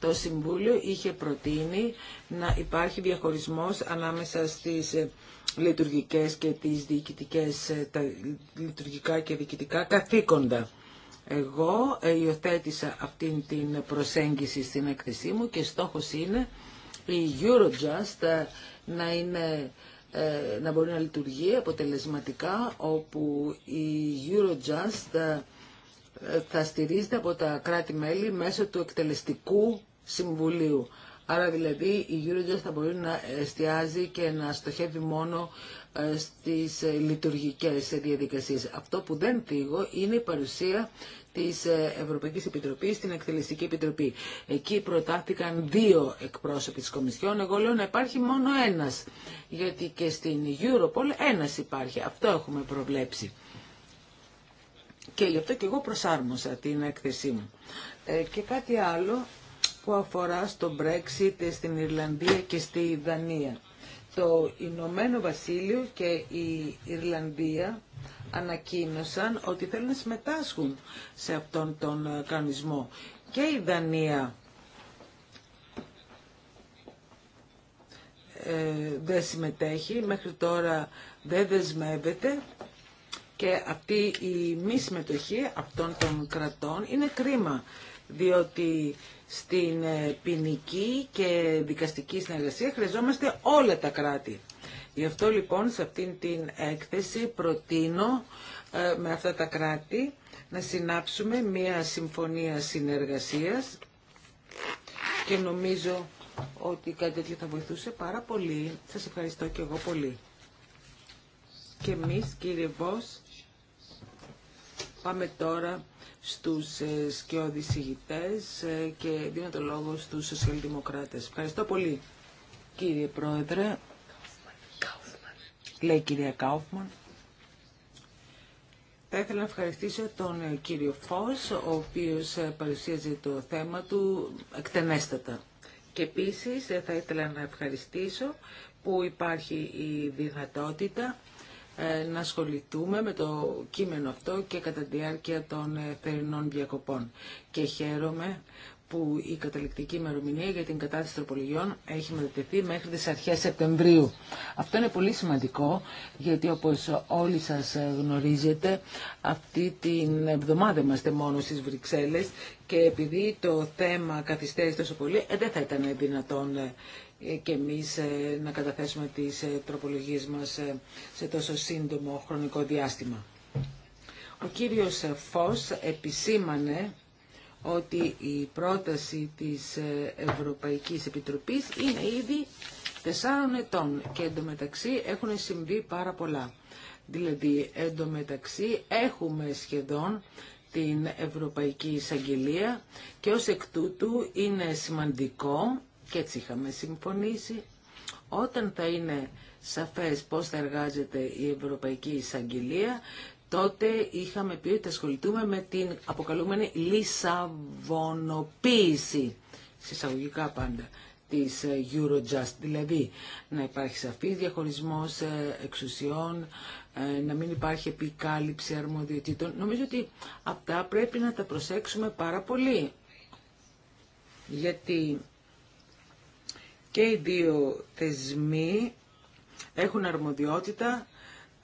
B: το Συμβούλιο είχε προτείνει να υπάρχει διαχωρισμός ανάμεσα στις ε, λειτουργικές και τις διοικητικές, ε, τα λειτουργικά και διοικητικά καθήκοντα. Εγώ υιοθέτησα αυτήν την προσέγγιση στην έκθεσή μου και στόχος είναι η Eurojust να, είναι, ε, να μπορεί να λειτουργεί αποτελεσματικά όπου η Eurojust ε, θα στηρίζεται από τα κράτη-μέλη μέσω του εκτελεστικού συμβουλίου. Άρα δηλαδή η Eurojust θα μπορεί να εστιάζει και να στοχεύει μόνο στις λειτουργικές διαδικασίες. Αυτό που δεν φύγω είναι η παρουσία της Ευρωπαϊκής Επιτροπής στην Εκτελεστική Επιτροπή. Εκεί προτάθηκαν δύο εκπρόσωποι της Κομισιόν. Εγώ λέω να υπάρχει μόνο ένας, γιατί και στην Europol ένας υπάρχει. Αυτό έχουμε προβλέψει. Και γι' αυτό και εγώ προσάρμοσα την έκθεσή μου. Ε, και κάτι άλλο που αφορά στο Brexit στην Ιρλανδία και στη Δανία το Ηνωμένο Βασίλειο και η Ιρλανδία ανακοίνωσαν ότι θέλουν να συμμετάσχουν σε αυτόν τον ε, κανονισμό. Και η Δανία ε, δεν συμμετέχει, μέχρι τώρα δεν δεσμεύεται και αυτή η μη συμμετοχή αυτών των κρατών είναι κρίμα, διότι στην ε, ποινική και δικαστική συνεργασία χρειαζόμαστε όλα τα κράτη. Γι' αυτό λοιπόν σε αυτήν την έκθεση προτείνω ε, με αυτά τα κράτη να συνάψουμε μία συμφωνία συνεργασίας και νομίζω ότι κάτι τέτοιο θα βοηθούσε πάρα πολύ. Σας ευχαριστώ και εγώ πολύ. Και εμείς κύριε Βος, πάμε τώρα στους ε, σκιώδης ηγητές ε, και δίνω το λόγο στους σοσιαλδημοκράτες. Ευχαριστώ πολύ κύριε Πρόεδρε. Λέει η κυρία Κάουφμαν. Θα ήθελα να ευχαριστήσω τον ε, κύριο Φως, ο οποίος παρουσίαζε το θέμα του εκτενέστατα. Και επίσης θα ήθελα να ευχαριστήσω που υπάρχει η δυνατότητα ε, να ασχοληθούμε με το κείμενο αυτό και κατά τη διάρκεια των θερινών διακοπών. Και χαίρομαι που η καταληκτική ημερομηνία για την κατάθεση τροπολογιών έχει μετατεθεί μέχρι τις αρχές Σεπτεμβρίου. Αυτό είναι πολύ σημαντικό, γιατί όπως όλοι σας γνωρίζετε, αυτή την εβδομάδα είμαστε μόνο στις Βρυξέλλες και επειδή το θέμα καθυστέρησε τόσο πολύ, ε, δεν θα ήταν δυνατόν και εμείς ε, να καταθέσουμε τις ε, τροπολογίες μας ε, σε τόσο σύντομο χρονικό διάστημα. Ο κύριος Φως επισήμανε ότι η πρόταση της Ευρωπαϊκής Επιτροπής είναι ήδη τεσσάρων ετών και εντωμεταξύ έχουν συμβεί πάρα πολλά. Δηλαδή εντωμεταξύ έχουμε σχεδόν την Ευρωπαϊκή Εισαγγελία και ως εκ τούτου είναι σημαντικό και έτσι είχαμε συμφωνήσει, όταν θα είναι σαφές πώς θα εργάζεται η Ευρωπαϊκή Εισαγγελία, τότε είχαμε πει ότι ασχοληθούμε με την αποκαλούμενη λισαβονοποίηση, συσσαγωγικά πάντα, της ε, Eurojust. Δηλαδή, να υπάρχει σαφή διαχωρισμός ε, εξουσιών, ε, να μην υπάρχει επικάλυψη αρμοδιοτήτων. Νομίζω ότι αυτά πρέπει να τα προσέξουμε πάρα πολύ. Γιατί και οι δύο θεσμοί έχουν αρμοδιότητα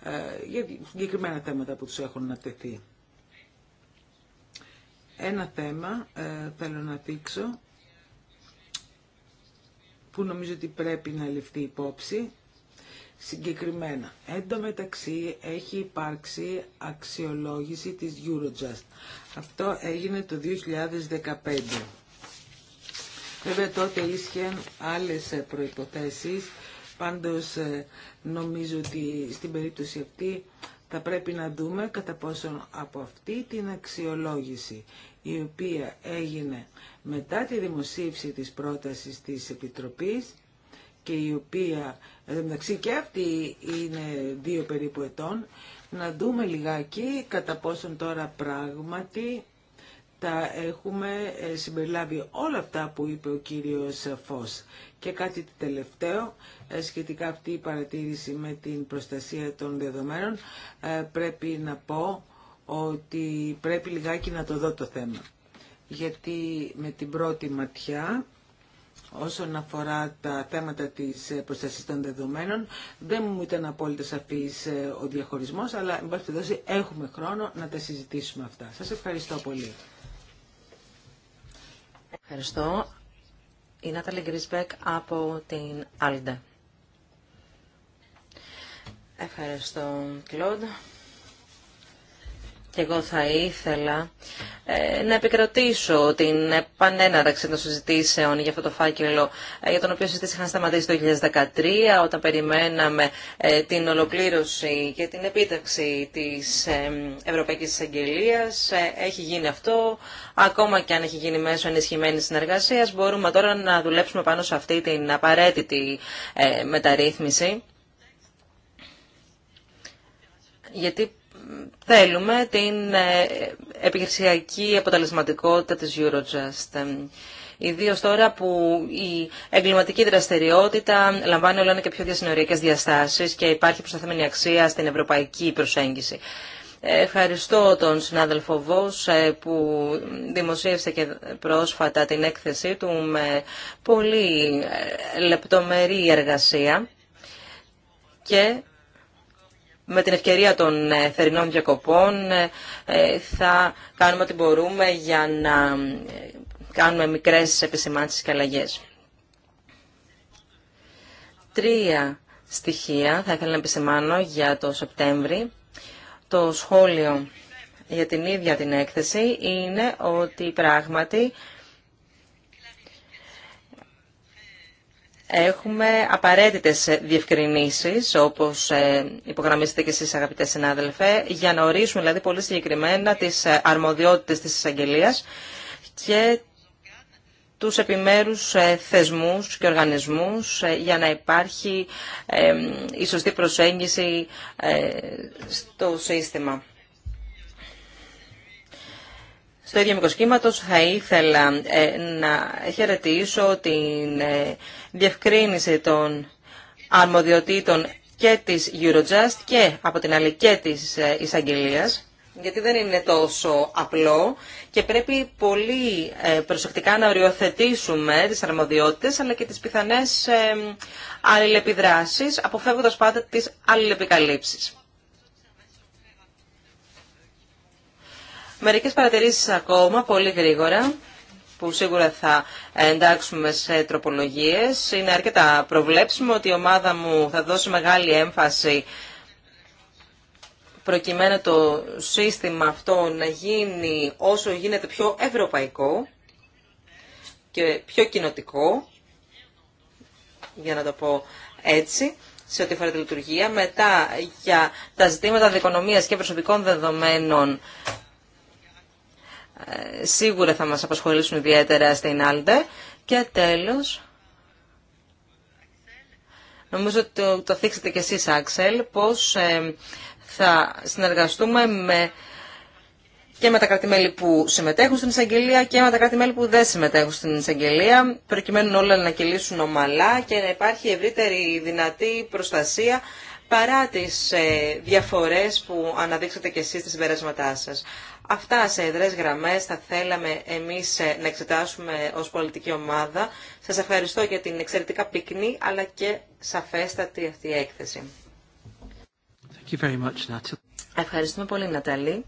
B: ε, για συγκεκριμένα θέματα που τους έχουν να τεθεί. Ένα θέμα ε, θέλω να δείξω που νομίζω ότι πρέπει να ληφθεί υπόψη συγκεκριμένα. Εν τω μεταξύ έχει υπάρξει αξιολόγηση της Eurojust. Αυτό έγινε το 2015. Βέβαια τότε ίσχυαν άλλες ε, προϋποθέσεις. Πάντως ε, νομίζω ότι στην περίπτωση αυτή θα πρέπει να δούμε κατά πόσον από αυτή την αξιολόγηση η οποία έγινε μετά τη δημοσίευση της πρότασης της Επιτροπής και η οποία, εντάξει και αυτή είναι δύο περίπου ετών, να δούμε λιγάκι κατά πόσον τώρα πράγματι τα έχουμε ε, συμπεριλάβει όλα αυτά που είπε ο κύριος Φως. Και κάτι τελευταίο, ε, σχετικά αυτή η παρατήρηση με την προστασία των δεδομένων, ε, πρέπει να πω ότι πρέπει λιγάκι να το δω το θέμα. Γιατί με την πρώτη ματιά, όσον αφορά τα θέματα της προστασίας των δεδομένων, δεν μου ήταν απόλυτα σαφής ο διαχωρισμός, αλλά εν πάση έχουμε χρόνο να τα συζητήσουμε αυτά. Σας ευχαριστώ πολύ.
D: Ευχαριστώ. Η Νάταλη Γκρισμπέκ από την Άλντε. Ευχαριστώ, Κλοντ. Και εγώ θα ήθελα ε, να επικροτήσω την επανέναρξη των συζητήσεων για αυτό το φάκελο, ε, για τον οποίο συζητήσει είχαν σταματήσει το 2013, όταν περιμέναμε ε, την ολοκλήρωση και την επίταξη της Ευρωπαϊκής Εισαγγελίας. Έχει γίνει αυτό, ακόμα και αν έχει γίνει μέσω ενισχυμένης συνεργασίας, μπορούμε τώρα να δουλέψουμε πάνω σε αυτή την απαραίτητη μεταρρύθμιση. Γιατί θέλουμε την ε, επιχειρησιακή αποτελεσματικότητα της Eurojust. Ε, Ιδίω τώρα που η εγκληματική δραστηριότητα λαμβάνει όλα και πιο διασυνοριακές διαστάσεις και υπάρχει προσταθέμενη αξία στην ευρωπαϊκή προσέγγιση. Ε, ευχαριστώ τον συνάδελφο Βος που δημοσίευσε και πρόσφατα την έκθεσή του με πολύ λεπτομερή εργασία και με την ευκαιρία των ε, θερινών διακοπών ε, ε, θα κάνουμε ό,τι μπορούμε για να κάνουμε μικρές επισημάνσεις και αλλαγές. Τρία στοιχεία θα ήθελα να επισημάνω για το Σεπτέμβρη. Το σχόλιο για την ίδια την έκθεση είναι ότι πράγματι Έχουμε απαραίτητες διευκρινήσεις, όπως ε, υπογραμμίσετε και εσείς αγαπητέ συνάδελφε, για να ορίσουμε δηλαδή πολύ συγκεκριμένα τις ε, αρμοδιότητες της εισαγγελία και τους επιμέρους ε, θεσμούς και οργανισμούς για να υπάρχει η σωστή προσέγγιση στο σύστημα. Στο ίδιο μικρό θα ήθελα ε, να χαιρετήσω την ε, διευκρίνηση των αρμοδιοτήτων και της Eurojust και από την άλλη και της ε, εισαγγελία, γιατί δεν είναι τόσο απλό και πρέπει πολύ προσεκτικά να οριοθετήσουμε τις αρμοδιότητες αλλά και τις πιθανές αλληλεπιδράσεις, αποφεύγοντας πάντα τις αλληλεπικαλύψεις. Μερικές παρατηρήσεις ακόμα, πολύ γρήγορα, που σίγουρα θα εντάξουμε σε τροπολογίες. Είναι αρκετά προβλέψιμο ότι η ομάδα μου θα δώσει μεγάλη έμφαση προκειμένου το σύστημα αυτό να γίνει όσο γίνεται πιο ευρωπαϊκό και πιο κοινοτικό, για να το πω έτσι, σε ό,τι αφορά τη λειτουργία. Μετά για τα ζητήματα δικονομίας και προσωπικών δεδομένων ε, σίγουρα θα μας απασχολήσουν ιδιαίτερα στην Άλντε. Και τέλος, νομίζω ότι το, το θίξατε κι εσείς Άξελ, πώς ε, θα συνεργαστούμε με, και με τα κράτη-μέλη που συμμετέχουν στην εισαγγελία και με τα κράτη-μέλη που δεν συμμετέχουν στην εισαγγελία, προκειμένου όλα να κυλήσουν ομαλά και να υπάρχει ευρύτερη δυνατή προστασία παρά τις ε, διαφορές που αναδείξατε κι εσείς στις συμπεράσματά σας. Αυτά σε εδρές γραμμές θα θέλαμε εμείς ε, να εξετάσουμε ως πολιτική ομάδα. Σας ευχαριστώ για την εξαιρετικά πυκνή αλλά και σαφέστατη αυτή η έκθεση.
A: Thank you very much,
D: Ευχαριστούμε πολύ Ναταλή.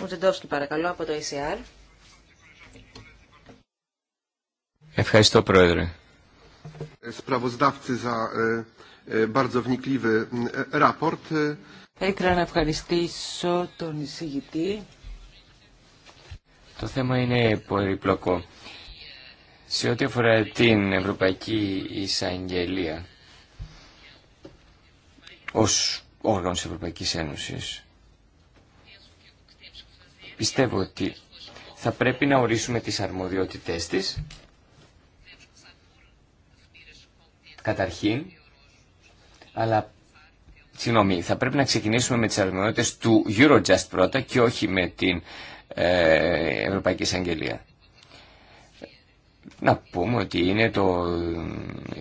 D: Μουτζεντόφσκι παρακαλώ από το ECR.
C: Ευχαριστώ
B: Πρόεδρε.
A: Sprawozdawcy για πολύ e, e, wnikliwy ράπορτ. E,
B: θα ήθελα να ευχαριστήσω τον εισηγητή.
C: Το θέμα είναι πολύπλοκο. Σε ό,τι αφορά την Ευρωπαϊκή Εισαγγελία, ως όργανο Ευρωπαϊκής Ένωσης, πιστεύω ότι θα πρέπει να ορίσουμε τις αρμοδιότητές της. Καταρχήν, αλλά Συγγνώμη, θα πρέπει να ξεκινήσουμε με τις αρμοδιότητες του Eurojust πρώτα και όχι με την ε, Ευρωπαϊκή Εισαγγελία. Να πούμε ότι είναι το,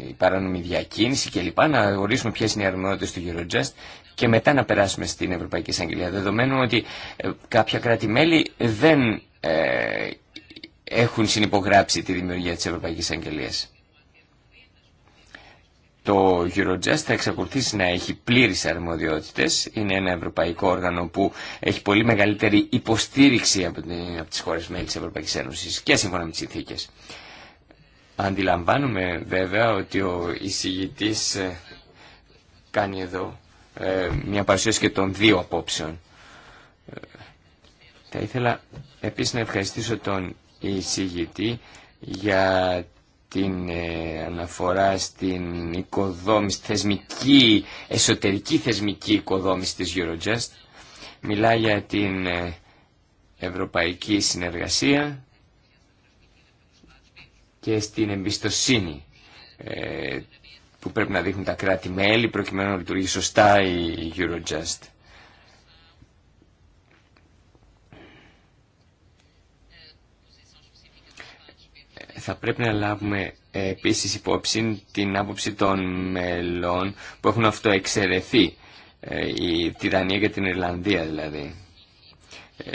C: η παράνομη διακίνηση κλπ. Να ορίσουμε ποιες είναι οι αρμονότητε του Eurojust και μετά να περάσουμε στην Ευρωπαϊκή Εισαγγελία. Δεδομένου ότι ε, κάποια κράτη-μέλη δεν ε, έχουν συνυπογράψει τη δημιουργία τη ευρωπαϊκή Εισαγγελία. Το Eurojust θα εξακολουθήσει να έχει πλήρες αρμοδιότητες. Είναι ένα ευρωπαϊκό όργανο που έχει πολύ μεγαλύτερη υποστήριξη από, από τις χώρες μέλη της Ευρωπαϊκής Ένωσης και σύμφωνα με τις συνθήκες. Αντιλαμβάνουμε βέβαια ότι ο εισηγητής ε, κάνει εδώ ε, μια παρουσίαση και των δύο απόψεων. Ε, θα ήθελα επίσης να ευχαριστήσω τον εισηγητή για την ε, αναφορά στην οικοδόμηση, θεσμική, εσωτερική θεσμική οικοδόμηση της Eurojust. Μιλά για την ε, ευρωπαϊκή συνεργασία και στην εμπιστοσύνη ε, που πρέπει να δείχνουν τα κράτη-μέλη προκειμένου να λειτουργεί σωστά η Eurojust. θα πρέπει να λάβουμε ε, επίσης υπόψη την άποψη των μελών που έχουν αυτοεξαιρεθεί, τη ε, Δανία και την Ιρλανδία δηλαδή. Ε,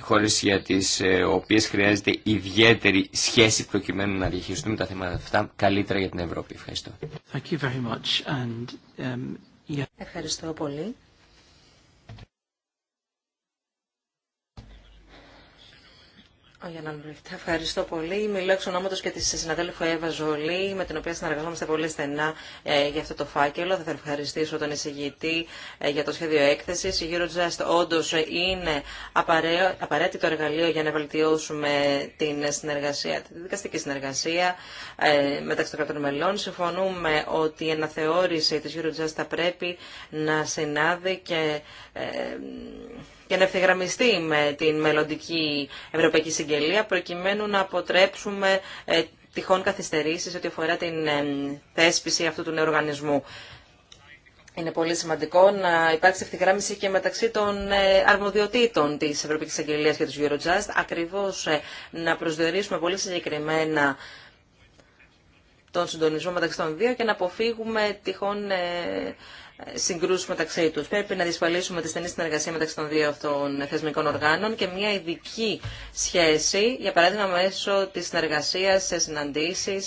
C: χώρες για τις οποίες χρειάζεται ιδιαίτερη σχέση προκειμένου να διαχειριστούμε τα θέματα αυτά καλύτερα για την Ευρώπη. Ευχαριστώ.
A: Um,
D: Ευχαριστώ πολύ. για να Ευχαριστώ πολύ. Μιλώ εξ ονόματο και τη συναδέλφου Εύα Ζολή, με την οποία συνεργαζόμαστε πολύ στενά ε, για αυτό το φάκελο. Θα, θα ευχαριστήσω τον εισηγητή ε, για το σχέδιο έκθεση. Η Eurojust όντω είναι απαραίτητο εργαλείο για να βελτιώσουμε την συνεργασία, τη δικαστική συνεργασία ε, μεταξύ των κρατών μελών. Συμφωνούμε ότι η αναθεώρηση τη Eurojust θα πρέπει να συνάδει και και να ευθυγραμμιστεί με την μελλοντική Ευρωπαϊκή Συγγελία προκειμένου να αποτρέψουμε ε, τυχόν καθυστερήσεις ό,τι αφορά την ε, θέσπιση αυτού του νέου οργανισμού. Είναι πολύ σημαντικό να υπάρξει ευθυγράμμιση και μεταξύ των ε, αρμοδιοτήτων της Ευρωπαϊκής Αγγελίας και της Eurojust, ακριβώς να προσδιορίσουμε πολύ συγκεκριμένα τον συντονισμό μεταξύ των δύο και να αποφύγουμε τυχόν συγκρούσει μεταξύ του. Πρέπει να διασφαλίσουμε τη στενή συνεργασία μεταξύ των δύο αυτών θεσμικών οργάνων και μια ειδική σχέση, για παράδειγμα μέσω τη συνεργασία σε συναντήσει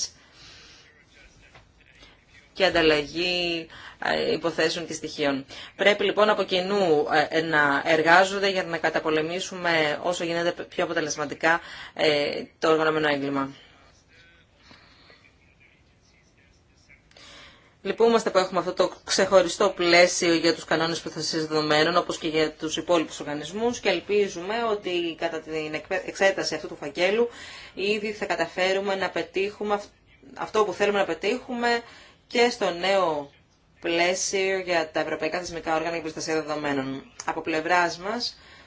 D: και ανταλλαγή ε, υποθέσεων και στοιχείων. Πρέπει λοιπόν από κοινού ε, να εργάζονται για να καταπολεμήσουμε όσο γίνεται πιο αποτελεσματικά ε, το οργανωμένο έγκλημα. Λυπούμαστε που έχουμε αυτό το ξεχωριστό πλαίσιο για τους κανόνες Προστασία δεδομένων, όπως και για τους υπόλοιπους οργανισμούς και ελπίζουμε ότι κατά την εξέταση αυτού του φακέλου ήδη θα καταφέρουμε να πετύχουμε αυτό που θέλουμε να πετύχουμε και στο νέο πλαίσιο για τα ευρωπαϊκά θεσμικά όργανα για προστασία δεδομένων. Από πλευρά μα,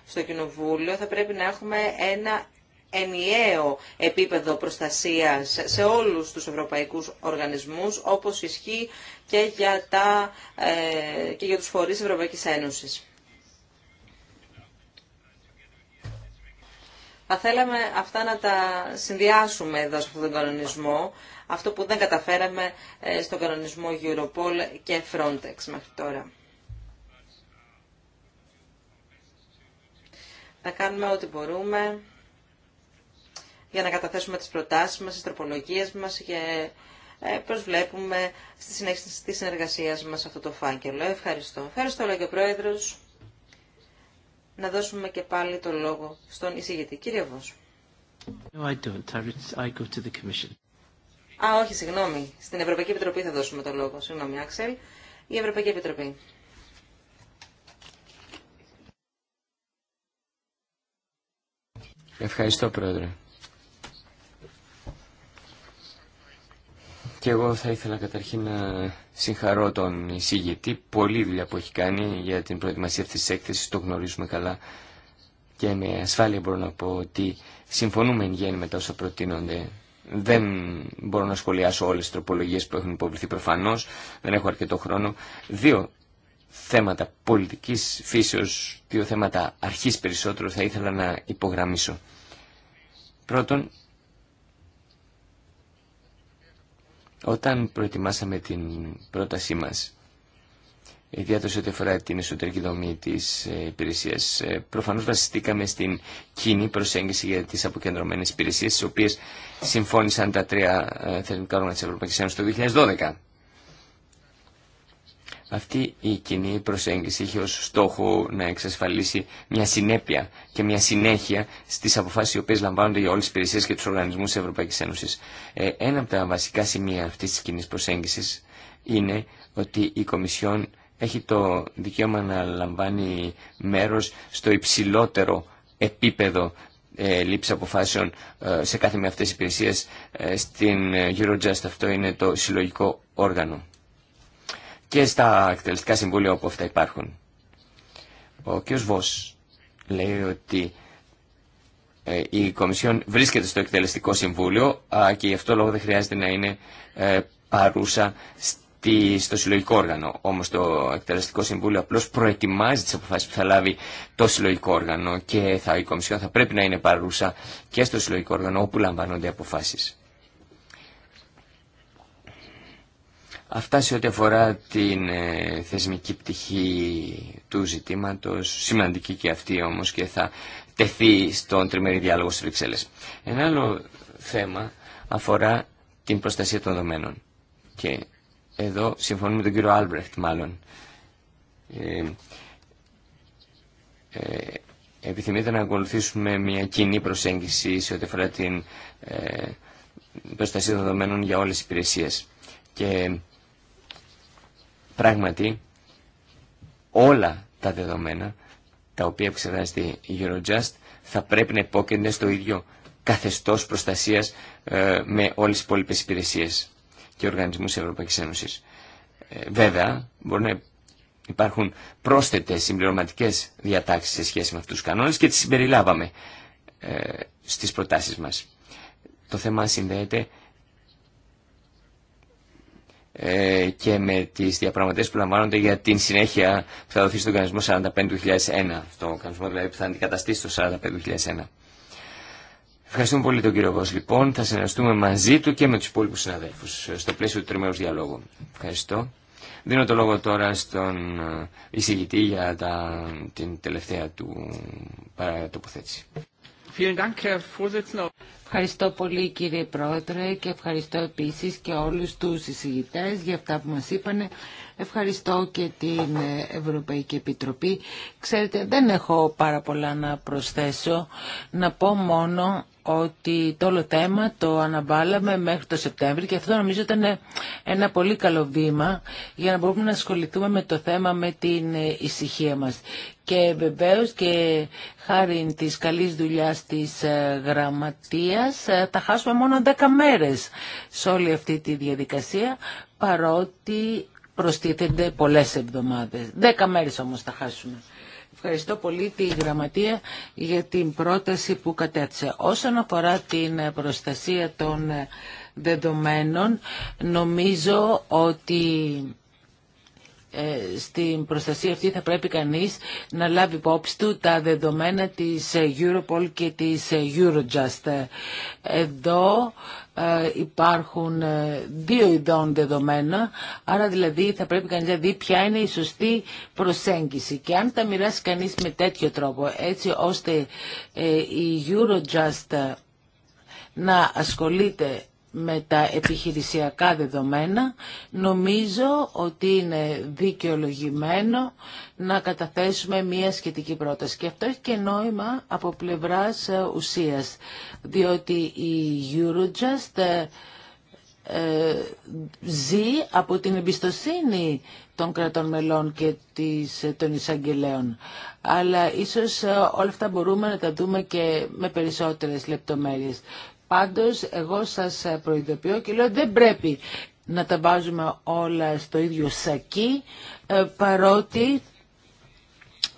D: στο Κοινοβούλιο, θα πρέπει να έχουμε ένα ενιαίο επίπεδο προστασίας σε όλους τους ευρωπαϊκούς οργανισμούς, όπως ισχύει και για, τα, ε, και για τους φορείς Ευρωπαϊκής Ένωσης. Θα θέλαμε αυτά να τα συνδυάσουμε εδώ σε αυτόν τον κανονισμό, αυτό που δεν καταφέραμε ε, στον κανονισμό Europol και Frontex μέχρι τώρα. Θα κάνουμε ό,τι μπορούμε για να καταθέσουμε τις προτάσεις μας, τις τροπολογίες μας και ε, προσβλέπουμε στη συνέχιση της συνεργασίας μας αυτό το φάκελο. Ευχαριστώ. Ευχαριστώ όλα και ο Πρόεδρος. Να δώσουμε και πάλι το λόγο στον εισηγητή. Κύριε Βόσου.
A: No, I don't. I go to the commission.
D: Α, όχι, συγγνώμη. Στην Ευρωπαϊκή Επιτροπή θα δώσουμε το λόγο. Συγγνώμη, Άξελ. Η Ευρωπαϊκή Επιτροπή.
C: Ευχαριστώ, Πρόεδρε. Και εγώ θα ήθελα καταρχήν να συγχαρώ τον εισηγητή. πολύ δουλειά που έχει κάνει για την προετοιμασία αυτή της έκθεσης, το γνωρίζουμε καλά. Και με ασφάλεια μπορώ να πω ότι συμφωνούμε εν γέννη με τα όσα προτείνονται. Δεν μπορώ να σχολιάσω όλες τι τροπολογίες που έχουν υποβληθεί προφανώ. δεν έχω αρκετό χρόνο. Δύο θέματα πολιτική φύσεως, δύο θέματα αρχή περισσότερο θα ήθελα να υπογραμμίσω. Πρώτον, Όταν προετοιμάσαμε την πρότασή μας, ιδιαίτερα σε ό,τι αφορά την εσωτερική δομή της ε, υπηρεσίας, ε, προφανώς βασιστήκαμε στην κοινή προσέγγιση για τις αποκεντρωμένες υπηρεσίες, τις οποίες συμφώνησαν τα τρία ε, θεσμικά όργανα της Ευρωπαϊκής Ένωσης το 2012. Αυτή η κοινή προσέγγιση είχε ως στόχο να εξασφαλίσει μια συνέπεια και μια συνέχεια στις αποφάσεις οι οποίες λαμβάνονται για όλες τις υπηρεσίες και τους οργανισμούς της Ευρωπαϊκής Ένωσης. Ε, ένα από τα βασικά σημεία αυτής της κοινή προσέγγισης είναι ότι η Κομισιόν έχει το δικαίωμα να λαμβάνει μέρος στο υψηλότερο επίπεδο ε, λήψη αποφάσεων ε, σε κάθε μια αυτές τις υπηρεσίες. Ε, στην Eurojust αυτό είναι το συλλογικό όργανο και στα εκτελεστικά συμβούλια όπου αυτά υπάρχουν. Ο κ. Βος λέει ότι ε, η Κομισιόν βρίσκεται στο εκτελεστικό συμβούλιο και γι' αυτό λόγο δεν χρειάζεται να είναι ε, παρούσα στο συλλογικό όργανο. Όμω το εκτελεστικό συμβούλιο απλώ προετοιμάζει τι αποφάσει που θα λάβει το συλλογικό όργανο και η Κομισιόν θα πρέπει να είναι παρούσα και στο συλλογικό όργανο όπου λαμβάνονται αποφάσει. Αυτά σε ό,τι αφορά την ε, θεσμική πτυχή του ζητήματος, σημαντική και αυτή όμως και θα τεθεί στον τριμερή διάλογο στις Βρυξέλλες. Ένα άλλο θέμα αφορά την προστασία των δομένων Και εδώ συμφωνούμε με τον κύριο Άλμπρεχτ μάλλον. Ε, ε, επιθυμείτε να ακολουθήσουμε μια κοινή προσέγγιση σε ό,τι αφορά την ε, προστασία των δεδομένων για όλες τις υπηρεσίες. Και Πράγματι, όλα τα δεδομένα τα οποία εξετάζεται η Eurojust θα πρέπει να υπόκεινται στο ίδιο καθεστώς προστασίας ε, με όλες τις υπόλοιπε υπηρεσίες και οργανισμούς Ευρωπαϊκής Ένωσης. Ε, βέβαια, μπορεί να υπάρχουν πρόσθετες συμπληρωματικές διατάξεις σε σχέση με αυτούς τους κανόνες και τις συμπεριλάβαμε ε, στις προτάσεις μας. Το θέμα συνδέεται ε, και με τις διαπραγματεύσεις που λαμβάνονται για την συνέχεια που θα δοθεί στον κανονισμό 45 του 2001. Στον κανονισμό δηλαδή που θα αντικαταστήσει το 45 του Ευχαριστούμε πολύ τον κύριο Βος λοιπόν. Θα συνεργαστούμε μαζί του και με τους υπόλοιπου συναδέλφου, ε, στο πλαίσιο του τριμέρους διαλόγου. Ευχαριστώ. Δίνω το λόγο τώρα στον ε, εισηγητή για την τελευταία του τοποθέτηση.
B: Ευχαριστώ πολύ κύριε Πρόεδρε και ευχαριστώ επίσης και όλους τους συζητητές για αυτά που μας είπανε. Ευχαριστώ και την Ευρωπαϊκή Επιτροπή. Ξέρετε, δεν έχω πάρα πολλά να προσθέσω. Να πω μόνο ότι το όλο θέμα το αναβάλαμε μέχρι το Σεπτέμβριο και αυτό νομίζω ήταν ένα πολύ καλό βήμα για να μπορούμε να ασχοληθούμε με το θέμα με την ησυχία μας. Και βεβαίως και χάρη της καλής δουλειάς της ε, γραμματείας ε, θα χάσουμε μόνο 10 μέρες σε όλη αυτή τη διαδικασία παρότι προστίθενται πολλές εβδομάδες. Δέκα μέρες όμως θα χάσουμε. Ευχαριστώ πολύ τη Γραμματεία για την πρόταση που κατέθεσε. Όσον αφορά την προστασία των δεδομένων, νομίζω ότι ε, στην προστασία αυτή θα πρέπει κανείς να λάβει υπόψη του τα δεδομένα της Europol και της Eurojust. Εδώ ε, υπάρχουν ε, δύο ειδών δεδομένα, άρα δηλαδή θα πρέπει κανείς να δει ποια είναι η σωστή προσέγγιση. Και αν τα μοιράσει κανείς με τέτοιο τρόπο, έτσι ώστε ε, η Eurojust να ασχολείται με τα επιχειρησιακά δεδομένα, νομίζω ότι είναι δικαιολογημένο να καταθέσουμε μία σχετική πρόταση. Και αυτό έχει και νόημα από πλευράς ε, ουσίας, διότι η Eurojust ε, ε, ζει από την εμπιστοσύνη των κρατών μελών και της, των εισαγγελέων. Αλλά ίσως όλα αυτά μπορούμε να τα δούμε και με περισσότερες λεπτομέρειες. Πάντως εγώ σας προειδοποιώ και λέω δεν πρέπει να τα βάζουμε όλα στο ίδιο σακί ε, παρότι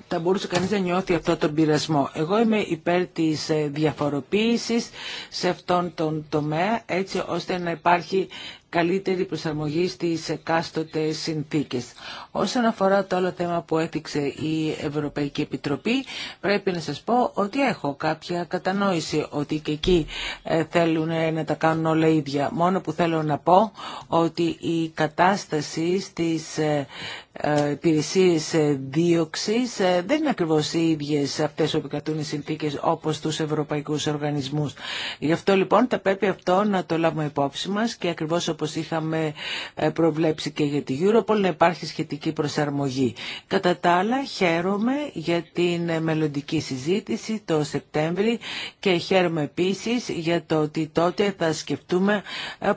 B: θα μπορούσε κανείς να νιώθει αυτό τον πειρασμό. Εγώ είμαι υπέρ της ε, διαφοροποίησης σε αυτόν τον τομέα έτσι ώστε να υπάρχει καλύτερη προσαρμογή στις εκάστοτε συνθήκες. Όσον αφορά το άλλο θέμα που έθιξε η Ευρωπαϊκή Επιτροπή, πρέπει να σας πω ότι έχω κάποια κατανόηση ότι και εκεί ε, θέλουν να τα κάνουν όλα ίδια. Μόνο που θέλω να πω ότι η κατάσταση στις ε, ε, υπηρεσίες ε, δίωξης ε, δεν είναι ακριβώς οι ίδιες αυτές που επικρατούν οι συνθήκες όπως τους ευρωπαϊκούς οργανισμούς. Γι' αυτό λοιπόν θα πρέπει αυτό να το λάβουμε υπόψη μας και ακριβώς όπως είχαμε προβλέψει και για τη Europol να υπάρχει σχετική προσαρμογή. Κατά τα άλλα χαίρομαι για την μελλοντική συζήτηση το Σεπτέμβρη και χαίρομαι επίσης για το ότι τότε θα σκεφτούμε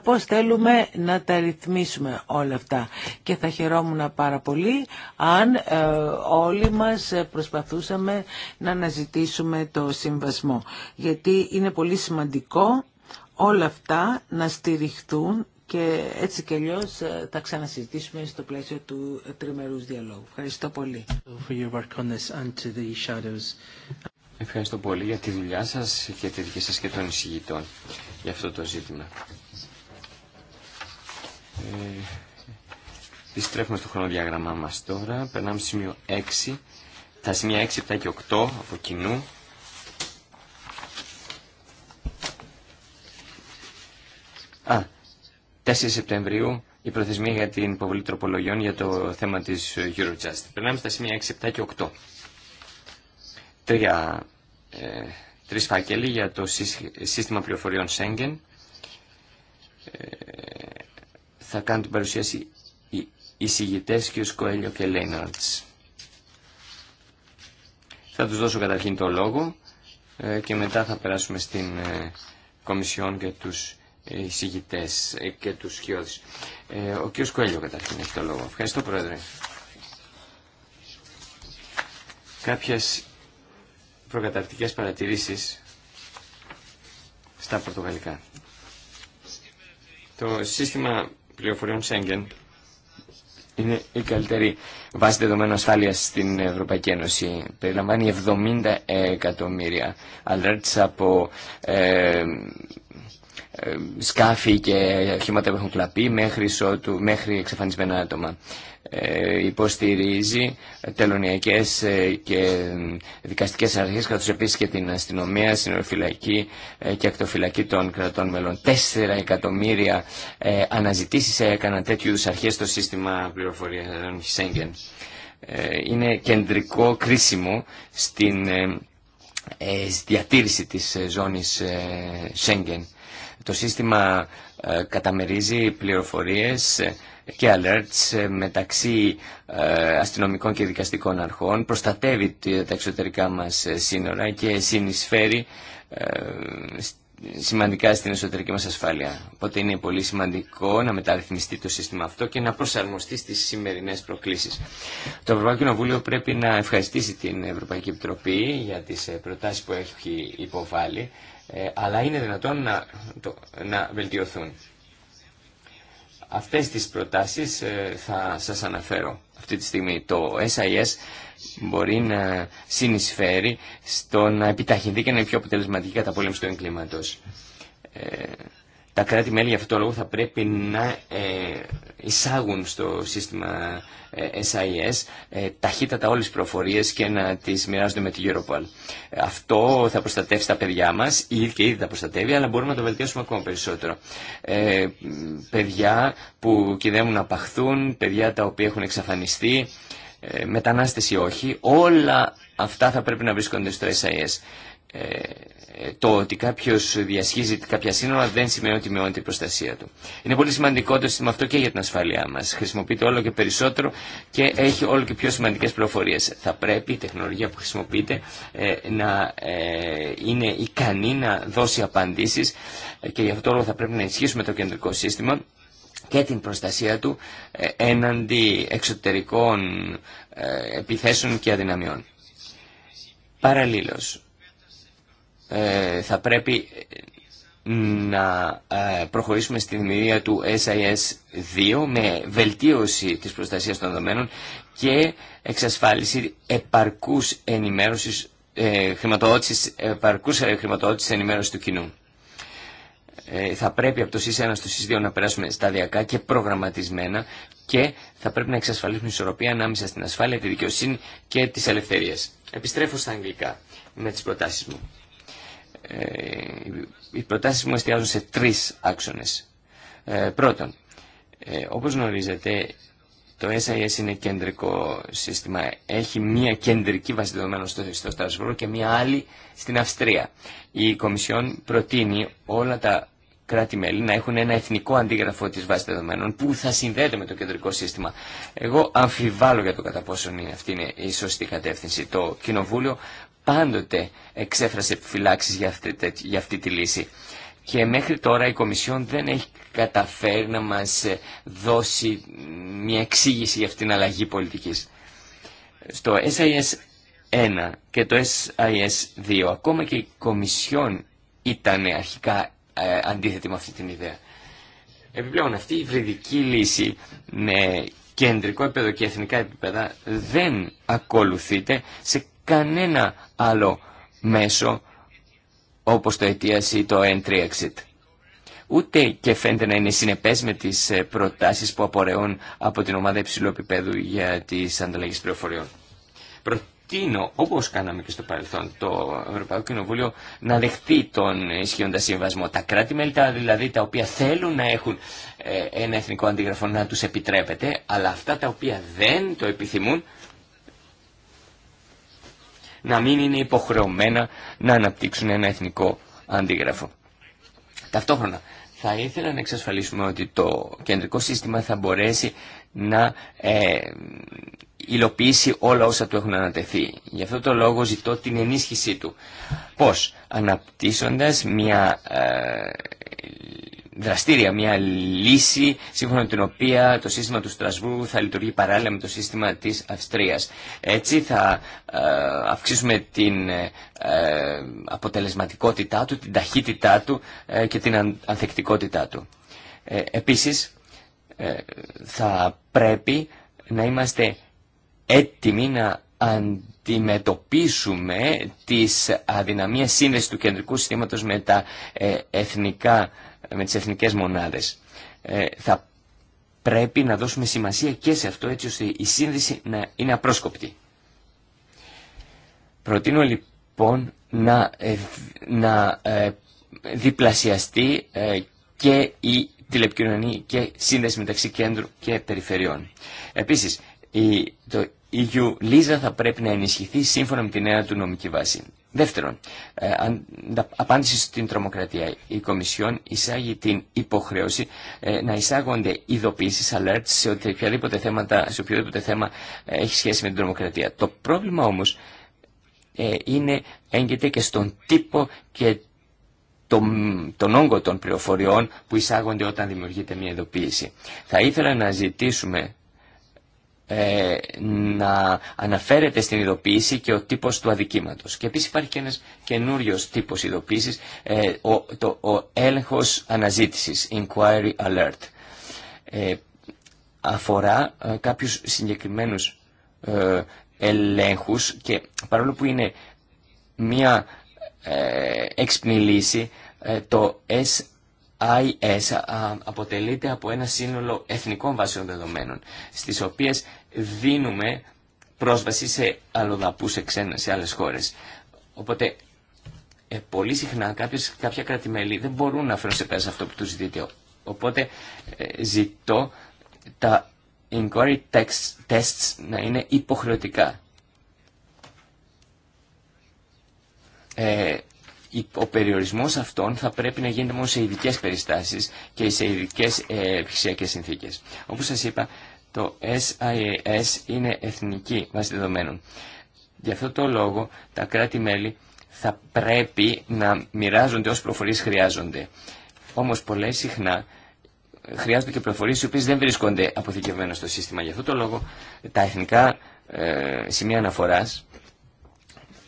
B: πώς θέλουμε να τα ρυθμίσουμε όλα αυτά. Και θα χαιρόμουν πάρα πολύ αν ε, όλοι μας ε, προσπαθούσαμε να αναζητήσουμε το συμβασμό. Γιατί είναι πολύ σημαντικό όλα αυτά να στηριχθούν και έτσι και αλλιώ ε, θα ξανασυζητήσουμε στο πλαίσιο του τριμερού διαλόγου. Ευχαριστώ πολύ. Ευχαριστώ πολύ
C: για τη δουλειά σα και τη δική σα και των εισηγητών για αυτό το ζήτημα. Επιστρέφουμε στο χρονοδιάγραμμά μας τώρα. Περνάμε στο σημείο 6. Τα σημεία 6, 7 και 8 από κοινού. Α, 4 Σεπτεμβρίου η προθεσμία για την υποβολή τροπολογιών για το θέμα της Eurojust. Περνάμε στα σημεία 6, 7 και 8. Τρία, ε, τρεις φάκελοι για το σύστημα πληροφοριών Schengen. Ε, θα κάνουν την παρουσίαση εισηγητές κ. Σκοέλιο και Λέιναρτς. Θα τους δώσω καταρχήν το λόγο ε, και μετά θα περάσουμε στην ε, Κομισιόν και τους εισηγητές ε, και τους χιώδεις. Ο κ. Κοέλιο καταρχήν έχει το λόγο. Ευχαριστώ Πρόεδρε. Κάποιες προκαταρκτικές παρατηρήσεις στα πορτογαλικά. Το σύστημα πληροφοριών Σέγγεν είναι η καλύτερη βάση δεδομένων ασφάλεια στην Ευρωπαϊκή Ένωση. Περιλαμβάνει 70 εκατομμύρια alerts από ε, ε, σκάφη και χήματα που έχουν κλαπεί μέχρι, σώτου, μέχρι εξαφανισμένα άτομα υποστηρίζει τελωνιακές ε, και δικαστικές αρχές καθώς επίσης και την αστυνομία, συνοφυλακή ε, και ακτοφυλακή των κρατών μελών. Τέσσερα εκατομμύρια ε, αναζητήσεις έκαναν τέτοιου είδους αρχές στο σύστημα πληροφορίας Σέγγεν. Είναι κεντρικό κρίσιμο στην διατήρηση της ζώνης Σέγγεν. Το σύστημα καταμερίζει πληροφορίες και alerts ε, μεταξύ ε, αστυνομικών και δικαστικών αρχών, προστατεύει τα εξωτερικά μας ε, σύνορα και συνεισφέρει σημαντικά στην εσωτερική μας ασφάλεια. Οπότε είναι πολύ σημαντικό να μεταρρυθμιστεί το σύστημα αυτό και να προσαρμοστεί στις σημερινές προκλήσεις. Το Ευρωπαϊκό Κοινοβούλιο πρέπει να ευχαριστήσει την Ευρωπαϊκή Επιτροπή για τις προτάσεις που έχει υποβάλει, αλλά είναι δυνατόν να, να βελτιωθούν. Αυτές τις προτάσεις ε, θα σας αναφέρω αυτή τη στιγμή. Το SIS μπορεί να συνεισφέρει στο να επιταχυνθεί και να είναι πιο αποτελεσματική καταπολέμηση του εγκλήματος. Ε, τα κράτη-μέλη για αυτό τον λόγο θα πρέπει να ε, εισάγουν στο σύστημα SIS ε, ε, ταχύτατα όλες τις προφορίες και να τις μοιράζονται με τη Europol. Αυτό θα προστατεύσει τα παιδιά μας, ήδη και ήδη τα προστατεύει, αλλά μπορούμε να το βελτιώσουμε ακόμα περισσότερο. Ε, παιδιά που κυδεύουν να παχθούν, παιδιά τα οποία έχουν εξαφανιστεί, μετανάστες ή όχι, όλα αυτά θα πρέπει να βρίσκονται στο SIS. Ε, το ότι κάποιο διασχίζει κάποια σύνορα δεν σημαίνει ότι μειώνεται η προστασία του. Είναι πολύ σημαντικό το σύστημα αυτό και για την ασφαλεία μα. Χρησιμοποιείται όλο και περισσότερο και έχει όλο και πιο σημαντικέ πληροφορίε. Θα πρέπει η τεχνολογία που χρησιμοποιείται ε, να ε, είναι ικανή να δώσει απαντήσει και γι' αυτό όλο θα πρέπει να ενισχύσουμε το κεντρικό σύστημα και την προστασία του έναντι εξωτερικών επιθέσεων και αδυναμιών. Παραλλήλως, ε, θα πρέπει ε, να ε, προχωρήσουμε στην δημιουργία του SIS-2 με βελτίωση της προστασίας των δεδομένων και εξασφάλιση επαρκούς ενημέρωσης, ε, χρηματοδότησης, επαρκούς χρηματοδότησης ενημέρωσης του κοινού. θα πρέπει από το ΣΥΣ1 στο ΣΥΣ2 να περάσουμε σταδιακά και προγραμματισμένα και θα πρέπει να εξασφαλίσουμε ισορροπία ανάμεσα στην ασφάλεια, τη δικαιοσύνη και τις ελευθερίες. Επιστρέφω στα αγγλικά με τις προτάσεις μου. Ε, οι προτάσεις μου εστιάζουν σε τρεις άξονες. Ε, πρώτον, ε, όπως γνωρίζετε, το SIS είναι κεντρικό σύστημα. Έχει μία κεντρική βάση δεδομένων στο, στο και μία άλλη στην Αυστρία. Η Κομισιόν προτείνει όλα τα κράτη-μέλη να έχουν ένα εθνικό αντίγραφο της βάσης δεδομένων που θα συνδέεται με το κεντρικό σύστημα. Εγώ αμφιβάλλω για το κατά πόσο αυτή είναι η σωστή κατεύθυνση. Το Κοινοβούλιο πάντοτε εξέφρασε επιφυλάξεις για αυτή, για αυτή τη λύση. Και μέχρι τώρα η Κομισιόν δεν έχει καταφέρει να μας ε, δώσει μια εξήγηση για αυτήν την αλλαγή πολιτικής. Στο SIS 1 και το SIS 2 ακόμα και η Κομισιόν ήταν αρχικά ε, αντίθετη με αυτή την ιδέα. Επιπλέον αυτή η βρυδική λύση με κεντρικό επίπεδο και εθνικά επίπεδα δεν ακολουθείται σε κανένα άλλο μέσο όπως το ETS ή το Entry-Exit. Ούτε και φαίνεται να είναι συνεπές με τις ε, προτάσεις που απορρεούν από την ομάδα υψηλού επίπεδου για τις ανταλλαγές πληροφοριών. Προτείνω, όπως κάναμε και στο παρελθόν, το Ευρωπαϊκό Κοινοβούλιο να δεχτεί τον ισχύοντα συμβασμό. Τα κράτη-μέλη δηλαδή τα οποία θέλουν να έχουν ε, ένα εθνικό αντίγραφο να τους επιτρέπεται, αλλά αυτά τα οποία δεν το επιθυμούν να μην είναι υποχρεωμένα να αναπτύξουν ένα εθνικό αντίγραφο. Ταυτόχρονα, θα ήθελα να εξασφαλίσουμε ότι το κεντρικό σύστημα θα μπορέσει να ε, υλοποιήσει όλα όσα του έχουν ανατεθεί. Γι' αυτό το λόγο ζητώ την ενίσχυσή του. Πώς? Αναπτύσσοντας μια ε, δραστήρια, μια λύση σύμφωνα με την οποία το σύστημα του Στρασβούργου θα λειτουργεί παράλληλα με το σύστημα της Αυστρίας. Έτσι θα ε, αυξήσουμε την ε, αποτελεσματικότητά του, την ταχύτητά του ε, και την ανθεκτικότητά του. Επίσης θα πρέπει να είμαστε έτοιμοι να αντιμετωπίσουμε τις αδυναμίες σύνδεσης του κεντρικού συστήματος με τα εθνικά με τις εθνικές μονάδες. Ε, θα πρέπει να δώσουμε σημασία και σε αυτό έτσι ώστε η σύνδεση να είναι απρόσκοπτη. Προτείνω λοιπόν να, ε, να ε, διπλασιαστεί και η τηλεπικοινωνία και σύνδεση μεταξύ κέντρου και περιφερειών. Επίσης, το η Λίζα θα πρέπει να ενισχυθεί σύμφωνα με τη νέα του νομική βάση. Δεύτερον, ε, απάντηση στην τρομοκρατία. Η Κομισιόν εισάγει την υποχρέωση ε, να εισάγονται ειδοποιήσεις, alerts σε, οποιαδήποτε θέματα, σε οποιοδήποτε θέμα ε, έχει σχέση με την τρομοκρατία. Το πρόβλημα όμως είναι, έγκυται και στον τύπο και τον, τον όγκο των πληροφοριών που εισάγονται όταν δημιουργείται μια ειδοποίηση. Θα ήθελα να ζητήσουμε ε, να αναφέρεται στην ειδοποίηση και ο τύπος του αδικήματος. Και επίσης υπάρχει και ένας καινούριος τύπος ειδοποίησης, ε, ο, το, ο έλεγχος αναζήτησης, inquiry alert. Ε, αφορά ε, κάποιους συγκεκριμένους ελέγχους και παρόλο που είναι μία ε, το S IS αποτελείται από ένα σύνολο εθνικών βάσεων δεδομένων, στις οποίες δίνουμε πρόσβαση σε αλλοδαπούς σε, ξένα, σε άλλες χώρες. Οπότε, ε, πολύ συχνά κάποιες, κάποια κρατημέλη δεν μπορούν να φέρουν σε πέρα σε αυτό που τους ζητείτε. Οπότε, ε, ζητώ τα inquiry text, tests να είναι υποχρεωτικά. Ε, ο περιορισμό αυτών θα πρέπει να γίνεται μόνο σε ειδικέ περιστάσει και σε ειδικέ ε, επιχειρησιακές συνθήκες. Όπως σας είπα, το SIAS είναι εθνική βάση δεδομένων. Γι' αυτό το λόγο τα κράτη-μέλη θα πρέπει να μοιράζονται όσε προφορίες χρειάζονται. Όμως πολλές συχνά χρειάζονται και προφορίες οι οποίε δεν βρίσκονται αποθηκευμένε στο σύστημα. Γι' αυτό το λόγο τα εθνικά ε, σημεία αναφορά.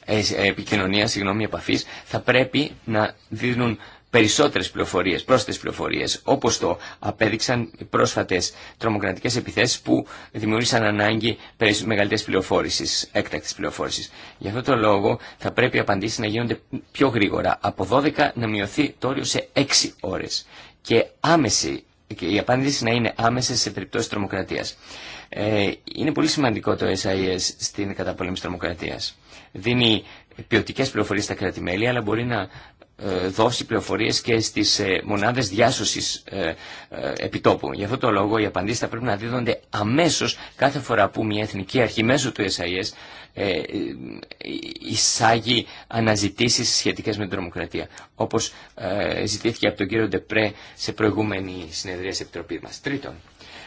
C: Ε, επικοινωνία, συγγνώμη, επαφή, θα πρέπει να δίνουν περισσότερε πληροφορίε, πρόσθετε πληροφορίε, όπω το απέδειξαν οι πρόσφατε τρομοκρατικέ επιθέσει που δημιούργησαν ανάγκη μεγαλύτερη πληροφόρηση, έκτακτη πληροφόρηση. Γι' αυτό το λόγο θα πρέπει οι απαντήσει να γίνονται πιο γρήγορα, από 12 να μειωθεί το όριο σε 6 ώρε. και άμεση, και η απάντηση να είναι άμεση σε περιπτώσει τρομοκρατία. Ε, είναι πολύ σημαντικό το SIS στην καταπολέμηση τρομοκρατίας. Δίνει ποιοτικέ πληροφορίε στα κράτη-μέλη, αλλά μπορεί να ε, δώσει πληροφορίες και στις ε, μονάδες διάσωσης επιτόπου. Γι' αυτό το λόγο οι απαντήσεις θα πρέπει να δίδονται αμέσως κάθε φορά που μια εθνική αρχή μέσω του SIS εισάγει αναζητήσεις σχετικές με την τρομοκρατία. Όπως ζητήθηκε από τον κύριο Ντεπρέ σε προηγούμενη συνεδρία της Επιτροπής μας. Τρίτον,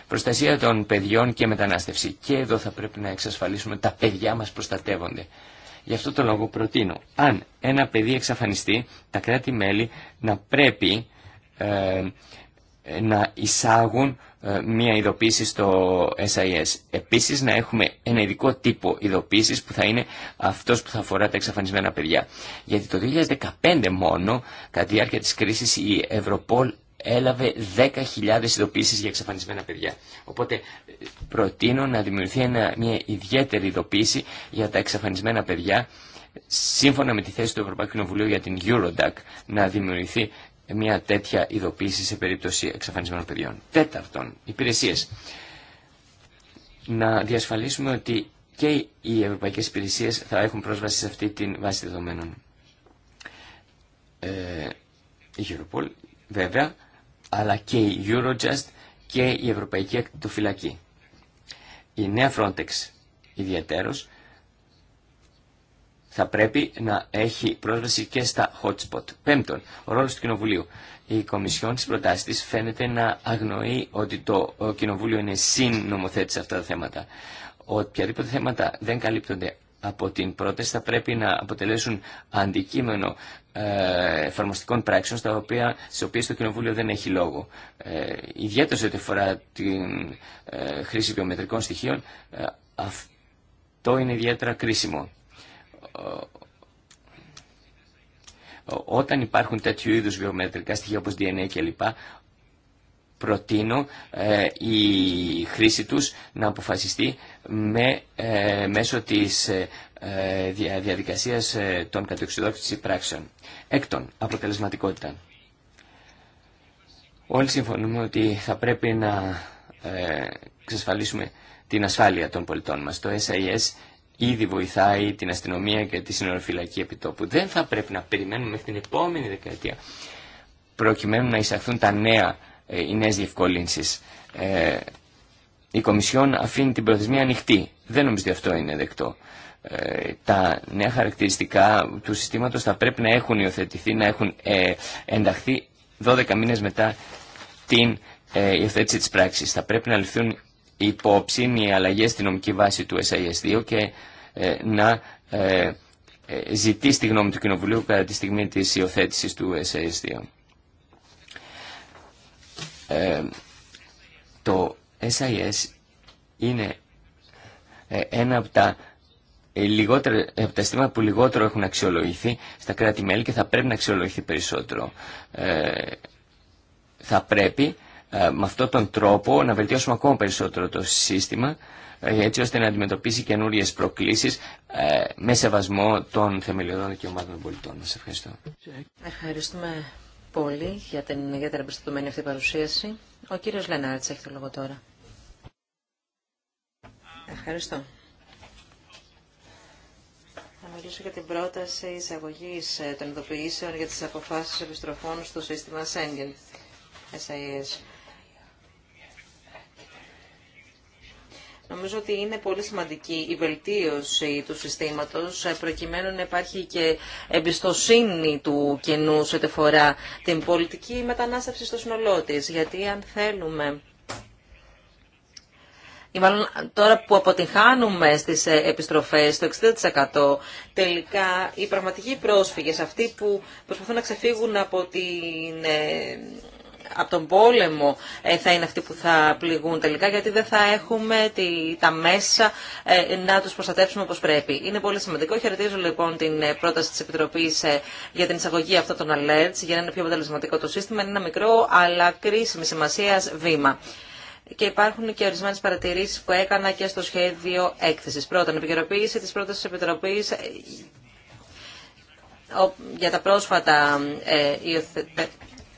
C: προστασία των παιδιών και μετανάστευση. Και εδώ θα πρέπει να εξασφαλίσουμε τα παιδιά μας προστατεύονται. Γι' αυτό το λόγο προτείνω, αν ένα παιδί εξαφανιστεί, τα κράτη-μέλη να πρέπει ε, να εισάγουν ε, μία ειδοποίηση στο SIS. Επίσης να έχουμε ένα ειδικό τύπο ειδοποίηση που θα είναι αυτός που θα αφορά τα εξαφανισμένα παιδιά. Γιατί το 2015 μόνο, κατά τη διάρκεια της κρίσης, η Ευρωπόλ έλαβε 10.000 ειδοποίησει για εξαφανισμένα παιδιά. Οπότε προτείνω να δημιουργηθεί μια ιδιαίτερη ειδοποίηση για τα εξαφανισμένα παιδιά σύμφωνα με τη θέση του Ευρωπαϊκού Κοινοβουλίου για την Eurodac να δημιουργηθεί μια τέτοια ειδοποίηση σε περίπτωση εξαφανισμένων παιδιών. Τέταρτον, υπηρεσίες. Να διασφαλίσουμε ότι και οι ευρωπαϊκές υπηρεσίες θα έχουν πρόσβαση σε αυτή την βάση δεδομένων. Ε, η Europol βέβαια αλλά και η Eurojust και η Ευρωπαϊκή Ακτιτοφυλακή. Η νέα Frontex ιδιαίτερος θα πρέπει να έχει πρόσβαση και στα hotspot. Πέμπτον, ο ρόλος του Κοινοβουλίου. Η Κομισιόν της προτάσεις της φαίνεται να αγνοεί ότι το Κοινοβούλιο είναι συνομοθέτη σε αυτά τα θέματα. Οποιαδήποτε θέματα δεν καλύπτονται από την πρόταση θα πρέπει να αποτελέσουν αντικείμενο ε, εφαρμοστικών πράξεων στα οποία, στις οποίες το Κοινοβούλιο δεν έχει λόγο. Ε, ιδιαίτερα σε ό,τι αφορά την ε, χρήση βιομετρικών στοιχείων, αυτό είναι ιδιαίτερα κρίσιμο. Όταν υπάρχουν τέτοιου είδους βιομετρικά στοιχεία όπως DNA κλπ, προτείνω ε, η χρήση τους να αποφασιστεί με, ε, μέσω της ε, ε διαδικασίας ε, των κατεξουδότησης πράξεων. Έκτον, αποτελεσματικότητα. Όλοι συμφωνούμε ότι θα πρέπει να εξασφαλίσουμε την ασφάλεια των πολιτών μας. Το SIS ήδη βοηθάει την αστυνομία και τη συνοροφυλακή επιτόπου. Δεν θα πρέπει να περιμένουμε μέχρι την επόμενη δεκαετία προκειμένου να εισαχθούν τα νέα ε, οι νέες διευκολύνσεις. Ε, η Κομισιόν αφήνει την προθεσμία ανοιχτή. Δεν νομίζω ότι αυτό είναι δεκτό. Ε, τα νέα χαρακτηριστικά του συστήματος θα πρέπει να έχουν υιοθετηθεί, να έχουν ενταχθεί 12 μήνες μετά την υιοθέτηση της πράξης. Θα πρέπει να ληφθούν υπόψη οι αλλαγές στη νομική βάση του SIS2 και να ζητήσει τη γνώμη του Κοινοβουλίου κατά τη στιγμή της υιοθέτησης του SIS2. Ε, το SIS είναι ε, ένα από τα, ε, λιγότερα, από τα συστήματα που λιγότερο έχουν αξιολογηθεί στα κράτη-μέλη και θα πρέπει να αξιολογηθεί περισσότερο. θα πρέπει με αυτόν τον τρόπο να βελτιώσουμε ακόμα περισσότερο το σύστημα έτσι ώστε να αντιμετωπίσει καινούριε προκλήσεις ε, με σεβασμό των θεμελιωδών δικαιωμάτων των πολιτών. Σας ευχαριστώ.
D: Ευχαριστούμε πολύ για την ιδιαίτερα προστατωμένη αυτή παρουσίαση. Ο κύριος Λενάρτς έχει το λόγο τώρα. Ευχαριστώ. Θα μιλήσω για την πρόταση εισαγωγή ε, των ειδοποιήσεων για τις αποφάσεις επιστροφών στο σύστημα Schengen, SIS. Νομίζω ότι είναι πολύ σημαντική η βελτίωση του συστήματος ε, προκειμένου να υπάρχει και εμπιστοσύνη του κοινού σε ό,τι την πολιτική μετανάστευση στο σύνολό τη. Γιατί αν θέλουμε ή μάλλον τώρα που αποτυγχάνουμε στις ε, επιστροφές το 60% τελικά οι πραγματικοί πρόσφυγες, αυτοί που προσπαθούν να ξεφύγουν από την ε, από τον πόλεμο ε, θα είναι αυτοί που θα πληγούν τελικά γιατί δεν θα έχουμε τη, τα μέσα ε, να τους προστατεύσουμε όπως πρέπει. Είναι πολύ σημαντικό. Χαιρετίζω λοιπόν την ε, πρόταση της Επιτροπής για την εισαγωγή αυτών των alerts για να είναι πιο αποτελεσματικό το σύστημα. Είναι ένα μικρό αλλά κρίσιμη σημασία βήμα. Και υπάρχουν και ορισμένε παρατηρήσει που έκανα και στο σχέδιο έκθεση. Πρώτον, επικαιροποίηση τη πρόταση τη Επιτροπή για τα πρόσφατα ε,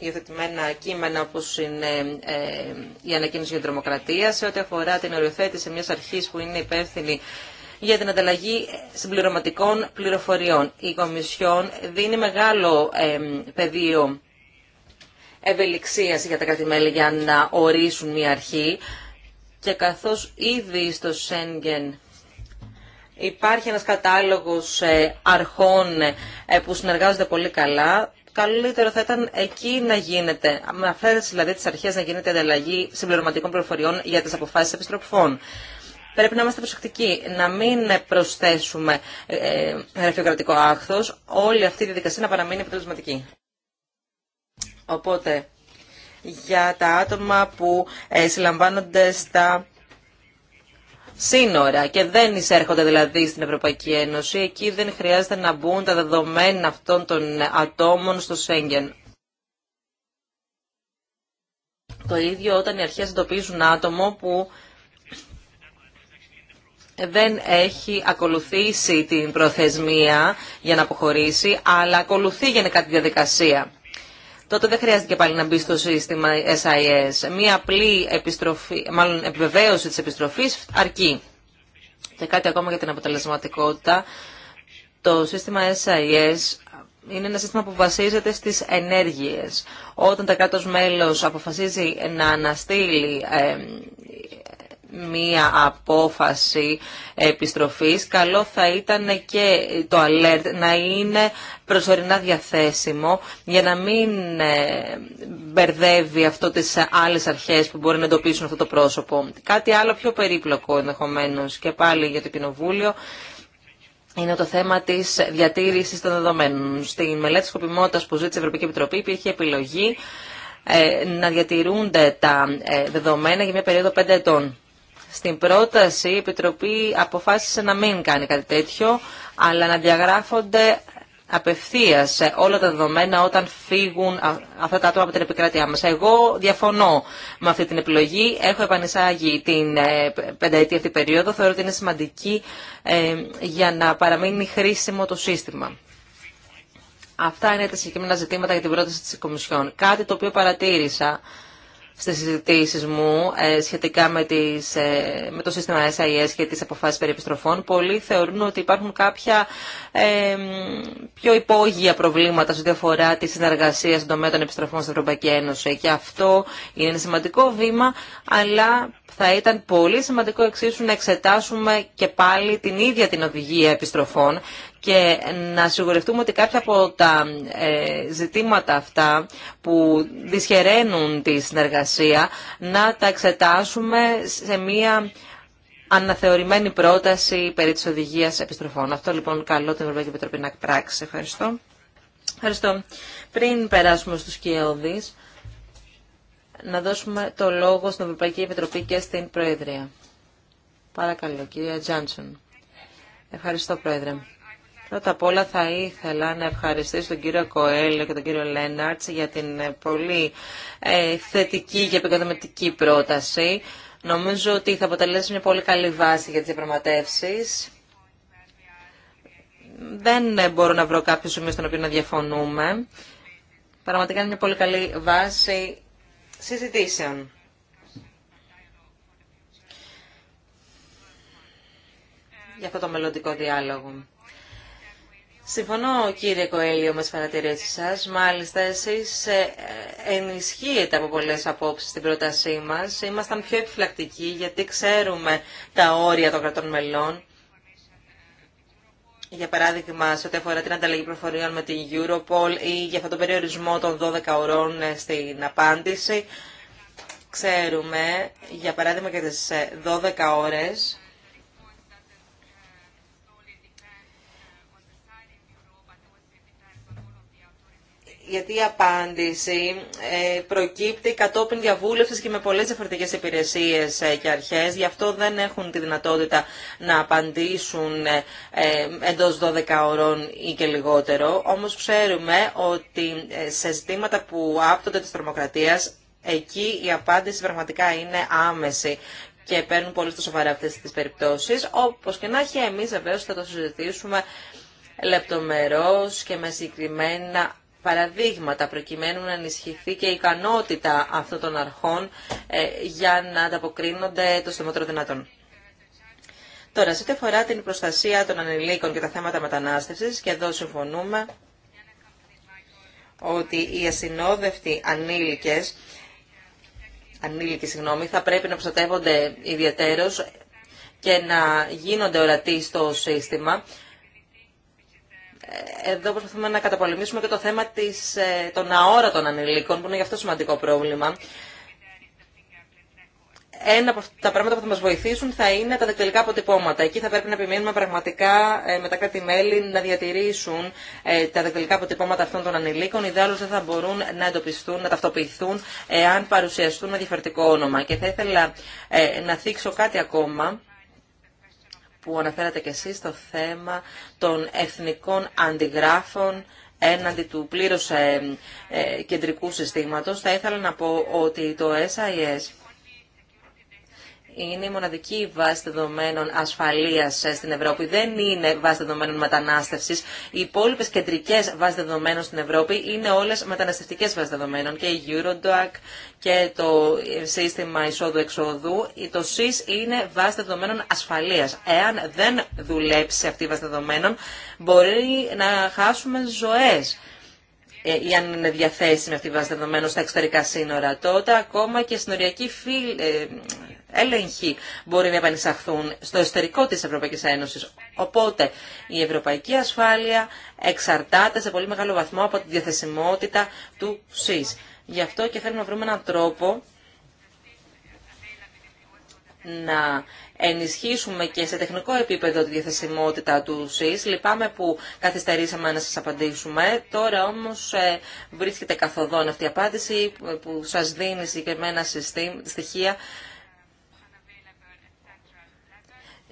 D: υιοθετημένα κείμενα όπως είναι ε, η ανακοίνωση για τρομοκρατία σε ό,τι αφορά την οριοθέτηση μιας αρχής που είναι υπεύθυνη για την ανταλλαγή συμπληρωματικών πληροφοριών. Η Κομισιόν δίνει μεγάλο ε, πεδίο ευελιξίας για τα κράτη-μέλη για να ορίσουν μια αρχή και καθώς ήδη στο Σέγγεν υπάρχει ένας κατάλογος ε, αρχών που συνεργάζονται πολύ καλά, καλύτερο θα ήταν εκεί να γίνεται, με αυτές δηλαδή τις αρχές να γίνεται ανταλλαγή συμπληρωματικών πληροφοριών για τις αποφάσεις επιστροφών. Πρέπει να είμαστε προσεκτικοί, να μην προσθέσουμε ε, ε γραφειοκρατικό άχθος, όλη αυτή η διαδικασία να παραμείνει αποτελεσματική. Οπότε, για τα άτομα που ε, συλλαμβάνονται στα σύνορα και δεν εισέρχονται δηλαδή στην Ευρωπαϊκή Ένωση. Εκεί δεν χρειάζεται να μπουν τα δεδομένα αυτών των ατόμων στο Σέγγεν. Το ίδιο όταν οι αρχές εντοπίζουν άτομο που δεν έχει ακολουθήσει την προθεσμία για να αποχωρήσει, αλλά ακολουθεί κάνει κάτι διαδικασία τότε δεν χρειάζεται και πάλι να μπει στο σύστημα SIS. Μία απλή επιστροφή, μάλλον επιβεβαίωση της επιστροφής αρκεί. Και κάτι ακόμα για την αποτελεσματικότητα. Το σύστημα SIS είναι ένα σύστημα που βασίζεται στις ενέργειες. Όταν τα κράτος μέλος αποφασίζει να αναστείλει ε, μία απόφαση επιστροφής, καλό θα ήταν και το alert να είναι προσωρινά διαθέσιμο για να μην ε, μπερδεύει αυτό τις άλλες αρχές που μπορεί να εντοπίσουν αυτό το πρόσωπο. Κάτι άλλο πιο περίπλοκο ενδεχομένω και πάλι για το Κοινοβούλιο είναι το θέμα της διατήρησης των δεδομένων. Στην μελέτη σκοπιμότητα που ζήτησε η Ευρωπαϊκή Επιτροπή υπήρχε επιλογή ε, να διατηρούνται τα ε, δεδομένα για μια περίοδο πέντε ετών. Στην πρόταση η Επιτροπή αποφάσισε να μην κάνει κάτι τέτοιο, αλλά να διαγράφονται απευθείας όλα τα δεδομένα όταν φύγουν αυτά τα άτομα από την επικράτειά μας. Εγώ διαφωνώ με αυτή την επιλογή. Έχω επανεισάγει την ε, πενταετή αυτή περίοδο. Θεωρώ ότι είναι σημαντική ε, για να παραμείνει χρήσιμο το σύστημα. Αυτά είναι τα συγκεκριμένα ζητήματα για την πρόταση της Κομισιόν. Κάτι το οποίο παρατήρησα στις συζητήσεις μου ε, σχετικά με, τις, ε, με το σύστημα SIS και τις αποφάσεις περί επιστροφών. Πολλοί θεωρούν ότι υπάρχουν κάποια ε, πιο υπόγεια προβλήματα σε διαφορά τη συνεργασία στον τομέα των επιστροφών στην Ευρωπαϊκή Ένωση. Και αυτό είναι ένα σημαντικό βήμα, αλλά θα ήταν πολύ σημαντικό εξίσου να εξετάσουμε και πάλι την ίδια την οδηγία επιστροφών και να σιγουρευτούμε ότι κάποια από τα ε, ζητήματα αυτά που δυσχεραίνουν τη συνεργασία να τα εξετάσουμε σε μία αναθεωρημένη πρόταση περί της οδηγίας επιστροφών. Αυτό λοιπόν καλό την Ευρωπαϊκή Επιτροπή να πράξει. Ευχαριστώ. Ευχαριστώ. Πριν περάσουμε στους κοιόδης, να δώσουμε το λόγο στην Ευρωπαϊκή Επιτροπή και στην Προεδρία. Παρακαλώ, κυρία Τζάνσον. Ευχαριστώ, Πρόεδρε. Πρώτα απ' όλα θα ήθελα να ευχαριστήσω τον κύριο Κοέλιο και τον κύριο Λέναρτς για την ε, πολύ ε, θετική και επικοδομητική πρόταση. Νομίζω ότι θα αποτελέσει μια πολύ καλή βάση για τις διαπραγματεύσεις. Δεν ε, μπορώ να βρω κάποιο σημείο στον οποίο να διαφωνούμε. Πραγματικά είναι μια πολύ καλή βάση συζητήσεων. για αυτό το μελλοντικό διάλογο. Συμφωνώ κύριε Κοέλιο με τις παρατηρήσεις σας. Μάλιστα εσείς ε, ενισχύετε από πολλές απόψεις την πρότασή μας. Ήμασταν πιο επιφυλακτικοί γιατί ξέρουμε τα όρια των κρατών μελών. Για παράδειγμα, σε ό,τι αφορά την ανταλλαγή προφορίων με την Europol ή για αυτόν τον περιορισμό των 12 ωρών ε, στην απάντηση, ξέρουμε, για παράδειγμα, και τις 12 ε, ώρες, γιατί η απάντηση ε, προκύπτει κατόπιν διαβούλευση και με πολλές διαφορετικές υπηρεσίες ε, και αρχές. Γι' αυτό δεν έχουν τη δυνατότητα να απαντήσουν ε, εντός 12 ώρων ή και λιγότερο. Όμως ξέρουμε ότι σε ζητήματα που άπτονται της τρομοκρατίας, εκεί η απάντηση πραγματικά είναι άμεση και παίρνουν πολύ στο σοβαρά αυτές τις περιπτώσεις. Όπως και να έχει εμείς βεβαίω θα το συζητήσουμε λεπτομερώς και με συγκεκριμένα παραδείγματα προκειμένου να ενισχυθεί και η ικανότητα αυτών των αρχών ε, για να ανταποκρίνονται το στομότερο δυνατόν. Τώρα, σε ό,τι αφορά την προστασία των ανηλίκων και τα θέματα μετανάστευσης, και εδώ συμφωνούμε ότι οι ασυνόδευτοι ανήλικες, ανήλικοι συγγνώμη, θα πρέπει να προστατεύονται ιδιαίτερως και να γίνονται ορατοί στο σύστημα, εδώ προσπαθούμε να καταπολεμήσουμε και το θέμα της, ε, των αόρατων ανηλίκων, που είναι γι' αυτό σημαντικό πρόβλημα. Ένα από τα πράγματα που θα μας βοηθήσουν θα είναι τα δεκτυλικά αποτυπώματα. Εκεί θα πρέπει να επιμείνουμε πραγματικά ε, με τα κράτη-μέλη να διατηρήσουν ε, τα δεκτυλικά αποτυπώματα αυτών των ανηλίκων. Ιδάλλως δεν θα μπορούν να εντοπιστούν, να ταυτοποιηθούν εάν παρουσιαστούν με διαφορετικό όνομα. Και θα ήθελα να θίξω κάτι ακόμα που αναφέρατε και εσείς στο θέμα των εθνικών αντιγράφων έναντι του πλήρως ε, ε, κεντρικού συστήματος. Θα ήθελα να πω ότι το SIS είναι η μοναδική βάση δεδομένων ασφαλεία στην Ευρώπη. Δεν είναι βάση δεδομένων μετανάστευση. Οι υπόλοιπε κεντρικέ βάσει δεδομένων στην Ευρώπη είναι όλε μεταναστευτικέ βάσει δεδομένων. Και η Eurodoc και το σύστημα εισόδου-εξόδου. Το ΣΥΣ είναι βάση δεδομένων ασφαλεία. Εάν δεν δουλέψει αυτή η βάση δεδομένων, μπορεί να χάσουμε ζωές ε, ή ζωέ η βάση δεδομένων στα εξωτερικά σύνορα. Τότε ακόμα και συνοριακοί έλεγχοι μπορεί να επανεισαχθούν στο εσωτερικό της Ευρωπαϊκής Ένωσης. Οπότε η ευρωπαϊκή ασφάλεια εξαρτάται σε πολύ μεγάλο βαθμό από τη διαθεσιμότητα του ΣΥΣ. Γι' αυτό και θέλουμε να βρούμε έναν τρόπο να ενισχύσουμε και σε τεχνικό επίπεδο τη διαθεσιμότητα του ΣΥΣ. Λυπάμαι που καθυστερήσαμε να σας απαντήσουμε. Τώρα όμως ε, βρίσκεται καθοδόν αυτή η απάντηση που σας δίνει συγκεκριμένα στοιχεία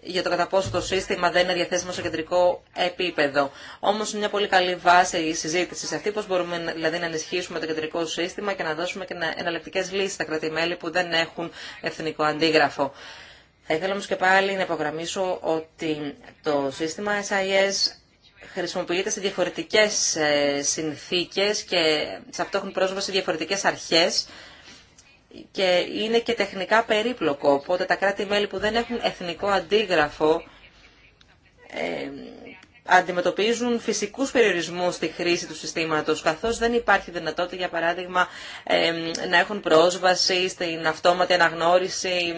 D: για το κατά πόσο το σύστημα δεν είναι διαθέσιμο σε κεντρικό επίπεδο. Όμω είναι μια πολύ καλή βάση η συζήτηση σε αυτή, πώ μπορούμε δηλαδή να ενισχύσουμε το κεντρικό σύστημα και να δώσουμε και εναλλακτικέ λύσει στα κρατημέλη που δεν έχουν εθνικό αντίγραφο. Θα ήθελα όμω και πάλι να υπογραμμίσω ότι το σύστημα SIS χρησιμοποιείται σε διαφορετικές ε, συνθήκες και σε αυτό έχουν πρόσβαση διαφορετικές αρχές και είναι και τεχνικά περίπλοκο, οπότε τα κράτη-μέλη που δεν έχουν εθνικό αντίγραφο ε, αντιμετωπίζουν φυσικούς περιορισμούς στη χρήση του συστήματος, καθώς δεν υπάρχει δυνατότητα, για παράδειγμα, ε, να έχουν πρόσβαση στην αυτόματη αναγνώριση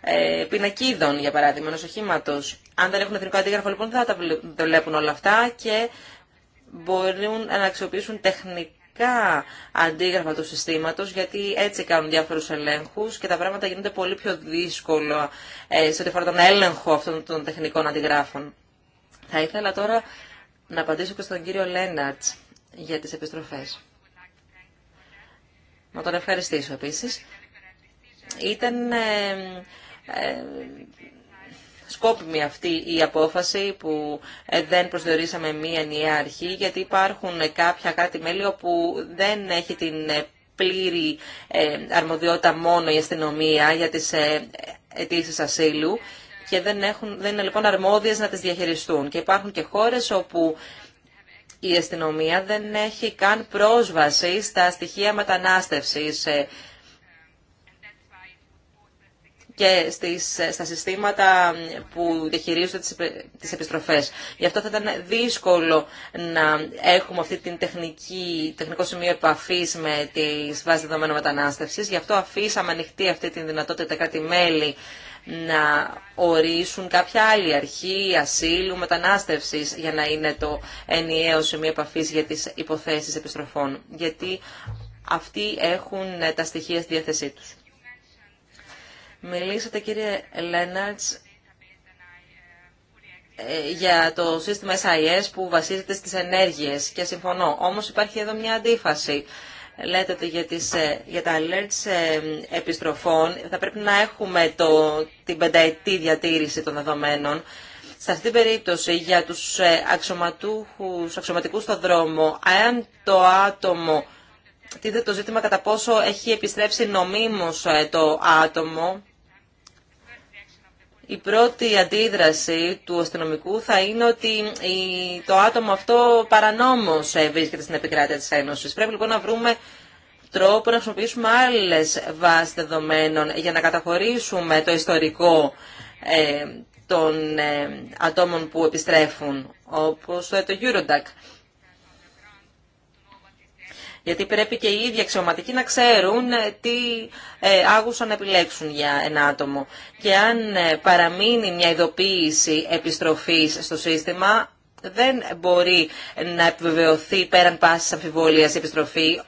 D: ε, πινακίδων, για παράδειγμα, ενός οχήματος. Αν δεν έχουν εθνικό αντίγραφο, λοιπόν, δεν θα τα βλέπουν όλα αυτά και μπορούν να αξιοποιήσουν τεχνικά πραγματικά αντίγραφα του συστήματος, γιατί έτσι κάνουν διάφορους ελέγχους και τα πράγματα γίνονται πολύ πιο δύσκολα ε, σε ό,τι αφορά τον έλεγχο αυτών των τεχνικών αντιγράφων. Θα ήθελα τώρα να απαντήσω και στον κύριο Λέναρτς για τις επιστροφές. Να τον ευχαριστήσω επίσης. Ήταν ε, ε σκόπιμη αυτή η απόφαση που ε, δεν προσδιορίσαμε μία ενιαία αρχή γιατί υπάρχουν κάποια κράτη-μέλη όπου δεν έχει την ε, πλήρη ε, αρμοδιότητα μόνο η αστυνομία για τις αιτήσει ασύλου και δεν, έχουν, δεν είναι λοιπόν αρμόδιες να τις διαχειριστούν. Και υπάρχουν και χώρες όπου η αστυνομία δεν έχει καν πρόσβαση στα στοιχεία μετανάστευσης και στις, στα συστήματα που διαχειρίζονται τις, τις επιστροφές. Γι' αυτό θα ήταν δύσκολο να έχουμε αυτή την τεχνική, τεχνικό σημείο επαφής με τις βάσεις δεδομένων μετανάστευσης. Γι' αυτό αφήσαμε ανοιχτή αυτή τη δυνατότητα κάτι μέλη να ορίσουν κάποια άλλη αρχή ασύλου, μετανάστευσης για να είναι το ενιαίο σημείο επαφής για τις υποθέσεις επιστροφών. Γιατί αυτοί έχουν τα στοιχεία στη διάθεσή τους. Μιλήσατε κύριε Λέναρτς ε, για το σύστημα SIS που βασίζεται στις ενέργειες και συμφωνώ. Όμως υπάρχει εδώ μια αντίφαση. Λέτε ότι για, τις, ε, για τα alerts ε, επιστροφών θα πρέπει να έχουμε το, την πενταετή διατήρηση των δεδομένων. Σε αυτή την περίπτωση για τους αξιωματούχους, αξιωματικούς στον δρόμο, αν το άτομο τίθεται το ζήτημα κατά πόσο έχει επιστρέψει νομίμως το άτομο, η πρώτη αντίδραση του αστυνομικού θα είναι ότι το άτομο αυτό παρανόμως βρίσκεται στην επικράτεια της Ένωσης. Πρέπει λοιπόν να βρούμε τρόπο να χρησιμοποιήσουμε άλλες βάσεις δεδομένων για να καταχωρήσουμε το ιστορικό ε, των ε, ατόμων που επιστρέφουν, όπως το Eurodac. Γιατί πρέπει και οι ίδιοι αξιωματικοί να ξέρουν ε, τι ε, άγουσαν να επιλέξουν για ένα άτομο. Και αν ε, παραμείνει μια ειδοποίηση επιστροφής στο σύστημα, δεν μπορεί να επιβεβαιωθεί πέραν πάσης αμφιβολίας η επιστροφή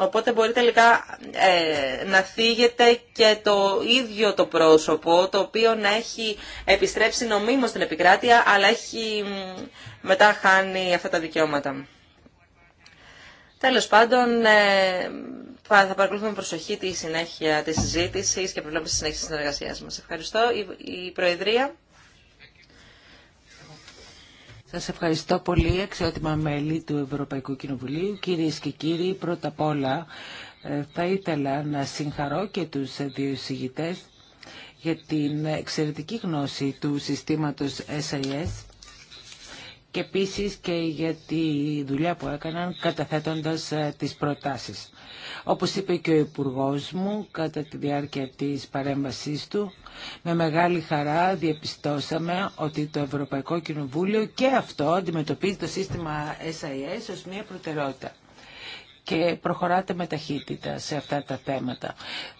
D: Οπότε μπορεί τελικά ε, να θίγεται και το ίδιο το πρόσωπο, το οποίο να έχει επιστρέψει νομίμως στην επικράτεια, αλλά έχει, μετά χάνει αυτά τα δικαιώματα. Τέλος πάντων, ε, θα παρακολουθούμε προσοχή τη συνέχεια της συζήτησης και προβλέπουμε τη συνέχεια της συνεργασίας μας. Ευχαριστώ. η Προεδρία.
B: Σας ευχαριστώ πολύ, αξιότιμα μέλη του Ευρωπαϊκού Κοινοβουλίου. Κυρίες και κύριοι, πρώτα απ' όλα ε, θα ήθελα να συγχαρώ και τους δύο για την εξαιρετική γνώση του συστήματος SIS και επίσης και για τη δουλειά που έκαναν καταθέτοντας ε, τις προτάσεις. Όπως είπε και ο υπουργό μου κατά τη διάρκεια της παρέμβασής του, με μεγάλη χαρά διαπιστώσαμε ότι το Ευρωπαϊκό Κοινοβούλιο και αυτό αντιμετωπίζει το σύστημα SIS ως μια προτεραιότητα και προχωράτε με ταχύτητα σε αυτά τα θέματα.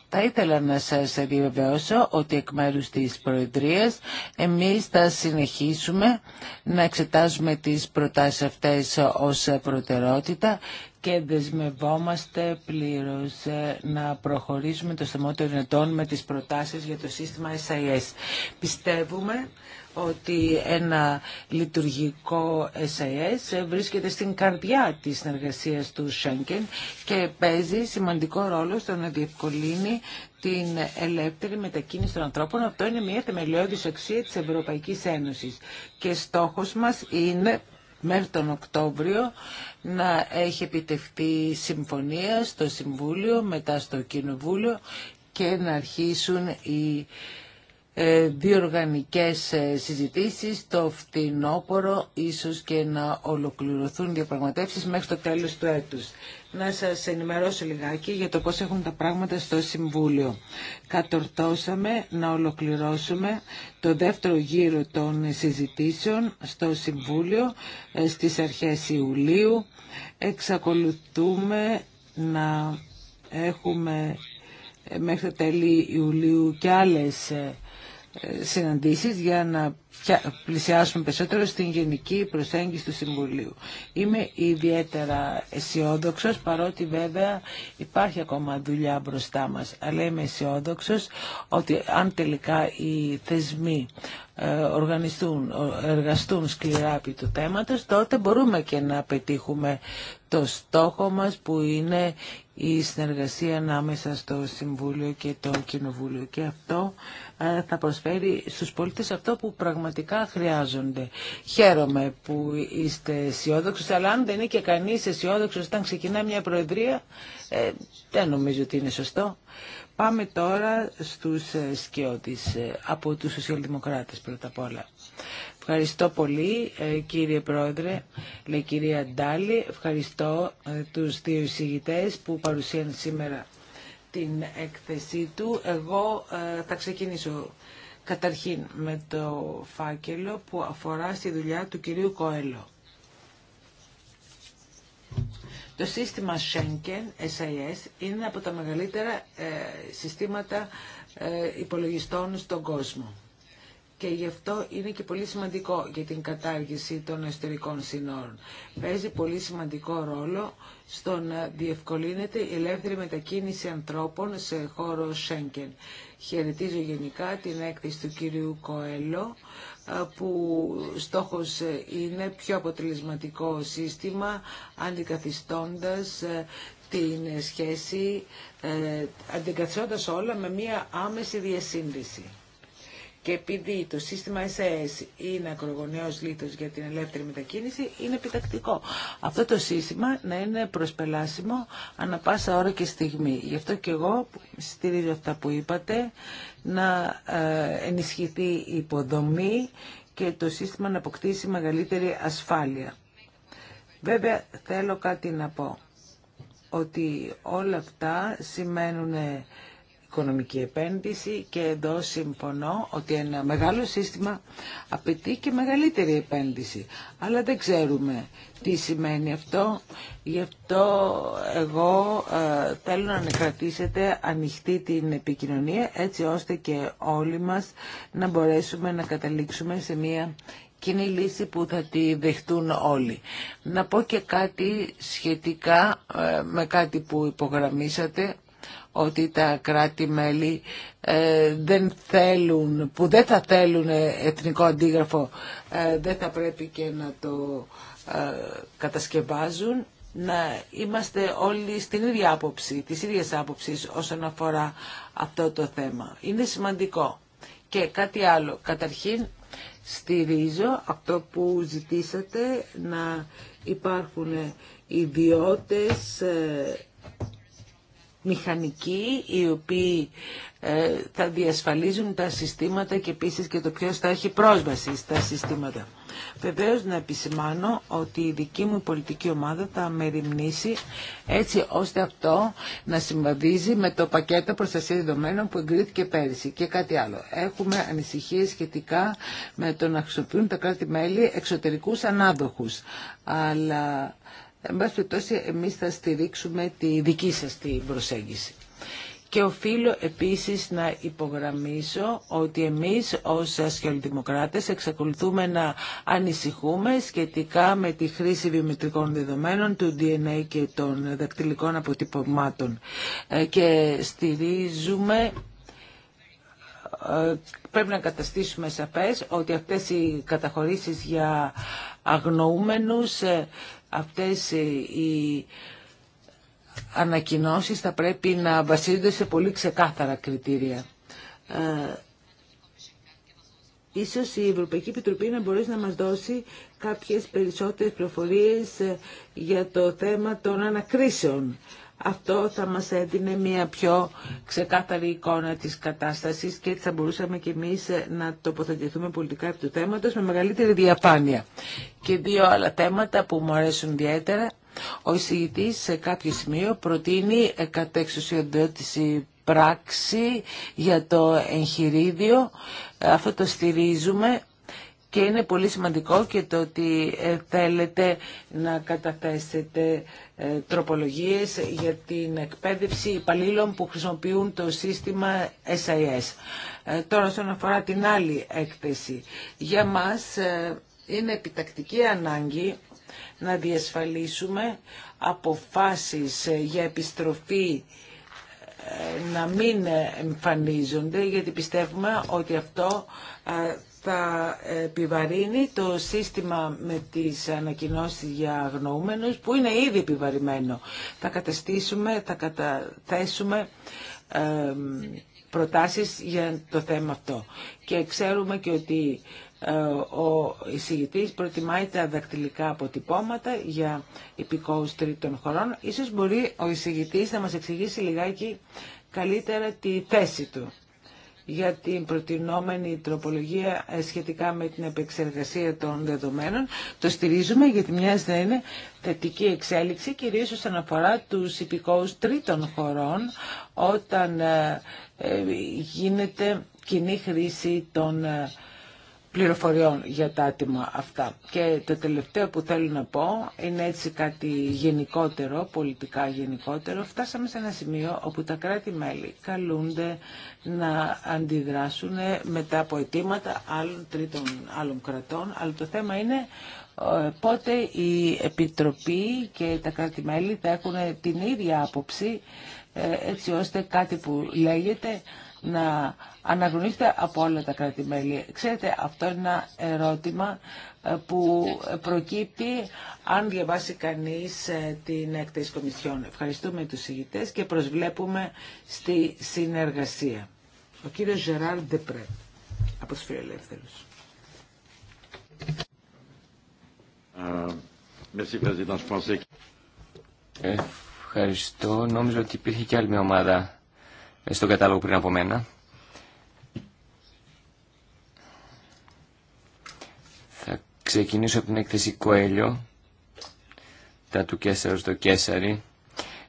B: Θα ήθελα να σας διαβεβαιώσω ότι εκ μέρους της Προεδρίας εμείς θα συνεχίσουμε να εξετάζουμε τις προτάσεις αυτές ως προτεραιότητα και δεσμευόμαστε πλήρως ε, να προχωρήσουμε το στεμό των ενετών με τις προτάσεις για το σύστημα SIS. Πιστεύουμε ότι ένα λειτουργικό SIS ε, βρίσκεται στην καρδιά της συνεργασίας του Schengen και παίζει σημαντικό ρόλο στο να διευκολύνει την ελεύθερη μετακίνηση των ανθρώπων. Αυτό είναι μια θεμελιώδης αξία της Ευρωπαϊκής Ένωσης και στόχος μας είναι μέχρι τον Οκτώβριο να έχει επιτευχθεί συμφωνία στο Συμβούλιο, μετά στο Κοινοβούλιο και να αρχίσουν οι ε, διοργανικές ε, συζητήσεις το φθινόπωρο ίσως και να ολοκληρωθούν διαπραγματεύσεις μέχρι το τέλος του έτους να σας ενημερώσω λιγάκι για το πώς έχουν τα πράγματα στο Συμβούλιο. Κατορτώσαμε να ολοκληρώσουμε το δεύτερο γύρο των συζητήσεων στο Συμβούλιο ε, στις αρχές Ιουλίου. Εξακολουθούμε να έχουμε ε, μέχρι τα τέλη Ιουλίου και άλλες ε, συναντήσεις για να πλησιάσουμε περισσότερο στην γενική προσέγγιση του Συμβουλίου. Είμαι ιδιαίτερα αισιόδοξο, παρότι βέβαια υπάρχει ακόμα δουλειά μπροστά μας, αλλά είμαι αισιόδοξο ότι αν τελικά οι θεσμοί ε, οργανιστούν, εργαστούν σκληρά επί του θέματο, τότε μπορούμε και να πετύχουμε το στόχο μας που είναι η συνεργασία ανάμεσα στο Συμβούλιο και το Κοινοβούλιο. Και αυτό ε, θα προσφέρει στους πολίτες αυτό που πραγματικά χρειάζονται. Χαίρομαι που είστε αισιόδοξο, αλλά αν δεν είναι και κανείς αισιόδοξο όταν ξεκινά μια προεδρία, ε, δεν νομίζω ότι είναι σωστό. Πάμε τώρα στους ε, σκιώτης από τους σοσιαλδημοκράτες πρώτα απ' όλα. Ευχαριστώ πολύ ε, κύριε Πρόεδρε, λέει κυρία Ντάλη. Ευχαριστώ ε, τους δύο εισηγητές που παρουσίαν σήμερα την έκθεσή του. Εγώ ε, θα ξεκινήσω καταρχήν με το φάκελο που αφορά στη δουλειά του κυρίου Κοέλο. Το σύστημα Schenken, SIS, είναι από τα μεγαλύτερα συστήματα υπολογιστών στον κόσμο και γι' αυτό είναι και πολύ σημαντικό για την κατάργηση των εσωτερικών συνόρων. Παίζει πολύ σημαντικό ρόλο στο να διευκολύνεται η ελεύθερη μετακίνηση ανθρώπων σε χώρο Σέγγεν. Χαιρετίζω γενικά την έκθεση του κυρίου Κοέλο που στόχος ε, είναι πιο αποτελεσματικό σύστημα αντικαθιστώντας ε, την σχέση, ε, αντικαθιστώντας όλα με μία άμεση διασύνδεση. Και επειδή το σύστημα SAS είναι ακρογωνιαίος λίθος για την ελεύθερη μετακίνηση, είναι επιτακτικό. Αυτό το σύστημα να είναι προσπελάσιμο ανα πάσα ώρα και στιγμή. Γι' αυτό και εγώ στηρίζω αυτά που είπατε, να ε, ενισχυθεί η υποδομή και το σύστημα να αποκτήσει μεγαλύτερη ασφάλεια. Βέβαια θέλω κάτι να πω, ότι όλα αυτά σημαίνουν οικονομική επένδυση και εδώ συμφωνώ ότι ένα μεγάλο σύστημα απαιτεί και μεγαλύτερη επένδυση. Αλλά δεν ξέρουμε τι σημαίνει αυτό. Γι' αυτό εγώ ε, θέλω να κρατήσετε ανοιχτή την επικοινωνία έτσι ώστε και όλοι μας να μπορέσουμε να καταλήξουμε σε μια κοινή λύση που θα τη δεχτούν όλοι. Να πω και κάτι σχετικά ε, με κάτι που υπογραμμίσατε ότι τα κράτη-μέλη ε, δεν θέλουν, που δεν θα θέλουν εθνικό αντίγραφο, ε, δεν θα πρέπει και να το ε, κατασκευάζουν να είμαστε όλοι στην ίδια άποψη, της ίδιας άποψης όσον αφορά αυτό το θέμα. Είναι σημαντικό. Και κάτι άλλο. Καταρχήν στηρίζω αυτό που ζητήσατε να υπάρχουν ιδιώτες μηχανικοί οι οποίοι ε, θα διασφαλίζουν τα συστήματα και επίσης και το ποιος θα έχει πρόσβαση στα συστήματα. Βεβαίω να επισημάνω ότι η δική μου πολιτική ομάδα θα μεριμνήσει έτσι ώστε αυτό να συμβαδίζει με το πακέτο προστασία δεδομένων που εγκρίθηκε πέρυσι και κάτι άλλο. Έχουμε ανησυχίες σχετικά με το να χρησιμοποιούν τα κράτη-μέλη εξωτερικούς ανάδοχους. Αλλά Εν πάση περιπτώσει, εμείς θα στηρίξουμε τη δική σας την προσέγγιση. Και οφείλω επίσης να υπογραμμίσω ότι εμείς ως ασχελοδημοκράτες εξακολουθούμε να ανησυχούμε σχετικά με τη χρήση βιομητρικών δεδομένων του DNA και των δακτυλικών αποτυπωμάτων. Ε, και στηρίζουμε ε, πρέπει να καταστήσουμε σαφές ότι αυτές οι καταχωρήσεις για αγνοούμενους ε, αυτές οι ανακοινώσεις θα πρέπει να βασίζονται σε πολύ ξεκάθαρα κριτήρια. Ε, ίσως η Ευρωπαϊκή Επιτροπή να μπορέσει να μας δώσει κάποιες περισσότερες προφορίες ε, για το θέμα των ανακρίσεων. Αυτό θα μας έδινε μια πιο ξεκάθαρη εικόνα της κατάστασης και έτσι θα μπορούσαμε και εμείς να τοποθετηθούμε πολιτικά επί του θέματος με μεγαλύτερη διαφάνεια. Και δύο άλλα θέματα που μου αρέσουν ιδιαίτερα. Ο εισηγητής σε κάποιο σημείο προτείνει κατ' εξουσιοδότηση πράξη για το εγχειρίδιο. Αυτό το στηρίζουμε και είναι πολύ σημαντικό και το ότι ε, θέλετε να καταθέσετε ε, τροπολογίες για την εκπαίδευση υπαλλήλων που χρησιμοποιούν το σύστημα SIS. Ε, τώρα, όσον αφορά την άλλη έκθεση, για μας είναι επιτακτική ανάγκη να διασφαλίσουμε αποφάσεις για επιστροφή να μην εμφανίζονται, γιατί πιστεύουμε ότι αυτό θα επιβαρύνει το σύστημα με τις ανακοινώσεις για αγνοούμενους που είναι ήδη επιβαρημένο. Θα καταστήσουμε, θα καταθέσουμε ε, προτάσεις για το θέμα αυτό. Και ξέρουμε και ότι ε, ο εισηγητής προτιμάει τα δακτυλικά αποτυπώματα για υπηκόους τρίτων χωρών. Ίσως μπορεί ο εισηγητής να μας εξηγήσει λιγάκι καλύτερα τη θέση του για την προτινόμενη τροπολογία ε, σχετικά με την επεξεργασία των δεδομένων. Το στηρίζουμε γιατί μοιάζει να είναι θετική εξέλιξη, κυρίως όσον αφορά του υπηκόους τρίτων χωρών, όταν ε, ε, γίνεται κοινή χρήση των πληροφοριών για τα άτομα αυτά. Και το τελευταίο που θέλω να πω είναι έτσι κάτι γενικότερο, πολιτικά γενικότερο. Φτάσαμε σε ένα σημείο όπου τα κράτη-μέλη καλούνται να αντιδράσουν μετά από αιτήματα άλλων τρίτων άλλων κρατών, αλλά το θέμα είναι ε, πότε η Επιτροπή και τα κράτη-μέλη θα έχουν την ίδια άποψη ε, έτσι ώστε κάτι που λέγεται να αναγνωρίζεται από όλα τα κράτη-μέλη. Ξέρετε, αυτό είναι ένα ερώτημα ε, που προκύπτει αν διαβάσει κανείς ε, την έκθεση Κομισιόν. Ευχαριστούμε τους ηγητές και προσβλέπουμε στη συνεργασία. Ο κύριος Ζεράρ Ντεπρέ από τους Φιλελεύθερους. Ε, Ευχαριστώ.
C: Νόμιζα ότι υπήρχε και άλλη μια ομάδα στον κατάλογο πριν από μένα. Θα ξεκινήσω από την έκθεση Κοέλιο, τα του Κέσσαρου στο Κέσσαρι.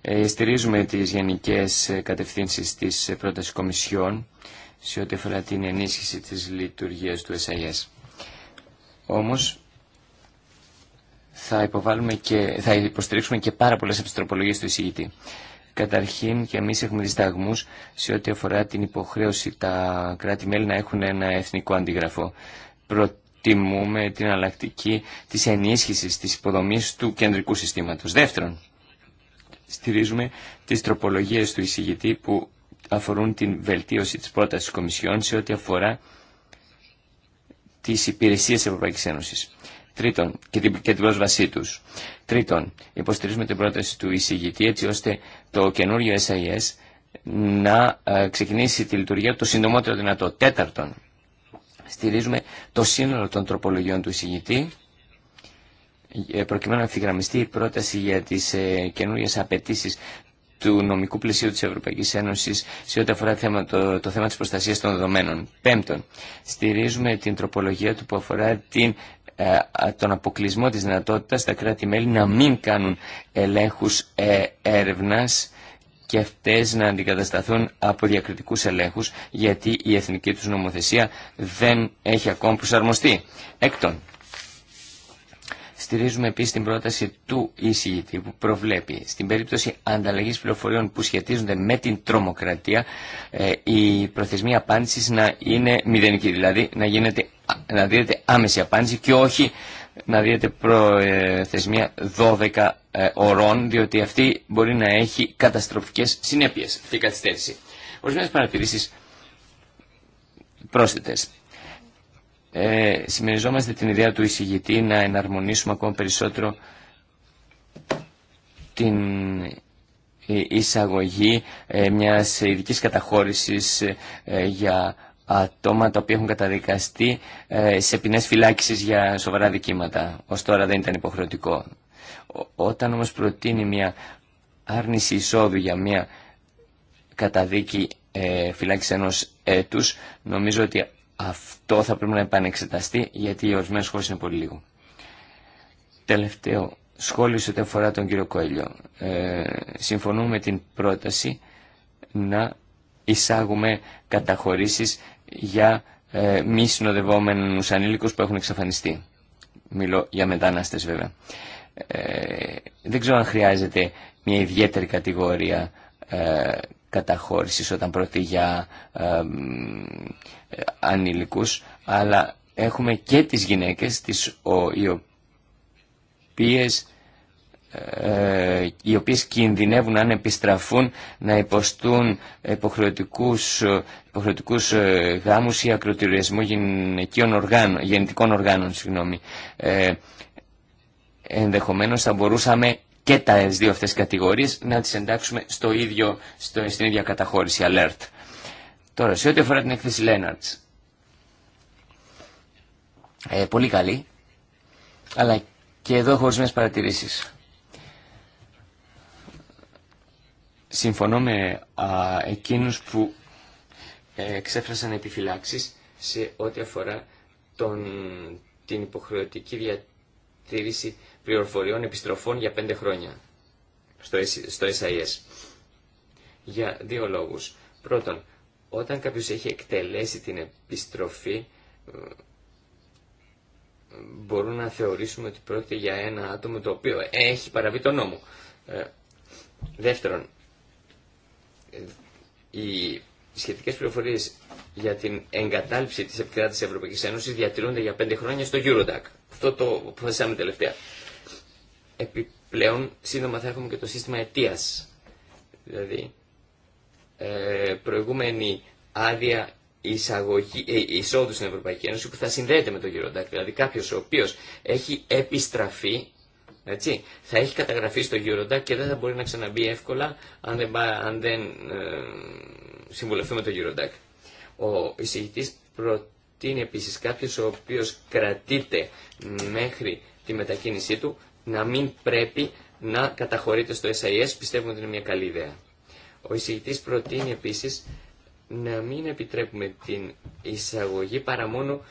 C: Ε, στηρίζουμε τις γενικές ε, κατευθύνσεις της ε, πρότασης Κομισιόν σε ό,τι αφορά την ενίσχυση της λειτουργίας του SIS. Όμως, θα, υποβάλουμε και, θα υποστηρίξουμε και πάρα πολλές επιστροπολογίες του εισηγητή. Καταρχήν και εμείς έχουμε δισταγμούς σε ό,τι αφορά την υποχρέωση τα κράτη-μέλη να έχουν ένα εθνικό αντίγραφο. Προτιμούμε την αλλακτική της ενίσχυσης της υποδομής του κεντρικού συστήματος. Δεύτερον, στηρίζουμε τις τροπολογίες του εισηγητή που αφορούν την βελτίωση της πρότασης Κομισιόν σε ό,τι αφορά τις υπηρεσίες Ευρωπαϊκής Τρίτον, και την, πρόσβασή του. Τρίτον, υποστηρίζουμε την πρόταση του εισηγητή έτσι ώστε το καινούριο SIS να ε, ξεκινήσει τη λειτουργία το συντομότερο δυνατό. Τέταρτον, στηρίζουμε το σύνολο των τροπολογιών του εισηγητή ε, προκειμένου να ευθυγραμμιστεί η πρόταση για τις ε, καινούριες απαιτήσει του νομικού πλαισίου της Ευρωπαϊκής Ένωσης σε ό,τι αφορά το, το θέμα της προστασίας των δεδομένων. Πέμπτον, στηρίζουμε την τροπολογία του που αφορά την ε, τον αποκλεισμό της δυνατότητας στα κράτη-μέλη να μην κάνουν ελέγχους ε, έρευνας και αυτές να αντικατασταθούν από διακριτικούς ελέγχους γιατί η εθνική τους νομοθεσία δεν έχει ακόμα προσαρμοστεί. Έκτον, Στηρίζουμε επίση την πρόταση του εισηγητή που προβλέπει στην περίπτωση ανταλλαγής πληροφοριών που σχετίζονται με την τρομοκρατία ε, η προθεσμία απάντηση να είναι μηδενική, δηλαδή να, γίνεται, να δίνεται άμεση απάντηση και όχι να δίνεται προθεσμία 12 ε, ωρών, διότι αυτή μπορεί να έχει καταστροφικές συνέπειε αυτή η καθυστέρηση. Ορισμένε παρατηρήσει. Πρόσθετε ε, συμμεριζόμαστε την ιδέα του εισηγητή να εναρμονίσουμε ακόμα περισσότερο την ε, εισαγωγή ε, μιας ειδικής καταχώρησης ε, για ατόμα τα οποία έχουν καταδικαστεί ε, σε ποινές φυλάκισης για σοβαρά δικήματα. Ως τώρα δεν ήταν υποχρεωτικό. Όταν όμως προτείνει μια άρνηση εισόδου για μια καταδίκη φυλάκιση ενός έτους, νομίζω ότι αυτό θα πρέπει να επανεξεταστεί γιατί οι ορισμένε χώρε είναι πολύ λίγο. Τελευταίο σχόλιο σε ό,τι αφορά τον κύριο Κόελιο. Ε, συμφωνούμε με την πρόταση να εισάγουμε καταχωρήσει για ε, μη συνοδευόμενου ανήλικου που έχουν εξαφανιστεί. Μιλώ για μετανάστε βέβαια. Ε, δεν ξέρω αν χρειάζεται μια ιδιαίτερη κατηγορία ε, καταχώρησης όταν πρόκειται για ανηλικούς, αλλά έχουμε και τις γυναίκες τις, οι, οποίες, ε, οι οποίες κινδυνεύουν αν επιστραφούν να υποστούν υποχρεωτικούς, υποχρεωτικούς ε, γάμους ή ακροτηριασμού γυναικείων οργάνων, γεννητικών οργάνων. Συγγνώμη. Ε, ενδεχομένως θα μπορούσαμε και τα δύο αυτές κατηγορίες να τις εντάξουμε στο ίδιο, στο, στην ίδια καταχώρηση alert. Τώρα, σε ό,τι αφορά την έκθεση Λέναρτς, ε, πολύ καλή, αλλά και εδώ έχω ορισμένες παρατηρήσεις. Συμφωνώ με εκείνους που ε, εξέφρασαν επιφυλάξεις σε ό,τι αφορά τον, την υποχρεωτική διατήρηση πληροφοριών επιστροφών για πέντε χρόνια στο SIS. Για δύο λόγους. Πρώτον, όταν κάποιος έχει εκτελέσει την επιστροφή, μπορούμε να θεωρήσουμε ότι πρόκειται για ένα άτομο το οποίο έχει παραβεί τον νόμο. Ε, δεύτερον, οι σχετικές πληροφορίες για την εγκατάλειψη της επικράτησης της Ευρωπαϊκής Ένωσης διατηρούνται για πέντε χρόνια στο Eurodac. Αυτό το αποφασίσαμε τελευταία. Επιπλέον, σύντομα θα έχουμε και το σύστημα αιτίας. Δηλαδή, ε, προηγούμενη άδεια εισαγωγή, ε, εισόδου στην Ευρωπαϊκή Ένωση που θα συνδέεται με το Eurodac. Δηλαδή, κάποιο ο οποίο έχει επιστραφεί έτσι, θα έχει καταγραφεί στο Eurodac και δεν θα μπορεί να ξαναμπεί εύκολα αν δεν, αν δεν ε, το Eurodac. Ο εισηγητής προτείνει επίσης κάποιος ο οποίος κρατείται μέχρι τη μετακίνησή του να μην πρέπει να καταχωρείται στο SIS. Πιστεύουμε ότι είναι μια καλή ιδέα. Ο εισηγητής προτείνει επίσης να μην επιτρέπουμε την εισαγωγή παρά μόνο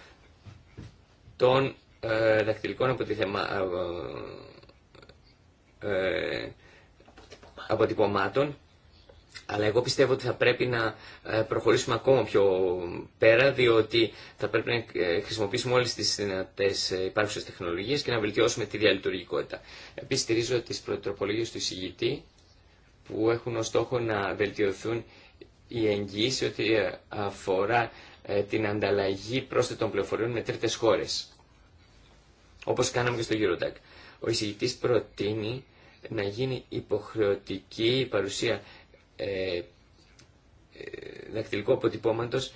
C: των ε, δακτυλικών ε, ε, αποτυπωμάτων αλλά εγώ πιστεύω ότι θα πρέπει να ε, προχωρήσουμε ακόμα πιο πέρα, διότι θα πρέπει να ε, χρησιμοποιήσουμε όλες τις δυνατές ε, υπάρχουσες τεχνολογίες και να βελτιώσουμε τη διαλειτουργικότητα. Επίσης στηρίζω τις προτροπολογίες του εισηγητή, που έχουν ως στόχο να βελτιωθούν οι εγγύησεις ό,τι αφορά την ανταλλαγή πρόσθετων πληροφοριών με τρίτες χώρες. Όπως κάναμε και στο Eurodac. Ο εισηγητής προτείνει να γίνει υποχρεωτική παρουσία ε, ε δακτυλικού αποτυπώματος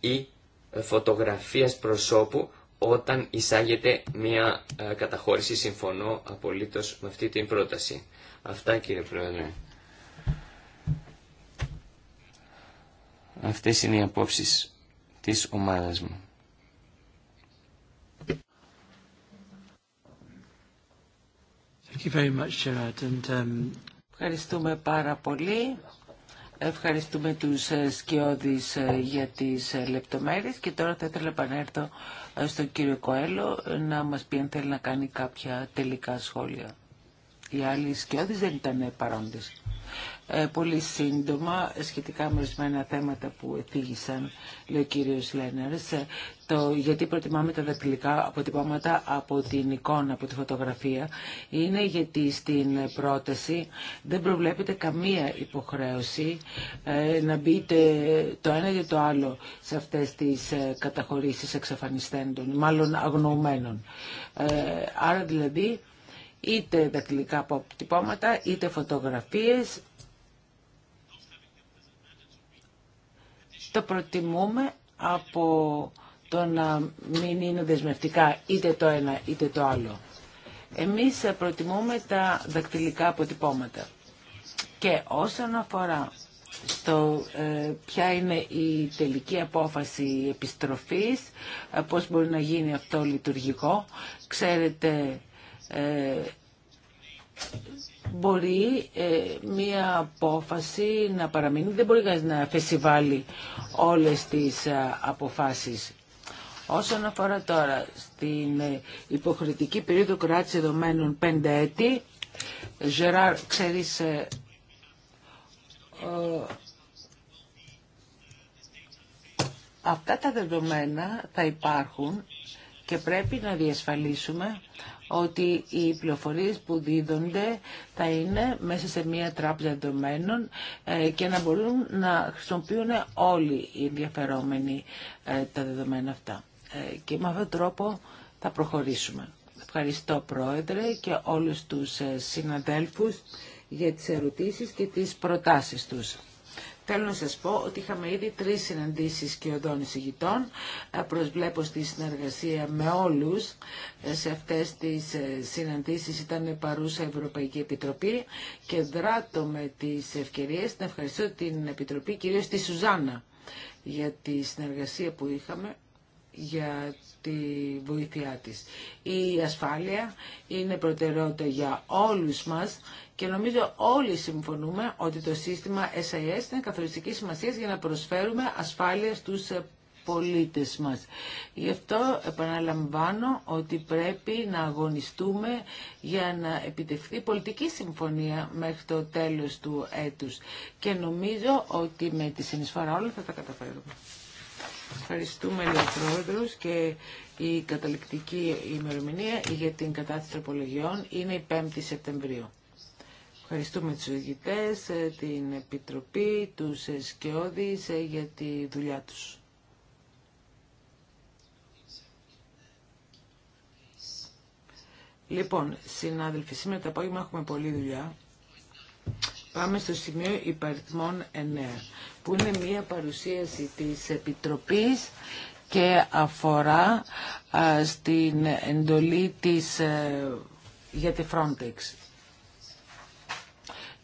C: ή φωτογραφίας προσώπου όταν εισάγεται μια ε, καταχώρηση. Συμφωνώ απολύτως με αυτή την πρόταση. Αυτά κύριε Πρόεδρε. Αυτές είναι οι απόψεις της ομάδας μου.
A: Um,
B: Ευχαριστούμε πάρα πολύ. Ευχαριστούμε τους ε, σκιώδεις ε, για τις ε, λεπτομέρειες και τώρα θα ήθελα να επανέλθω στον κύριο Κοέλο να μας πει αν θέλει να κάνει κάποια τελικά σχόλια. Οι άλλοι σκιώδεις δεν ήταν παρόντες. Ε, πολύ σύντομα σχετικά με ορισμένα θέματα που εφήγησαν, λέει ο κύριο Λένερς, ε, το γιατί προτιμάμε τα δακτυλικά αποτυπώματα από την εικόνα, από τη φωτογραφία, είναι γιατί στην πρόταση δεν προβλέπεται καμία υποχρέωση ε, να μπείτε το ένα για το άλλο σε αυτές τις καταχωρήσεις εξαφανιστέντων, μάλλον αγνοωμένων. άρα δηλαδή είτε δακτυλικά αποτυπώματα, είτε φωτογραφίες, το προτιμούμε από το να μην είναι δεσμευτικά είτε το ένα είτε το άλλο. Εμείς προτιμούμε τα δακτυλικά αποτυπώματα. Και όσον αφορά στο ε, ποια είναι η τελική απόφαση επιστροφής, ε, πώς μπορεί να γίνει αυτό λειτουργικό. Ξέρετε, ε, μπορεί ε, μία απόφαση να παραμείνει. Δεν μπορεί να φεσιβάλει όλες τις ε, αποφάσεις. Όσον αφορά τώρα στην ε, υποχρετική περίοδο κράτηση δεδομένων πέντε έτη, Γεράρ, ξέρεις, ε, αυτά τα δεδομένα θα υπάρχουν και πρέπει να διασφαλίσουμε ότι οι πληροφορίες που δίδονται θα είναι μέσα σε μία τράπεζα δεδομένων ε, και να μπορούν να χρησιμοποιούν όλοι οι ενδιαφερόμενοι ε, τα δεδομένα αυτά. Ε, και με αυτόν τον τρόπο θα προχωρήσουμε. Ευχαριστώ Πρόεδρε και όλους τους συναδέλφους για τις ερωτήσεις και τις προτάσεις τους. Θέλω να σας πω ότι είχαμε ήδη τρεις συναντήσεις και οδών εισηγητών. Ε, προσβλέπω στη συνεργασία με όλους. Ε, σε αυτές τις ε, συναντήσεις ήταν παρούσα Ευρωπαϊκή Επιτροπή και δράτω με τις ευκαιρίες να ευχαριστώ την Επιτροπή, κυρίως τη Σουζάνα, για τη συνεργασία που είχαμε για τη βοήθειά της. Η ασφάλεια είναι προτεραιότητα για όλους μας και νομίζω όλοι συμφωνούμε ότι το σύστημα SIS είναι καθοριστική σημασία για να προσφέρουμε ασφάλεια στους πολίτες μας. Γι' αυτό επαναλαμβάνω ότι πρέπει να αγωνιστούμε για να επιτευχθεί πολιτική συμφωνία μέχρι το τέλος του έτους. Και νομίζω ότι με τη συνεισφορά όλων θα τα καταφέρουμε. Ευχαριστούμε, ο και η καταληκτική ημερομηνία για την κατάθεση τροπολογιών είναι η 5η Σεπτεμβρίου. Ευχαριστούμε τους οδηγητές, ε, την Επιτροπή, τους Σκεώδης ε, για τη δουλειά τους. Λοιπόν, συνάδελφοι, σήμερα το απόγευμα έχουμε πολλή δουλειά. Πάμε στο σημείο υπαριθμών 9 που είναι μία παρουσίαση της Επιτροπής και αφορά στην εντολή της ε, για τη Frontex.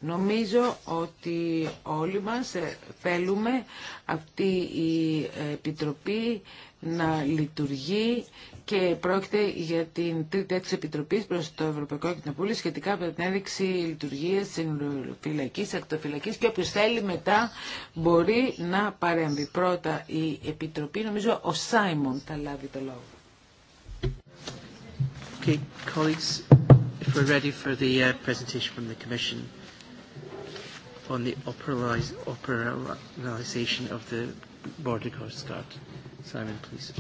B: Νομίζω ότι όλοι μας ε, θέλουμε αυτή η ε, Επιτροπή να λειτουργεί και πρόκειται για την τρίτη έξι επιτροπή προ το Ευρωπαϊκό Κοινοβούλιο σχετικά με την έδειξη λειτουργία τη φυλακή, ακτοφυλακή και όποιο θέλει μετά μπορεί να παρέμβει. Πρώτα η επιτροπή, νομίζω ο Σάιμον θα λάβει το λόγο. Okay, colleagues,
A: if we're ready for the uh, presentation from the Commission on the operalization of the border guard, Simon, please.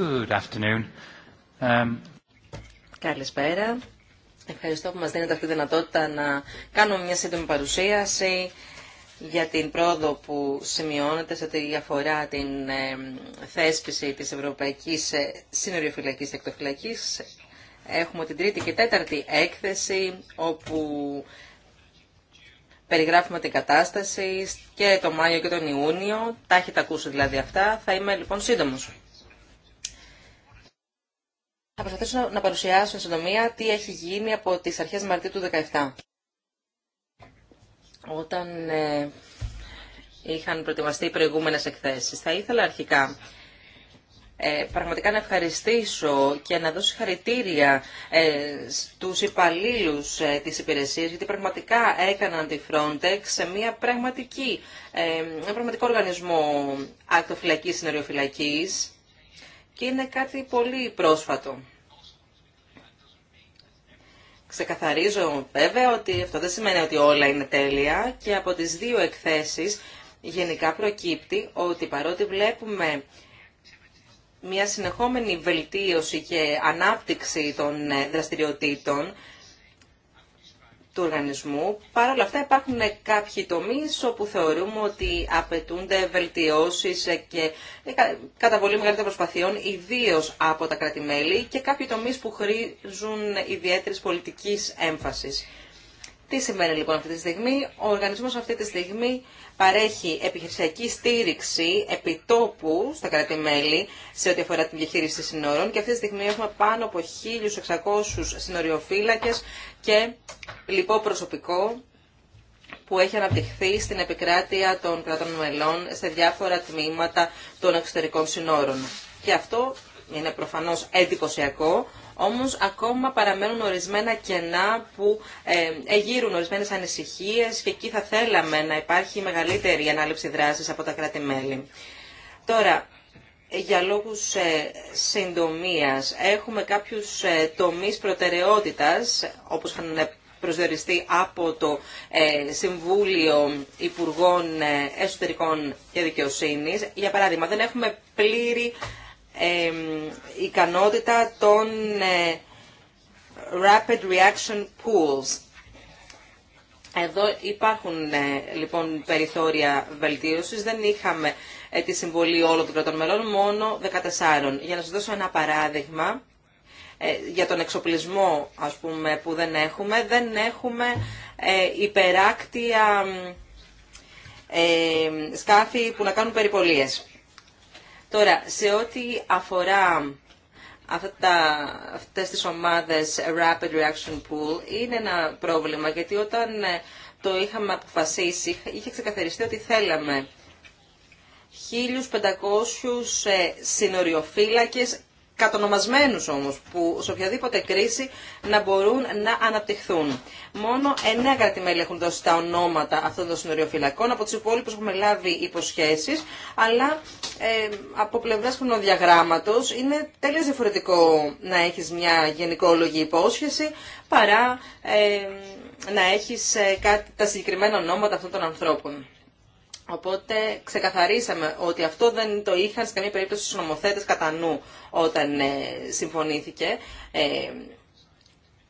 A: Good afternoon. Um,
D: Καλησπέρα. Ευχαριστώ που μας δίνετε αυτή τη δυνατότητα να κάνουμε μια σύντομη παρουσίαση για την πρόοδο που σημειώνεται σε ό,τι αφορά την θέσπιση της Ευρωπαϊκής ε, Συνοριοφυλακής και Εκτοφυλακής. Έχουμε την τρίτη και τέταρτη έκθεση όπου περιγράφουμε την κατάσταση και το Μάιο και τον Ιούνιο. Τα έχετε ακούσει δηλαδή αυτά. Θα είμαι λοιπόν σύντομος. Θα προσπαθήσω να παρουσιάσω εν συντομία τι έχει γίνει από τις αρχές Μαρτίου του 2017. Όταν ε, είχαν προετοιμαστεί οι προηγούμενες εκθέσεις. Θα ήθελα αρχικά ε, πραγματικά να ευχαριστήσω και να δώσω χαρητήρια ε, στους υπαλλήλους ε, της υπηρεσίας, γιατί πραγματικά έκαναν τη Frontex σε μια πραγματική, ε, ένα πραγματικό οργανισμό ακτοφυλακής, συνοριοφυλακής και είναι κάτι πολύ πρόσφατο. Ξεκαθαρίζω βέβαια ότι αυτό δεν σημαίνει ότι όλα είναι τέλεια και από τις δύο εκθέσεις γενικά προκύπτει ότι παρότι βλέπουμε μια συνεχόμενη βελτίωση και ανάπτυξη των ε, δραστηριοτήτων οργανισμού. Παρ' όλα αυτά υπάρχουν κάποιοι τομείς όπου θεωρούμε ότι απαιτούνται βελτιώσεις και ε, καταβολή μεγαλύτερων προσπαθειών, ιδίω από τα κρατη και κάποιοι τομείς που χρήζουν ιδιαίτερης πολιτικής έμφασης. Τι συμβαίνει λοιπόν αυτή τη στιγμή. Ο οργανισμός αυτή τη στιγμή παρέχει επιχειρησιακή στήριξη επιτόπου στα κρατη σε ό,τι αφορά την διαχείριση σύνορων και αυτή τη στιγμή έχουμε πάνω από 1.600 συνοριοφύλακες και λοιπό προσωπικό που έχει αναπτυχθεί στην επικράτεια των κρατών μελών σε διάφορα τμήματα των εξωτερικών συνόρων. Και αυτό είναι προφανώς εντυπωσιακό, όμως ακόμα παραμένουν ορισμένα κενά που ε, εγείρουν ορισμένες ανησυχίες και εκεί θα θέλαμε να υπάρχει μεγαλύτερη ανάληψη δράσης από τα κράτη-μέλη. Τώρα, για λόγους ε, συντομίας, έχουμε κάποιους ε, τομείς προτεραιότητας, όπως είχαν προσδιοριστεί από το Συμβούλιο Υπουργών Εσωτερικών και Δικαιοσύνης. Για παράδειγμα, δεν έχουμε πλήρη ικανότητα των ε, Rapid Reaction Pools. Εδώ υπάρχουν ε, λοιπόν περιθώρια βελτίωσης. Δεν είχαμε ε, τη συμβολή όλων των κρατών μελών, μόνο 14. Για να σας δώσω ένα παράδειγμα, για τον εξοπλισμό ας πούμε, που δεν έχουμε, δεν έχουμε υπεράκτια σκάφη που να κάνουν περιπολίες. Τώρα, σε ό,τι αφορά αυτά, αυτές τις ομάδες Rapid Reaction Pool, είναι ένα πρόβλημα, γιατί όταν ε, το είχαμε αποφασίσει, είχε ξεκαθαριστεί ότι θέλαμε 1.500 ε, συνοριοφύλακες κατονομασμένους όμως, που σε οποιαδήποτε κρίση να μπορούν να αναπτυχθούν. Μόνο εννέα κρατημέλη έχουν δώσει τα ονόματα αυτών των συνοριοφυλακών, από τις υπόλοιπες έχουμε λάβει υποσχέσεις, αλλά ε, από πλευράς χρονοδιαγράμματος είναι τελείως διαφορετικό να έχεις μια γενικόλογη υπόσχεση, παρά ε, να έχεις ε, κάτι, τα συγκεκριμένα ονόματα αυτών των ανθρώπων. Οπότε ξεκαθαρίσαμε ότι αυτό δεν το είχαν σε καμία περίπτωση στους νομοθέτες κατά νου όταν ε, συμφωνήθηκε. Ε,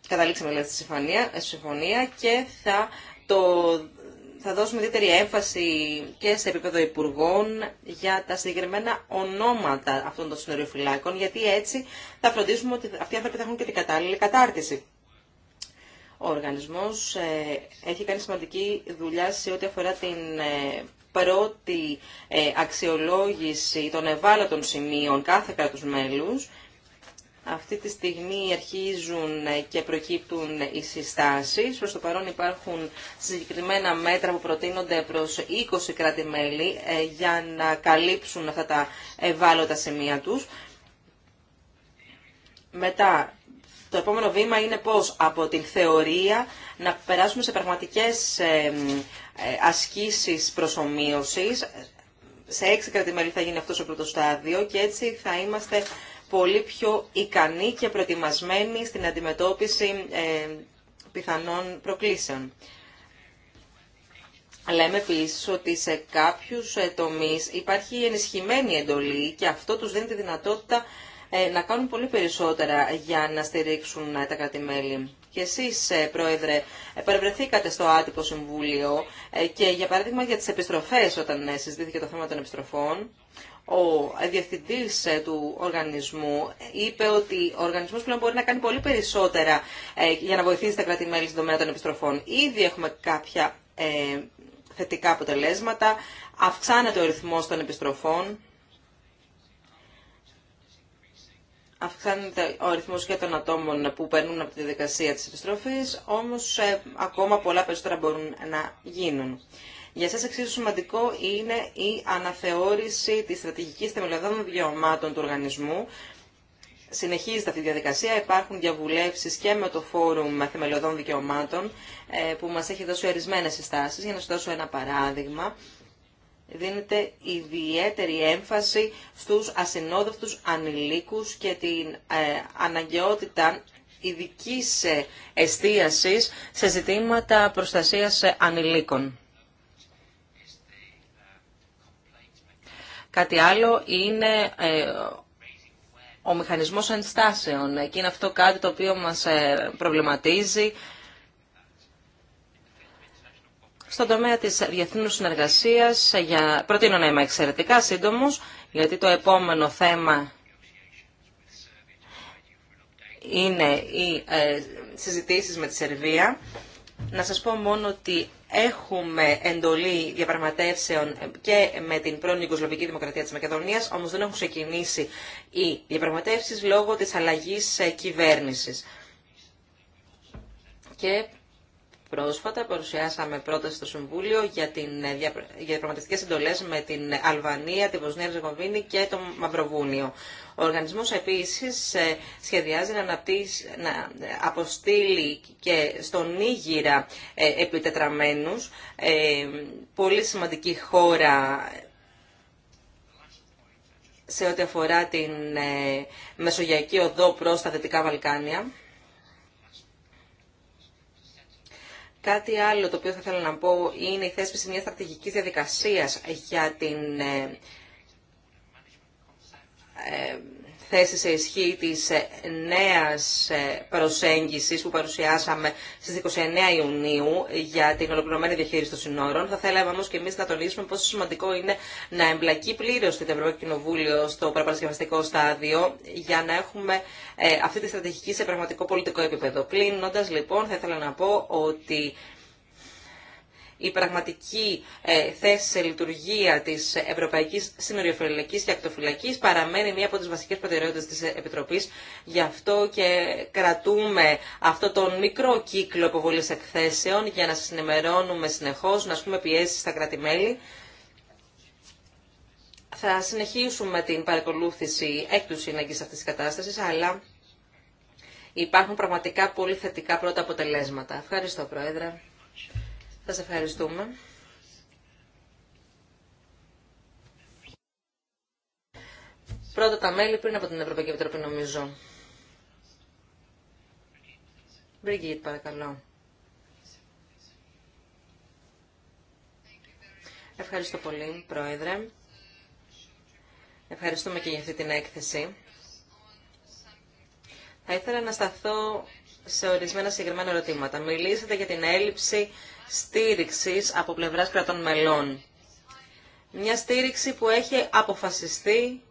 D: καταλήξαμε λέει, στη συμφωνία, και θα, το, θα δώσουμε ιδιαίτερη έμφαση και σε επίπεδο υπουργών για τα συγκεκριμένα ονόματα αυτών των συνοριοφυλάκων, γιατί έτσι θα φροντίσουμε ότι αυτοί οι άνθρωποι θα έχουν και την κατάλληλη κατάρτιση. Ο οργανισμός ε, έχει κάνει σημαντική δουλειά σε ό,τι αφορά την ε, πρώτη ε, αξιολόγηση των ευάλωτων σημείων κάθε κράτους μέλους. Αυτή τη στιγμή αρχίζουν ε, και προκύπτουν οι συστάσεις. Προς το παρόν υπάρχουν συγκεκριμένα μέτρα που προτείνονται προς 20 κράτη-μέλη ε, για να καλύψουν αυτά τα ευάλωτα σημεία τους. Μετά, το επόμενο βήμα είναι πώς από την θεωρία να περάσουμε σε πραγματικές ε, ασκήσεις προσωμείωσης. Σε έξι κρατημέρια θα γίνει αυτό στο πρώτο στάδιο και έτσι θα είμαστε πολύ πιο ικανοί και προετοιμασμένοι στην αντιμετώπιση πιθανών προκλήσεων. Λέμε επίση ότι σε κάποιους ε, τομείς υπάρχει ενισχυμένη εντολή και αυτό του δίνει τη δυνατότητα ε, να κάνουν πολύ περισσότερα για να στηρίξουν ε, τα κρατη Και εσείς, ε, Πρόεδρε, παρευρεθήκατε στο άτυπο Συμβούλιο και, για παράδειγμα, για τις επιστροφές όταν συζητήθηκε το θέμα των επιστροφών, ο διευθυντής του οργανισμού είπε ότι ο οργανισμός πλέον μπορεί να κάνει πολύ περισσότερα για να βοηθήσει τα κράτη-μέλη στον τομέα των επιστροφών. Ήδη έχουμε κάποια θετικά αποτελέσματα, αυξάνεται ο ρυθμός των επιστροφών αυξάνεται ο αριθμό και των ατόμων που περνούν από τη διαδικασία της επιστροφής, όμως ε, ακόμα πολλά περισσότερα μπορούν να γίνουν. Για σας εξίσου σημαντικό είναι η αναθεώρηση της στρατηγικής θεμελιωδών δικαιωμάτων του οργανισμού. Συνεχίζεται αυτή η διαδικασία, υπάρχουν διαβουλεύσεις και με το Φόρουμ Θεμελιωδών Δικαιωμάτων ε, που μας έχει δώσει ορισμένες συστάσεις. Για να σας δώσω ένα παράδειγμα, δίνεται ιδιαίτερη έμφαση στους ασυνόδευτους ανηλίκους και την ε, αναγκαιότητα ειδική ε, εστίασης σε ζητήματα προστασίας ε, ανηλίκων. Κάτι άλλο είναι ο μηχανισμός ενστάσεων Εκείνο είναι αυτό κάτι το οποίο μας προβληματίζει στον τομέα της διεθνούς συνεργασίας, για... προτείνω να είμαι εξαιρετικά σύντομος, γιατί το επόμενο θέμα είναι οι ε, συζητήσεις με τη Σερβία. Να σας πω μόνο ότι έχουμε εντολή διαπραγματεύσεων και με την πρώην Ιγκοσλοβική Δημοκρατία της Μακεδονίας, όμως δεν έχουν ξεκινήσει οι διαπραγματεύσεις λόγω της αλλαγής ε, κυβέρνησης. Και Πρόσφατα παρουσιάσαμε πρόταση στο Συμβούλιο για, την, ε, για με την Αλβανία, την Βοσνία Ζεγοβίνη και το Μαυροβούνιο. Ο οργανισμό επίση ε, σχεδιάζει να, ε, αποστείλει και στον Νίγηρα επιτετραμένου, πολύ σημαντική χώρα σε ό,τι αφορά την μεσογειακή οδό προς τα Δυτικά Βαλκάνια. Κάτι άλλο το οποίο θα ήθελα να πω είναι η θέσπιση μια στρατηγικής διαδικασίας για την ε, ε, θέση σε ισχύ της ε, νέας ε, προσέγγισης που παρουσιάσαμε στις 29 Ιουνίου για την ολοκληρωμένη διαχείριση των συνόρων. Θα θέλαμε όμως και εμείς να τονίσουμε πόσο σημαντικό είναι να εμπλακεί πλήρως το Ευρωπαϊκό Κοινοβούλιο στο προπαρασκευαστικό στάδιο για να έχουμε ε, αυτή τη στρατηγική σε πραγματικό πολιτικό επίπεδο. Κλείνοντας λοιπόν θα ήθελα να πω ότι η πραγματική ε, θέση σε λειτουργία τη Ευρωπαϊκή Συνοριοφυλακή και ακτοφυλακή, παραμένει μία από τι βασικέ προτεραιότητε τη Επιτροπή Γι' αυτό και κρατούμε αυτό τον μικρό κύκλο υποβολή εκθέσεων για να συνημερώνουμε συνεχώ, να πούμε πιέσει στα κράτη-μέλη. Θα συνεχίσουμε την παρακολούθηση εκ του σύναγκης αυτής της κατάστασης, αλλά υπάρχουν πραγματικά πολύ θετικά πρώτα αποτελέσματα. Ευχαριστώ, Πρόεδρε. Σας ευχαριστούμε. Πρώτα τα μέλη πριν από την Ευρωπαϊκή Επιτροπή, νομίζω. Μπρίγκιτ, παρακαλώ. Ευχαριστώ πολύ, Πρόεδρε. Ευχαριστούμε και για αυτή την έκθεση. Θα ήθελα να σταθώ σε ορισμένα συγκεκριμένα ερωτήματα. Μιλήσατε για την έλλειψη στήριξης από πλευράς κρατών μελών. Μια στήριξη που έχει αποφασιστεί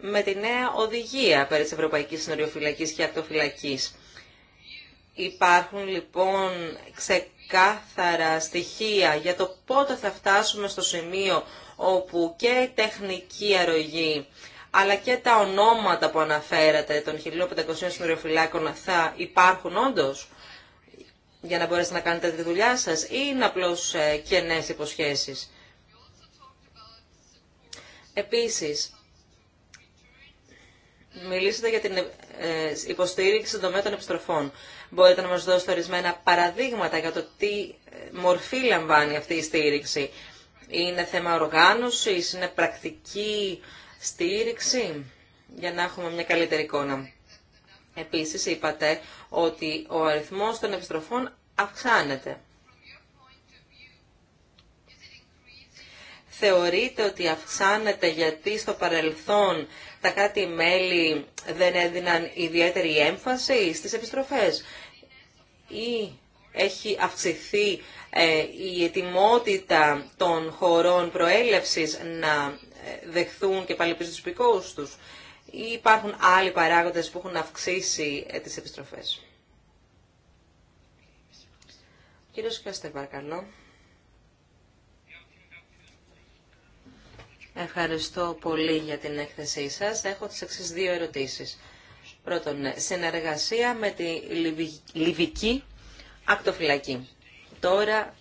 D: με τη νέα οδηγία περί της Ευρωπαϊκής Συνοριοφυλακής και Ακτοφυλακής. Υπάρχουν λοιπόν ξεκάθαρα στοιχεία για το πότε θα φτάσουμε στο σημείο όπου και η τεχνική αρρωγή αλλά και τα ονόματα που αναφέρατε των 1500 συνοριοφυλάκων θα υπάρχουν όντως για να μπορέσετε να κάνετε τη δουλειά σας ή είναι απλώς ε, κενές υποσχέσεις. Επίσης, μιλήσατε για την ε, υποστήριξη στον τομέα των επιστροφών. Μπορείτε να μας δώσετε ορισμένα παραδείγματα για το τι ε, μορφή λαμβάνει αυτή η στήριξη. Είναι θέμα οργάνωσης, είναι πρακτική στήριξη για να έχουμε μια καλύτερη εικόνα. Επίσης είπατε ότι ο αριθμός των επιστροφών αυξάνεται. Θεωρείτε ότι αυξάνεται γιατί στο παρελθόν τα κάτι μέλη δεν έδιναν ιδιαίτερη έμφαση στις επιστροφές ή έχει αυξηθεί ε, η ετοιμότητα των χωρών προέλευσης να δεχθούν και πάλι πίσω τους υπηκόους ή υπάρχουν άλλοι παράγοντες που έχουν αυξήσει ε, τις επιστροφές. Κύριο Κάστερ, παρακαλώ. Ευχαριστώ πολύ για την έκθεσή σας. Έχω τις εξής δύο ερωτήσεις. Πρώτον, συνεργασία με τη Λιβική ακτοφυλακή. Τώρα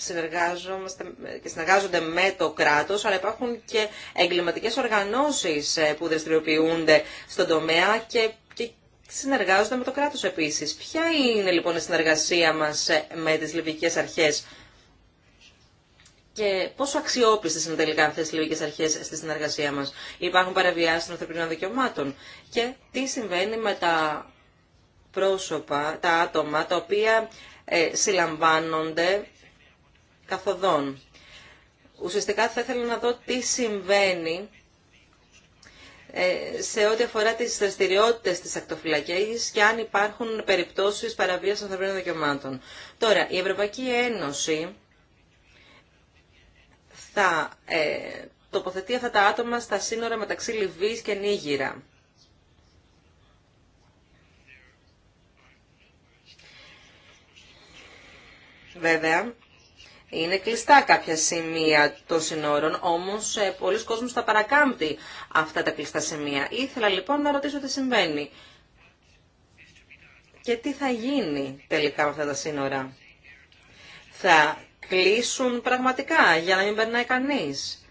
D: συνεργάζομαστε και συνεργάζονται με το κράτος, αλλά υπάρχουν και εγκληματικές οργανώσεις ε, που δραστηριοποιούνται στον τομέα και, και συνεργάζονται με το κράτος επίσης. Ποια είναι λοιπόν η συνεργασία μας ε, με τις λιβικές αρχές και πόσο αξιόπιστε είναι τελικά αυτέ οι λογικέ αρχέ στη συνεργασία μα. Υπάρχουν παραβιάσει των ανθρωπίνων δικαιωμάτων. Και τι συμβαίνει με τα πρόσωπα, τα άτομα τα οποία ε, συλλαμβάνονται καθοδόν. Ουσιαστικά θα ήθελα να δω τι συμβαίνει ε, σε ό,τι αφορά τις δραστηριότητε της ακτοφυλακής και αν υπάρχουν περιπτώσεις παραβίασης ανθρωπίνων δικαιωμάτων. Τώρα, η Ευρωπαϊκή Ένωση θα ε, τοποθετεί αυτά τα άτομα στα σύνορα μεταξύ Λιβύης και Νίγηρα. Βέβαια, είναι κλειστά κάποια σημεία των συνόρων, όμως ε, πολλοί κόσμοι τα παρακάμπτει αυτά τα κλειστά σημεία. Ήθελα λοιπόν να ρωτήσω τι συμβαίνει και τι θα γίνει τελικά με αυτά τα σύνορα. Θα κλείσουν πραγματικά για να μην περνάει κανείς.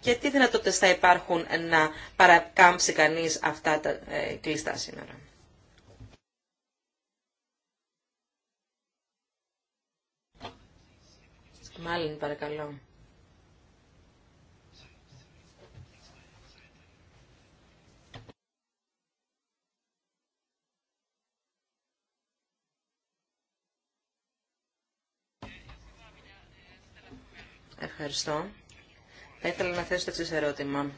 D: Και τι δυνατότητες θα υπάρχουν να παρακάμψει κανείς αυτά τα ε, κλειστά σύνορα. Μάλλον παρακαλώ. Ευχαριστώ. Θα ήθελα να θέσω το εξή ερώτημα.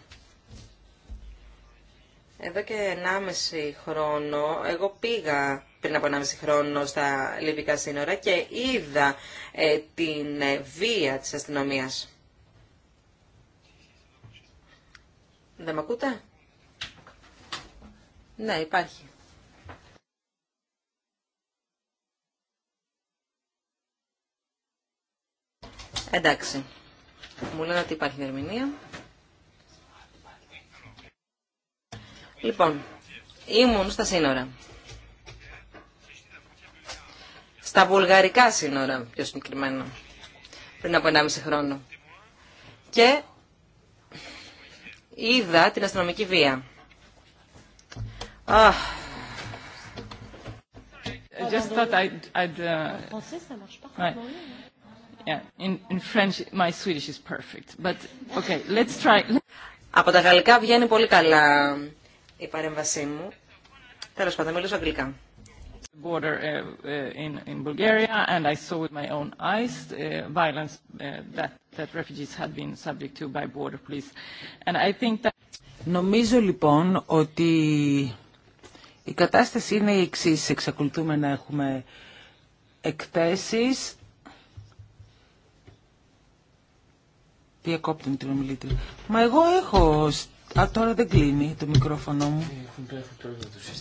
D: Εδώ και ενάμεση χρόνο εγώ πήγα πριν από 1,5 χρόνο στα λιβικά σύνορα και είδα ε, την ε, βία της αστυνομίας. Δεν με ακούτε? Ναι, υπάρχει. Εντάξει. Μου λένε ότι υπάρχει ερμηνεία. Λοιπόν, ήμουν στα σύνορα στα βουλγαρικά σύνορα πιο συγκεκριμένα, πριν από 1,5 χρόνο. Και είδα την αστυνομική βία. I just thought I'd... I'd uh... Yeah, in, in French, my Swedish is perfect. But, okay, let's try. Από τα γαλλικά βγαίνει πολύ καλά η παρέμβασή μου. Τέλος πάντων, μιλήσω αγγλικά border uh, uh, in in Bulgaria, and
C: I saw with my own eyes the uh, violence that that refugees had been subject to by
B: border police. And I think that. Νομίζω λοιπόν ότι η κατάσταση είναι η εξής. Εξακολουθούμε να έχουμε εκθέσεις. Διακόπτω την ομιλήτρια. Μα εγώ έχω... Α, τώρα δεν κλείνει το μικρόφωνο μου.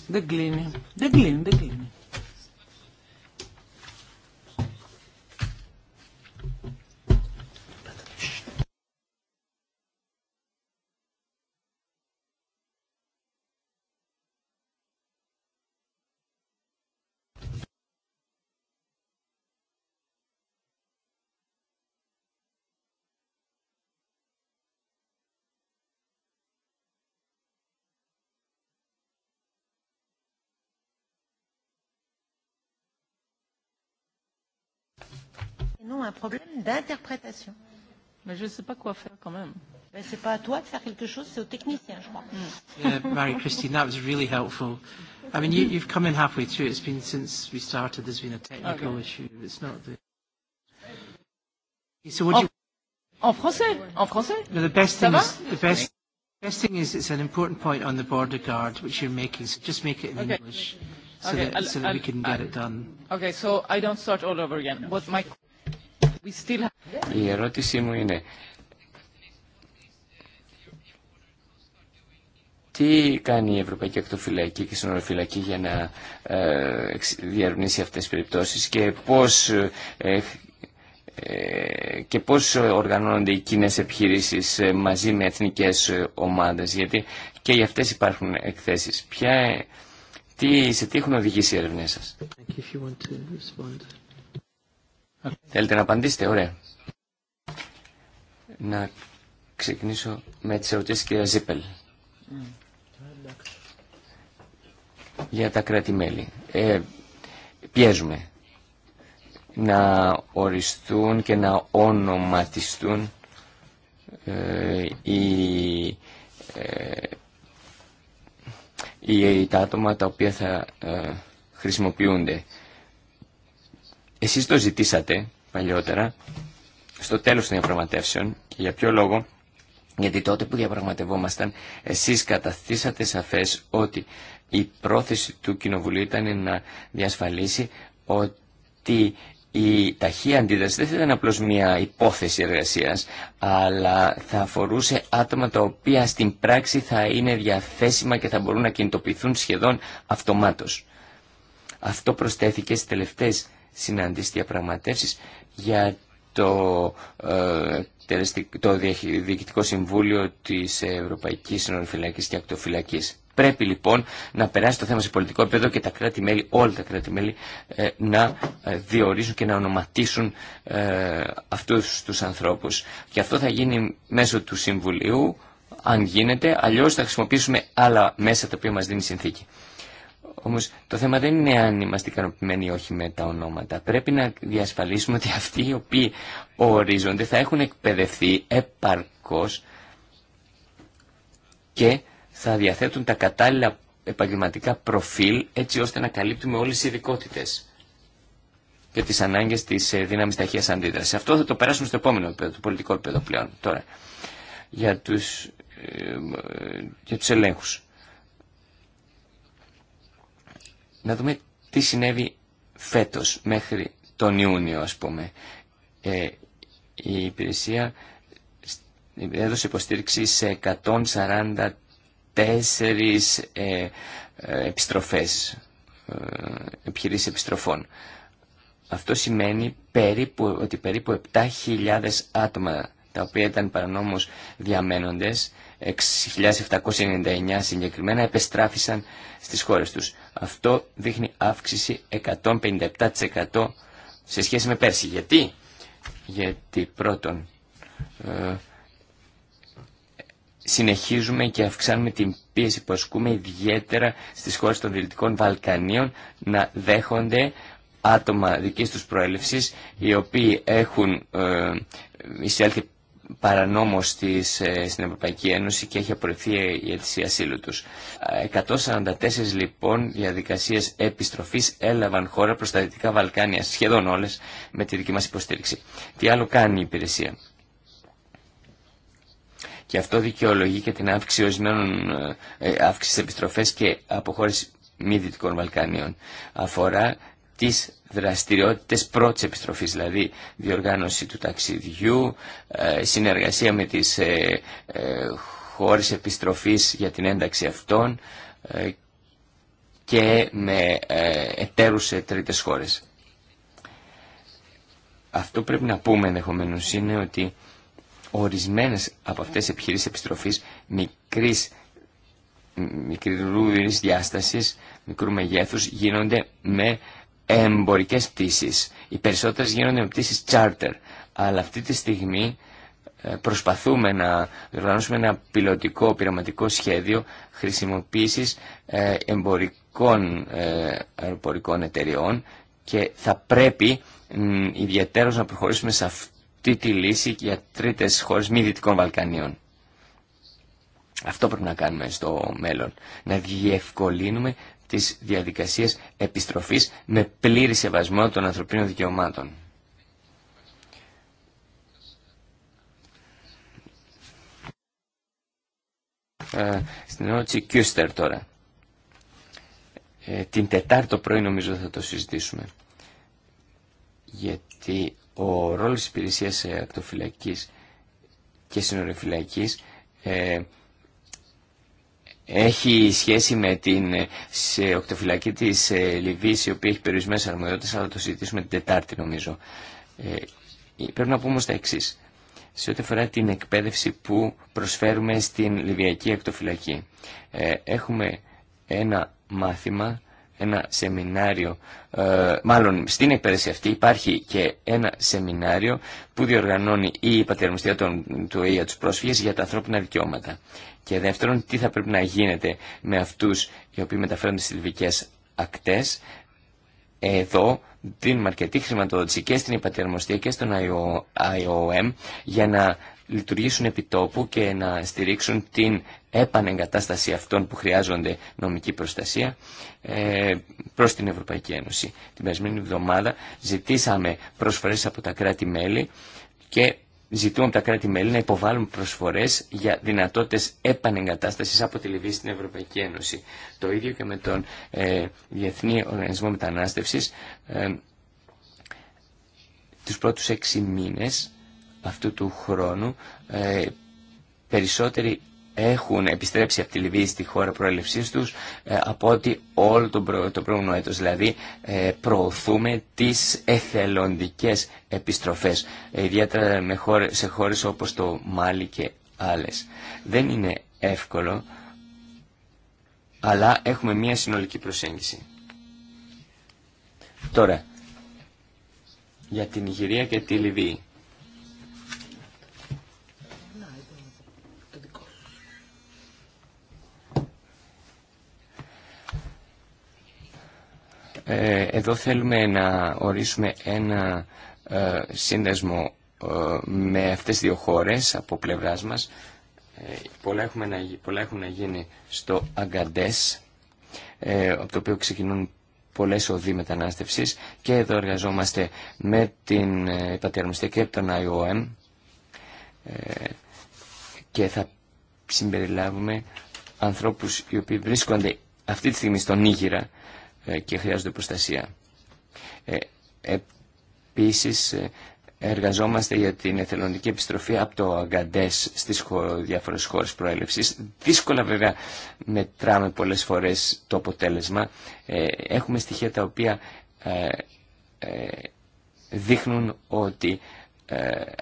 B: Δεν κλείνει. Δεν κλείνει, δεν κλείνει. Non, un problème d'interprétation. Mais je ne sais pas quoi faire quand même. Mais c'est pas à toi de faire quelque chose, c'est au technicien, je crois. Yeah, Marie-Christine,
A: that was really helpful. I mean, you, you've come in halfway through. It's been since we started, there's been a technical okay. issue. It's not the... So what en, you...
B: en français, en français. No, the best thing is, the best,
A: best thing is it's an important point on the border guard, which you're making, so just
B: make it in okay. English so, okay, that, so that we can
C: get it done.
B: Okay, so I don't start all over again. What my
C: η ερώτησή μου είναι τι κάνει η Ευρωπαϊκή Ακτοφυλακή και η Συνοροφυλακή για να ε, αυτέ αυτές τις περιπτώσεις και πώς, ε, ε, και πώς οργανώνονται οι κοινές επιχειρήσεις ε, μαζί με εθνικές ομάδες γιατί και για αυτές υπάρχουν εκθέσεις. Ποια, τι, σε τι έχουν οδηγήσει οι έρευνε σας. Θέλετε να απαντήσετε, ωραία. Να ξεκινήσω με τις ερωτήσεις κυρία Ζίπελ. Για τα κράτη-μέλη. Ε, πιέζουμε να οριστούν και να ονοματιστούν ε, οι, ε, τα άτομα τα οποία θα ε, χρησιμοποιούνται εσείς το ζητήσατε παλιότερα στο τέλος των διαπραγματεύσεων για ποιο λόγο γιατί τότε που διαπραγματευόμασταν εσείς καταθήσατε σαφές ότι η πρόθεση του Κοινοβουλίου ήταν να διασφαλίσει ότι η ταχεία αντίδραση δεν θα ήταν απλώς μια υπόθεση εργασίας, αλλά θα αφορούσε άτομα τα οποία στην πράξη θα είναι διαθέσιμα και θα μπορούν να κινητοποιηθούν σχεδόν αυτομάτως. Αυτό προσθέθηκε στις τελευταίες συναντήσει διαπραγματεύσεις για το, ε, το Διοικητικό Συμβούλιο της Ευρωπαϊκής Συνορφυλακής και Ακτοφυλακής. Πρέπει λοιπόν να περάσει το θέμα σε πολιτικό επίπεδο και τα κράτη-μέλη, όλα τα κράτη-μέλη, ε, να ε, διορίσουν και να ονοματίσουν ε, αυτούς τους ανθρώπους. Και αυτό θα γίνει μέσω του Συμβουλίου, αν γίνεται, αλλιώς θα χρησιμοποιήσουμε άλλα μέσα τα οποία μας δίνει η συνθήκη. Όμω το θέμα δεν είναι αν είμαστε ικανοποιημένοι ή όχι με τα ονόματα. Πρέπει να διασφαλίσουμε ότι αυτοί οι οποίοι ορίζονται θα έχουν εκπαιδευτεί επαρκώς και θα διαθέτουν τα κατάλληλα επαγγελματικά προφίλ έτσι ώστε να καλύπτουμε όλες τι ειδικότητε και τις ανάγκες της ε, δύναμης ταχεία αντίδρασης. Αυτό θα το περάσουμε στο επόμενο επίπεδο, το πολιτικό επίπεδο πλέον. Τώρα, για του ε, ε, για να δούμε τι συνέβη φέτος μέχρι τον Ιούνιο ας πούμε. Ε, η υπηρεσία έδωσε υποστήριξη σε 144 ε, επιστροφές, ε, επιχειρήσεις επιστροφών. Αυτό σημαίνει περίπου, ότι περίπου 7.000 άτομα τα οποία ήταν παρανόμως διαμένοντες 6.799 συγκεκριμένα επεστράφησαν στις χώρες τους. Αυτό δείχνει αύξηση 157% σε σχέση με πέρσι. Γιατί? Γιατί πρώτον ε, συνεχίζουμε και αυξάνουμε την πίεση που ασκούμε ιδιαίτερα στις χώρες των Δυτικών Βαλκανίων να δέχονται άτομα δικής τους προέλευσης οι οποίοι έχουν ε, εισέλθει παρανόμως ε, στην Ευρωπαϊκή Ένωση και έχει απορριφθεί ε, η αιτησία ασύλου τους. 144 λοιπόν διαδικασίες επιστροφής έλαβαν χώρα προς τα Δυτικά Βαλκάνια, σχεδόν όλες, με τη δική μας υποστήριξη. Τι άλλο κάνει η υπηρεσία. Και αυτό δικαιολογεί και την αύξηση ορισμένων ε, ε, αύξηση επιστροφές και αποχώρηση μη Δυτικών Βαλκανίων. Αφορά τις δραστηριότητες πρώτης επιστροφής, δηλαδή διοργάνωση του ταξιδιού, ε, συνεργασία με τις ε, ε, χώρες επιστροφής για την ένταξη αυτών και με εταίρους σε τρίτες χώρες. Αυτό πρέπει να πούμε ενδεχομένω είναι ότι ορισμένες από αυτές τις επιχειρήσεις επιστροφής μικρής μικρού διάστασης, μικρού μεγέθους γίνονται με εμπορικές πτήσει. Οι περισσότερε γίνονται με πτήσει charter. Αλλά αυτή τη στιγμή ε, προσπαθούμε να διοργανώσουμε ένα πιλωτικό πειραματικό σχέδιο χρησιμοποίησης ε, εμπορικών ε, αεροπορικών εταιριών και θα πρέπει ιδιαίτερως να προχωρήσουμε σε αυτή τη λύση για τρίτες χώρες μη Δυτικών Βαλκανίων. Αυτό πρέπει να κάνουμε στο μέλλον. Να διευκολύνουμε της διαδικασίας επιστροφής με πλήρη σεβασμό των ανθρωπίνων δικαιωμάτων. Ε, στην ερώτηση Κιούστερ τώρα. Ε, την Τετάρτο πρωί νομίζω θα το συζητήσουμε. Γιατί ο ρόλος της υπηρεσίας ε, ακτοφυλακής και συνοριοφυλακής ε, έχει σχέση με την ε, σε οκτωφυλακή της ε, Λιβύης η οποία έχει περιορισμένες αρμοδιότητες αλλά το συζητήσουμε την Τετάρτη νομίζω. Ε, πρέπει να πούμε τα εξή. Σε ό,τι αφορά την εκπαίδευση που προσφέρουμε στην Λιβυακή εκτοφυλακή. έχουμε ένα μάθημα ένα σεμινάριο, ε, μάλλον στην εκπαίδευση αυτή υπάρχει και ένα σεμινάριο που διοργανώνει η Πατερμοστία του ΑΕΑ, για τους πρόσφυγες για τα ανθρώπινα δικαιώματα. Και δεύτερον, τι θα πρέπει να γίνεται με αυτούς οι οποίοι μεταφέρονται στις λιβικές ακτές. Εδώ δίνουμε αρκετή χρηματοδότηση και στην υπατερμοστία και στον IOM για να λειτουργήσουν επί τόπου και να στηρίξουν την επανεγκατάσταση αυτών που χρειάζονται νομική προστασία ε, προς την Ευρωπαϊκή Ένωση. Την περασμένη εβδομάδα ζητήσαμε προσφορές από τα κράτη-μέλη και ζητούμε από τα κράτη-μέλη να υποβάλουν προσφορές για δυνατότητες επανεγκατάστασης από τη Λιβύη στην Ευρωπαϊκή Ένωση. Το ίδιο και με τον ε, Διεθνή Οργανισμό Μετανάστευσης. Ε, τους πρώτους έξι μήνες αυτού του χρόνου ε, περισσότεροι έχουν επιστρέψει από τη Λιβύη στη χώρα προέλευσής τους ε, από ότι όλο το, προ, προηγούμενο έτος. Δηλαδή ε, προωθούμε τις εθελοντικές επιστροφές, ιδιαίτερα με χώρες, σε χώρες όπως το Μάλι και άλλες. Δεν είναι εύκολο, αλλά έχουμε μία συνολική προσέγγιση. Τώρα, για την Ιγυρία και τη Λιβύη. Ε, εδώ θέλουμε να ορίσουμε ένα ε, σύνδεσμο ε, με αυτές τις δύο χώρες από πλευράς μας. πολλά, έχουμε να, έχουν να γίνει στο Αγκαντές, από το οποίο ξεκινούν πολλές οδοί μετανάστευσης και εδώ εργαζόμαστε με την Πατιαρμιστή και τον IOM και θα συμπεριλάβουμε ανθρώπους οι οποίοι βρίσκονται αυτή τη στιγμή στον Νίγηρα ε, και χρειάζονται προστασία. Ε, επίσης, ε, εργαζόμαστε για την εθελοντική επιστροφή από το Αγκαντές στις διάφορες χώρες προέλευσης. Δύσκολα βέβαια μετράμε πολλές φορές το αποτέλεσμα. Έχουμε στοιχεία τα οποία δείχνουν ότι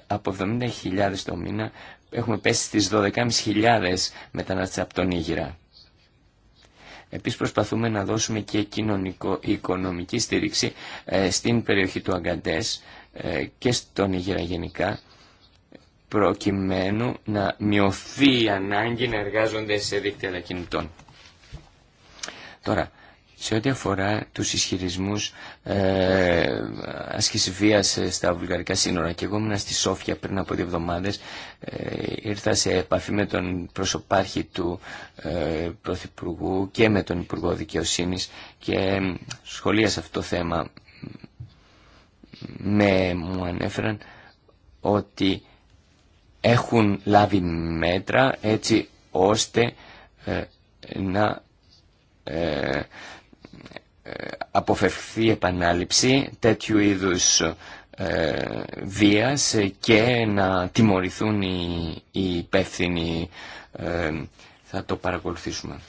C: από 70.000 το μήνα έχουμε πέσει στις 12.500 μετανάστες από τον Ήγηρα. Επίση, προσπαθούμε να δώσουμε και κοινωνικο-οικονομική στήριξη ε, στην περιοχή του Αγκαντές ε, και στον Ήγερα γενικά προκειμένου να μειωθεί η ανάγκη να εργάζονται σε δίκτυα κινητών. Τώρα, σε ό,τι αφορά τους ισχυρισμούς ε, άσκηση ε, στα βουλγαρικά σύνορα και εγώ ήμουν στη Σόφια πριν από δύο εβδομάδες ε, ήρθα σε επαφή με τον προσωπάρχη του ε, Πρωθυπουργού και με τον Υπουργό Δικαιοσύνη και ε, σχολίασα αυτό το θέμα με, μου ανέφεραν ότι έχουν λάβει μέτρα έτσι ώστε να αποφευχθεί επανάληψη τέτοιου είδους ε, βίας και να τιμωρηθούν οι, οι υπεύθυνοι ε, θα το παρακολουθήσουμε.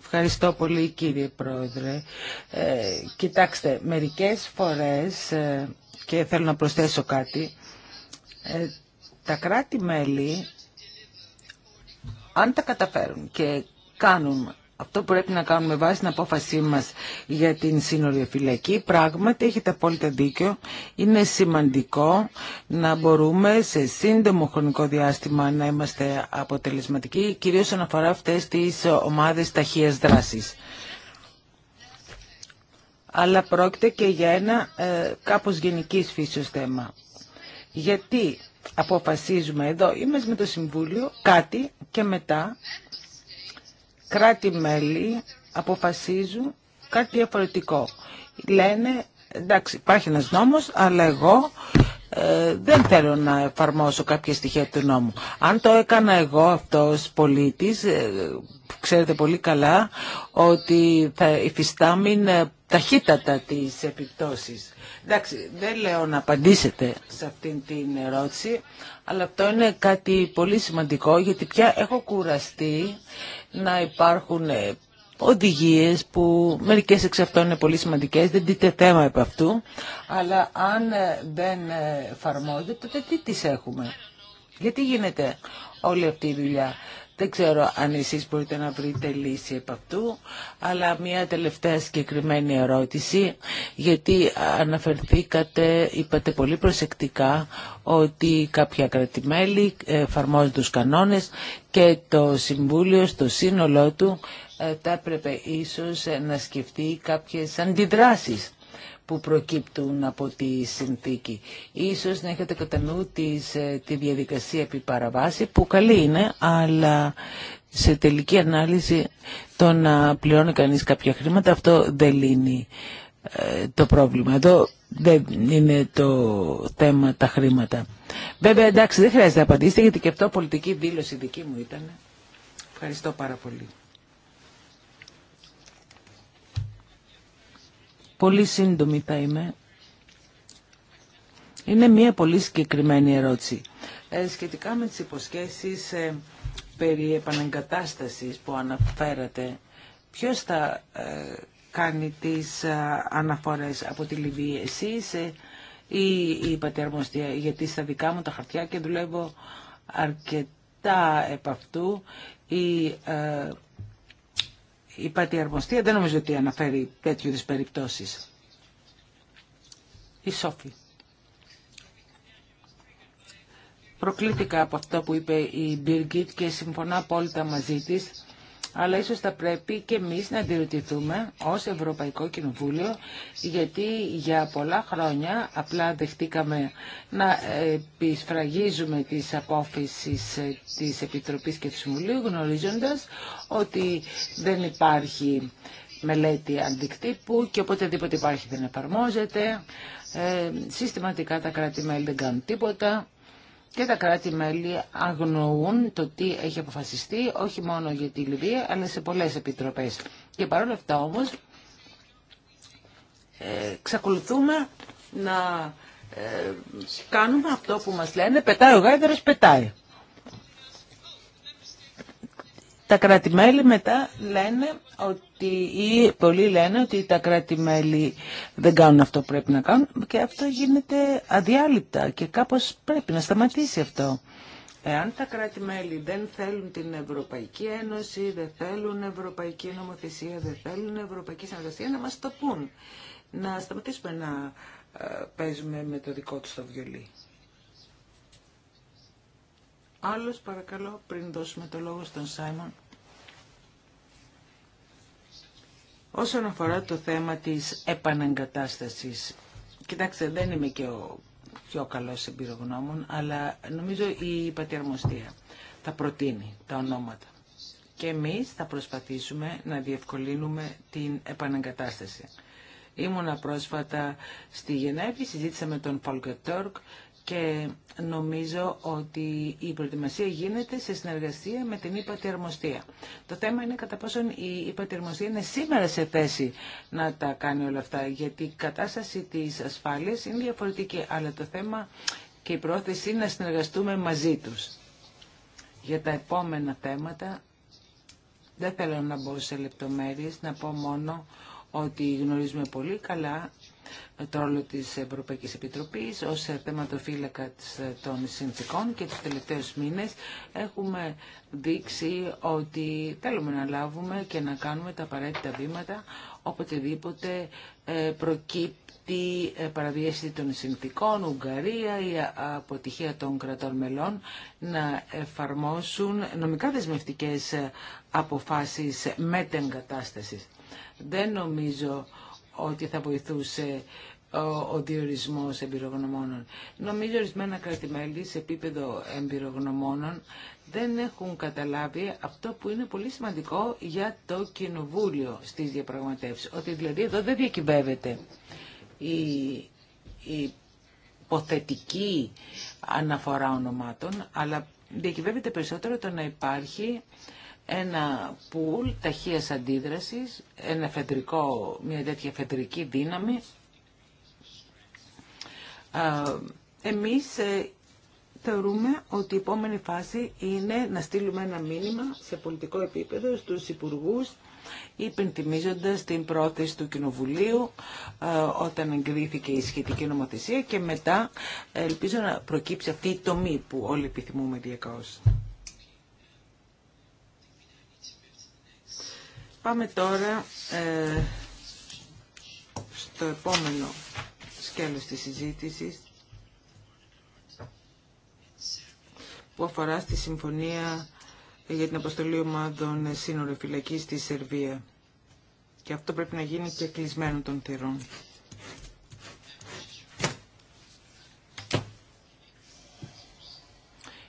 B: Ευχαριστώ πολύ κύριε Πρόεδρε. Ε, κοιτάξτε, μερικές φορές, και θέλω να προσθέσω κάτι, ε, τα κράτη-μέλη, αν τα καταφέρουν και κάνουν αυτό που πρέπει να κάνουμε βάσει βάση την απόφασή μας για την φυλακή, πράγματι έχετε απόλυτα δίκιο. Είναι σημαντικό να μπορούμε σε σύντομο χρονικό διάστημα να είμαστε αποτελεσματικοί, κυρίως όσον αφορά αυτές τις ομάδες ταχείας δράσης. Αλλά πρόκειται και για ένα ε, κάπως γενικής φύσεως θέμα γιατί αποφασίζουμε εδώ, είμαστε με το Συμβούλιο, κάτι και μετά κράτη-μέλη αποφασίζουν κάτι διαφορετικό. Λένε, εντάξει υπάρχει ένας νόμος, αλλά εγώ ε, δεν θέλω να εφαρμόσω κάποια στοιχεία του νόμου. Αν το έκανα εγώ αυτός πολίτης, ε, ξέρετε πολύ καλά ότι θα υφιστάμει ταχύτατα τις επιπτώσεις. Εντάξει, δεν λέω να απαντήσετε σε αυτήν την ερώτηση, αλλά αυτό είναι κάτι πολύ σημαντικό, γιατί πια έχω κουραστεί να υπάρχουν ε, οδηγίες που μερικές εξ αυτών είναι πολύ σημαντικές, δεν δείτε θέμα επ' αυτού, αλλά αν ε, δεν εφαρμόζεται τότε τι τις έχουμε. Γιατί γίνεται όλη αυτή η δουλειά. Δεν ξέρω αν εσείς μπορείτε να βρείτε λύση επ' αυτού, αλλά μια τελευταία συγκεκριμένη ερώτηση, γιατί αναφερθήκατε, είπατε πολύ προσεκτικά, ότι κάποια κρατημέλη εφαρμόζουν τους κανόνες και το Συμβούλιο στο σύνολό του ε, θα έπρεπε ίσως να σκεφτεί κάποιες αντιδράσεις που προκύπτουν από τη συνθήκη. Ίσως να έχετε κατά νου ε, τη διαδικασία επί παραβάση που καλή είναι, αλλά σε τελική ανάλυση το να πληρώνει κανείς κάποια χρήματα αυτό δεν λύνει ε, το πρόβλημα. Εδώ δεν είναι το θέμα τα χρήματα. Βέβαια εντάξει δεν χρειάζεται να απαντήσετε γιατί και αυτό πολιτική δήλωση δική μου ήταν. Ευχαριστώ πάρα πολύ. Πολύ σύντομη θα είμαι. Είναι μια πολύ συγκεκριμένη ερώτηση. Ε, σχετικά με τις υποσχέσεις ε, περί επαναγκατάστασης που αναφέρατε, ποιος θα ε, κάνει τις αναφορές από τη Λιβύη, εσείς ή η πατερμοστία, γιατί στα δικά μου τα χαρτιά και δουλεύω αρκετά επ' αυτού, η η αρμοστία; δεν νομίζω ότι αναφέρει τέτοιου είδους περιπτώσεις. Η Σόφη. Προκλήθηκα από αυτό που είπε η Μπίργκιτ και συμφωνώ απόλυτα μαζί της αλλά ίσως θα πρέπει και εμείς να αντιρωτηθούμε ως Ευρωπαϊκό Κοινοβούλιο, γιατί για πολλά χρόνια απλά δεχτήκαμε να επισφραγίζουμε τις απόφυσεις της Επιτροπής και του Συμβουλίου, γνωρίζοντας ότι δεν υπάρχει μελέτη αντικτύπου και οποτεδήποτε υπάρχει δεν εφαρμόζεται. Ε, συστηματικά τα κράτη-μέλη δεν κάνουν τίποτα και τα κράτη-μέλη αγνοούν το τι έχει αποφασιστεί, όχι μόνο για τη Λιβύη, αλλά σε πολλές επιτροπές. Και παρόλα αυτά όμως, ε, να ε, κάνουμε αυτό που μας λένε, πετάει ο γάιδαρος, πετάει. Τα κράτη-μέλη μετά λένε ότι ότι ή πολλοί λένε ότι τα κράτη-μέλη δεν κάνουν αυτό που πρέπει να κάνουν και αυτό γίνεται αδιάλειπτα και κάπως πρέπει να σταματήσει αυτό. Εάν τα κράτη-μέλη δεν θέλουν την Ευρωπαϊκή Ένωση, δεν θέλουν Ευρωπαϊκή Νομοθεσία, δεν θέλουν Ευρωπαϊκή Συνεργασία, να μας το πούν. Να σταματήσουμε να ε, παίζουμε με το δικό τους το βιολί. Άλλος παρακαλώ πριν δώσουμε το λόγο στον Σάιμον. Όσον αφορά το θέμα της επαναγκατάστασης, κοιτάξτε δεν είμαι και ο πιο καλός εμπειρογνώμων, αλλά νομίζω η πατιαρμοστία θα προτείνει τα ονόματα. Και εμείς θα προσπαθήσουμε να διευκολύνουμε την επαναγκατάσταση. Ήμουνα πρόσφατα στη Γενέβη, συζήτησα με τον Πολκετόρκ και νομίζω ότι η προετοιμασία γίνεται σε συνεργασία με την Τερμοστία. Το θέμα είναι κατά πόσον η Τερμοστία είναι σήμερα σε θέση να τα κάνει όλα αυτά, γιατί η κατάσταση της ασφάλειας είναι διαφορετική, αλλά το θέμα και η πρόθεση είναι να συνεργαστούμε μαζί τους. Για τα επόμενα θέματα δεν θέλω να μπω σε λεπτομέρειες, να πω μόνο ότι γνωρίζουμε πολύ καλά με το ρόλο της Ευρωπαϊκής Επιτροπής ως θεματοφύλακα ε, των συνθήκων και του τελευταίου μήνε έχουμε δείξει ότι θέλουμε να λάβουμε και να κάνουμε τα απαραίτητα βήματα οποτεδήποτε ε, προκύπτει ε, παραβίαση των συνθήκων, Ουγγαρία, η αποτυχία των κρατών μελών να εφαρμόσουν νομικά δεσμευτικές αποφάσεις μετεγκατάστασης. Δεν νομίζω ότι θα βοηθούσε ο διορισμός εμπειρογνωμόνων. Νομίζω ορισμένα κράτη-μέλη σε επίπεδο εμπειρογνωμόνων δεν έχουν καταλάβει αυτό που είναι πολύ σημαντικό για το Κοινοβούλιο στις διαπραγματεύσεις. Ότι δηλαδή εδώ δεν διακυβεύεται η, η υποθετική αναφορά ονομάτων, αλλά διακυβεύεται περισσότερο το να υπάρχει ένα πουλ ταχείας αντίδρασης, ένα φετρικό, μια τέτοια φετρική δύναμη. Εμείς ε, θεωρούμε ότι η επόμενη φάση είναι να στείλουμε ένα μήνυμα σε πολιτικό επίπεδο στους υπουργούς υπενθυμίζοντας την πρόθεση του Κοινοβουλίου ε, όταν εγκρίθηκε η σχετική νομοθεσία και μετά ελπίζω να προκύψει αυτή η τομή που όλοι επιθυμούμε διακόσμια. Πάμε τώρα ε, στο επόμενο σκέλος της συζήτησης που αφορά στη Συμφωνία για την Αποστολή Ομάδων Σύνορο Φυλακής στη Σερβία. Και αυτό πρέπει να γίνει και κλεισμένο των θυρών.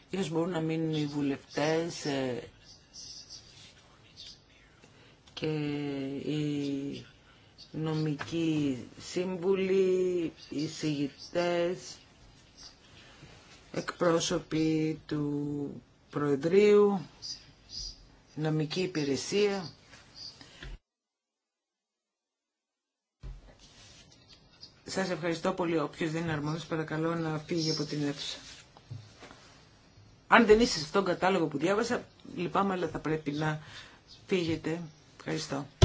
B: Ίσως μπορούν να μείνουν οι βουλευτές, ε, και οι νομικοί σύμβουλοι, οι συγητές, εκπρόσωποι του Προεδρείου, νομική υπηρεσία. Σας ευχαριστώ πολύ. Όποιος δεν είναι αρμόδιος, παρακαλώ να φύγει από την αίθουσα. Αν δεν είσαι σε τον κατάλογο που διάβασα, λυπάμαι, αλλά θα πρέπει να φύγετε. Ευχαριστώ.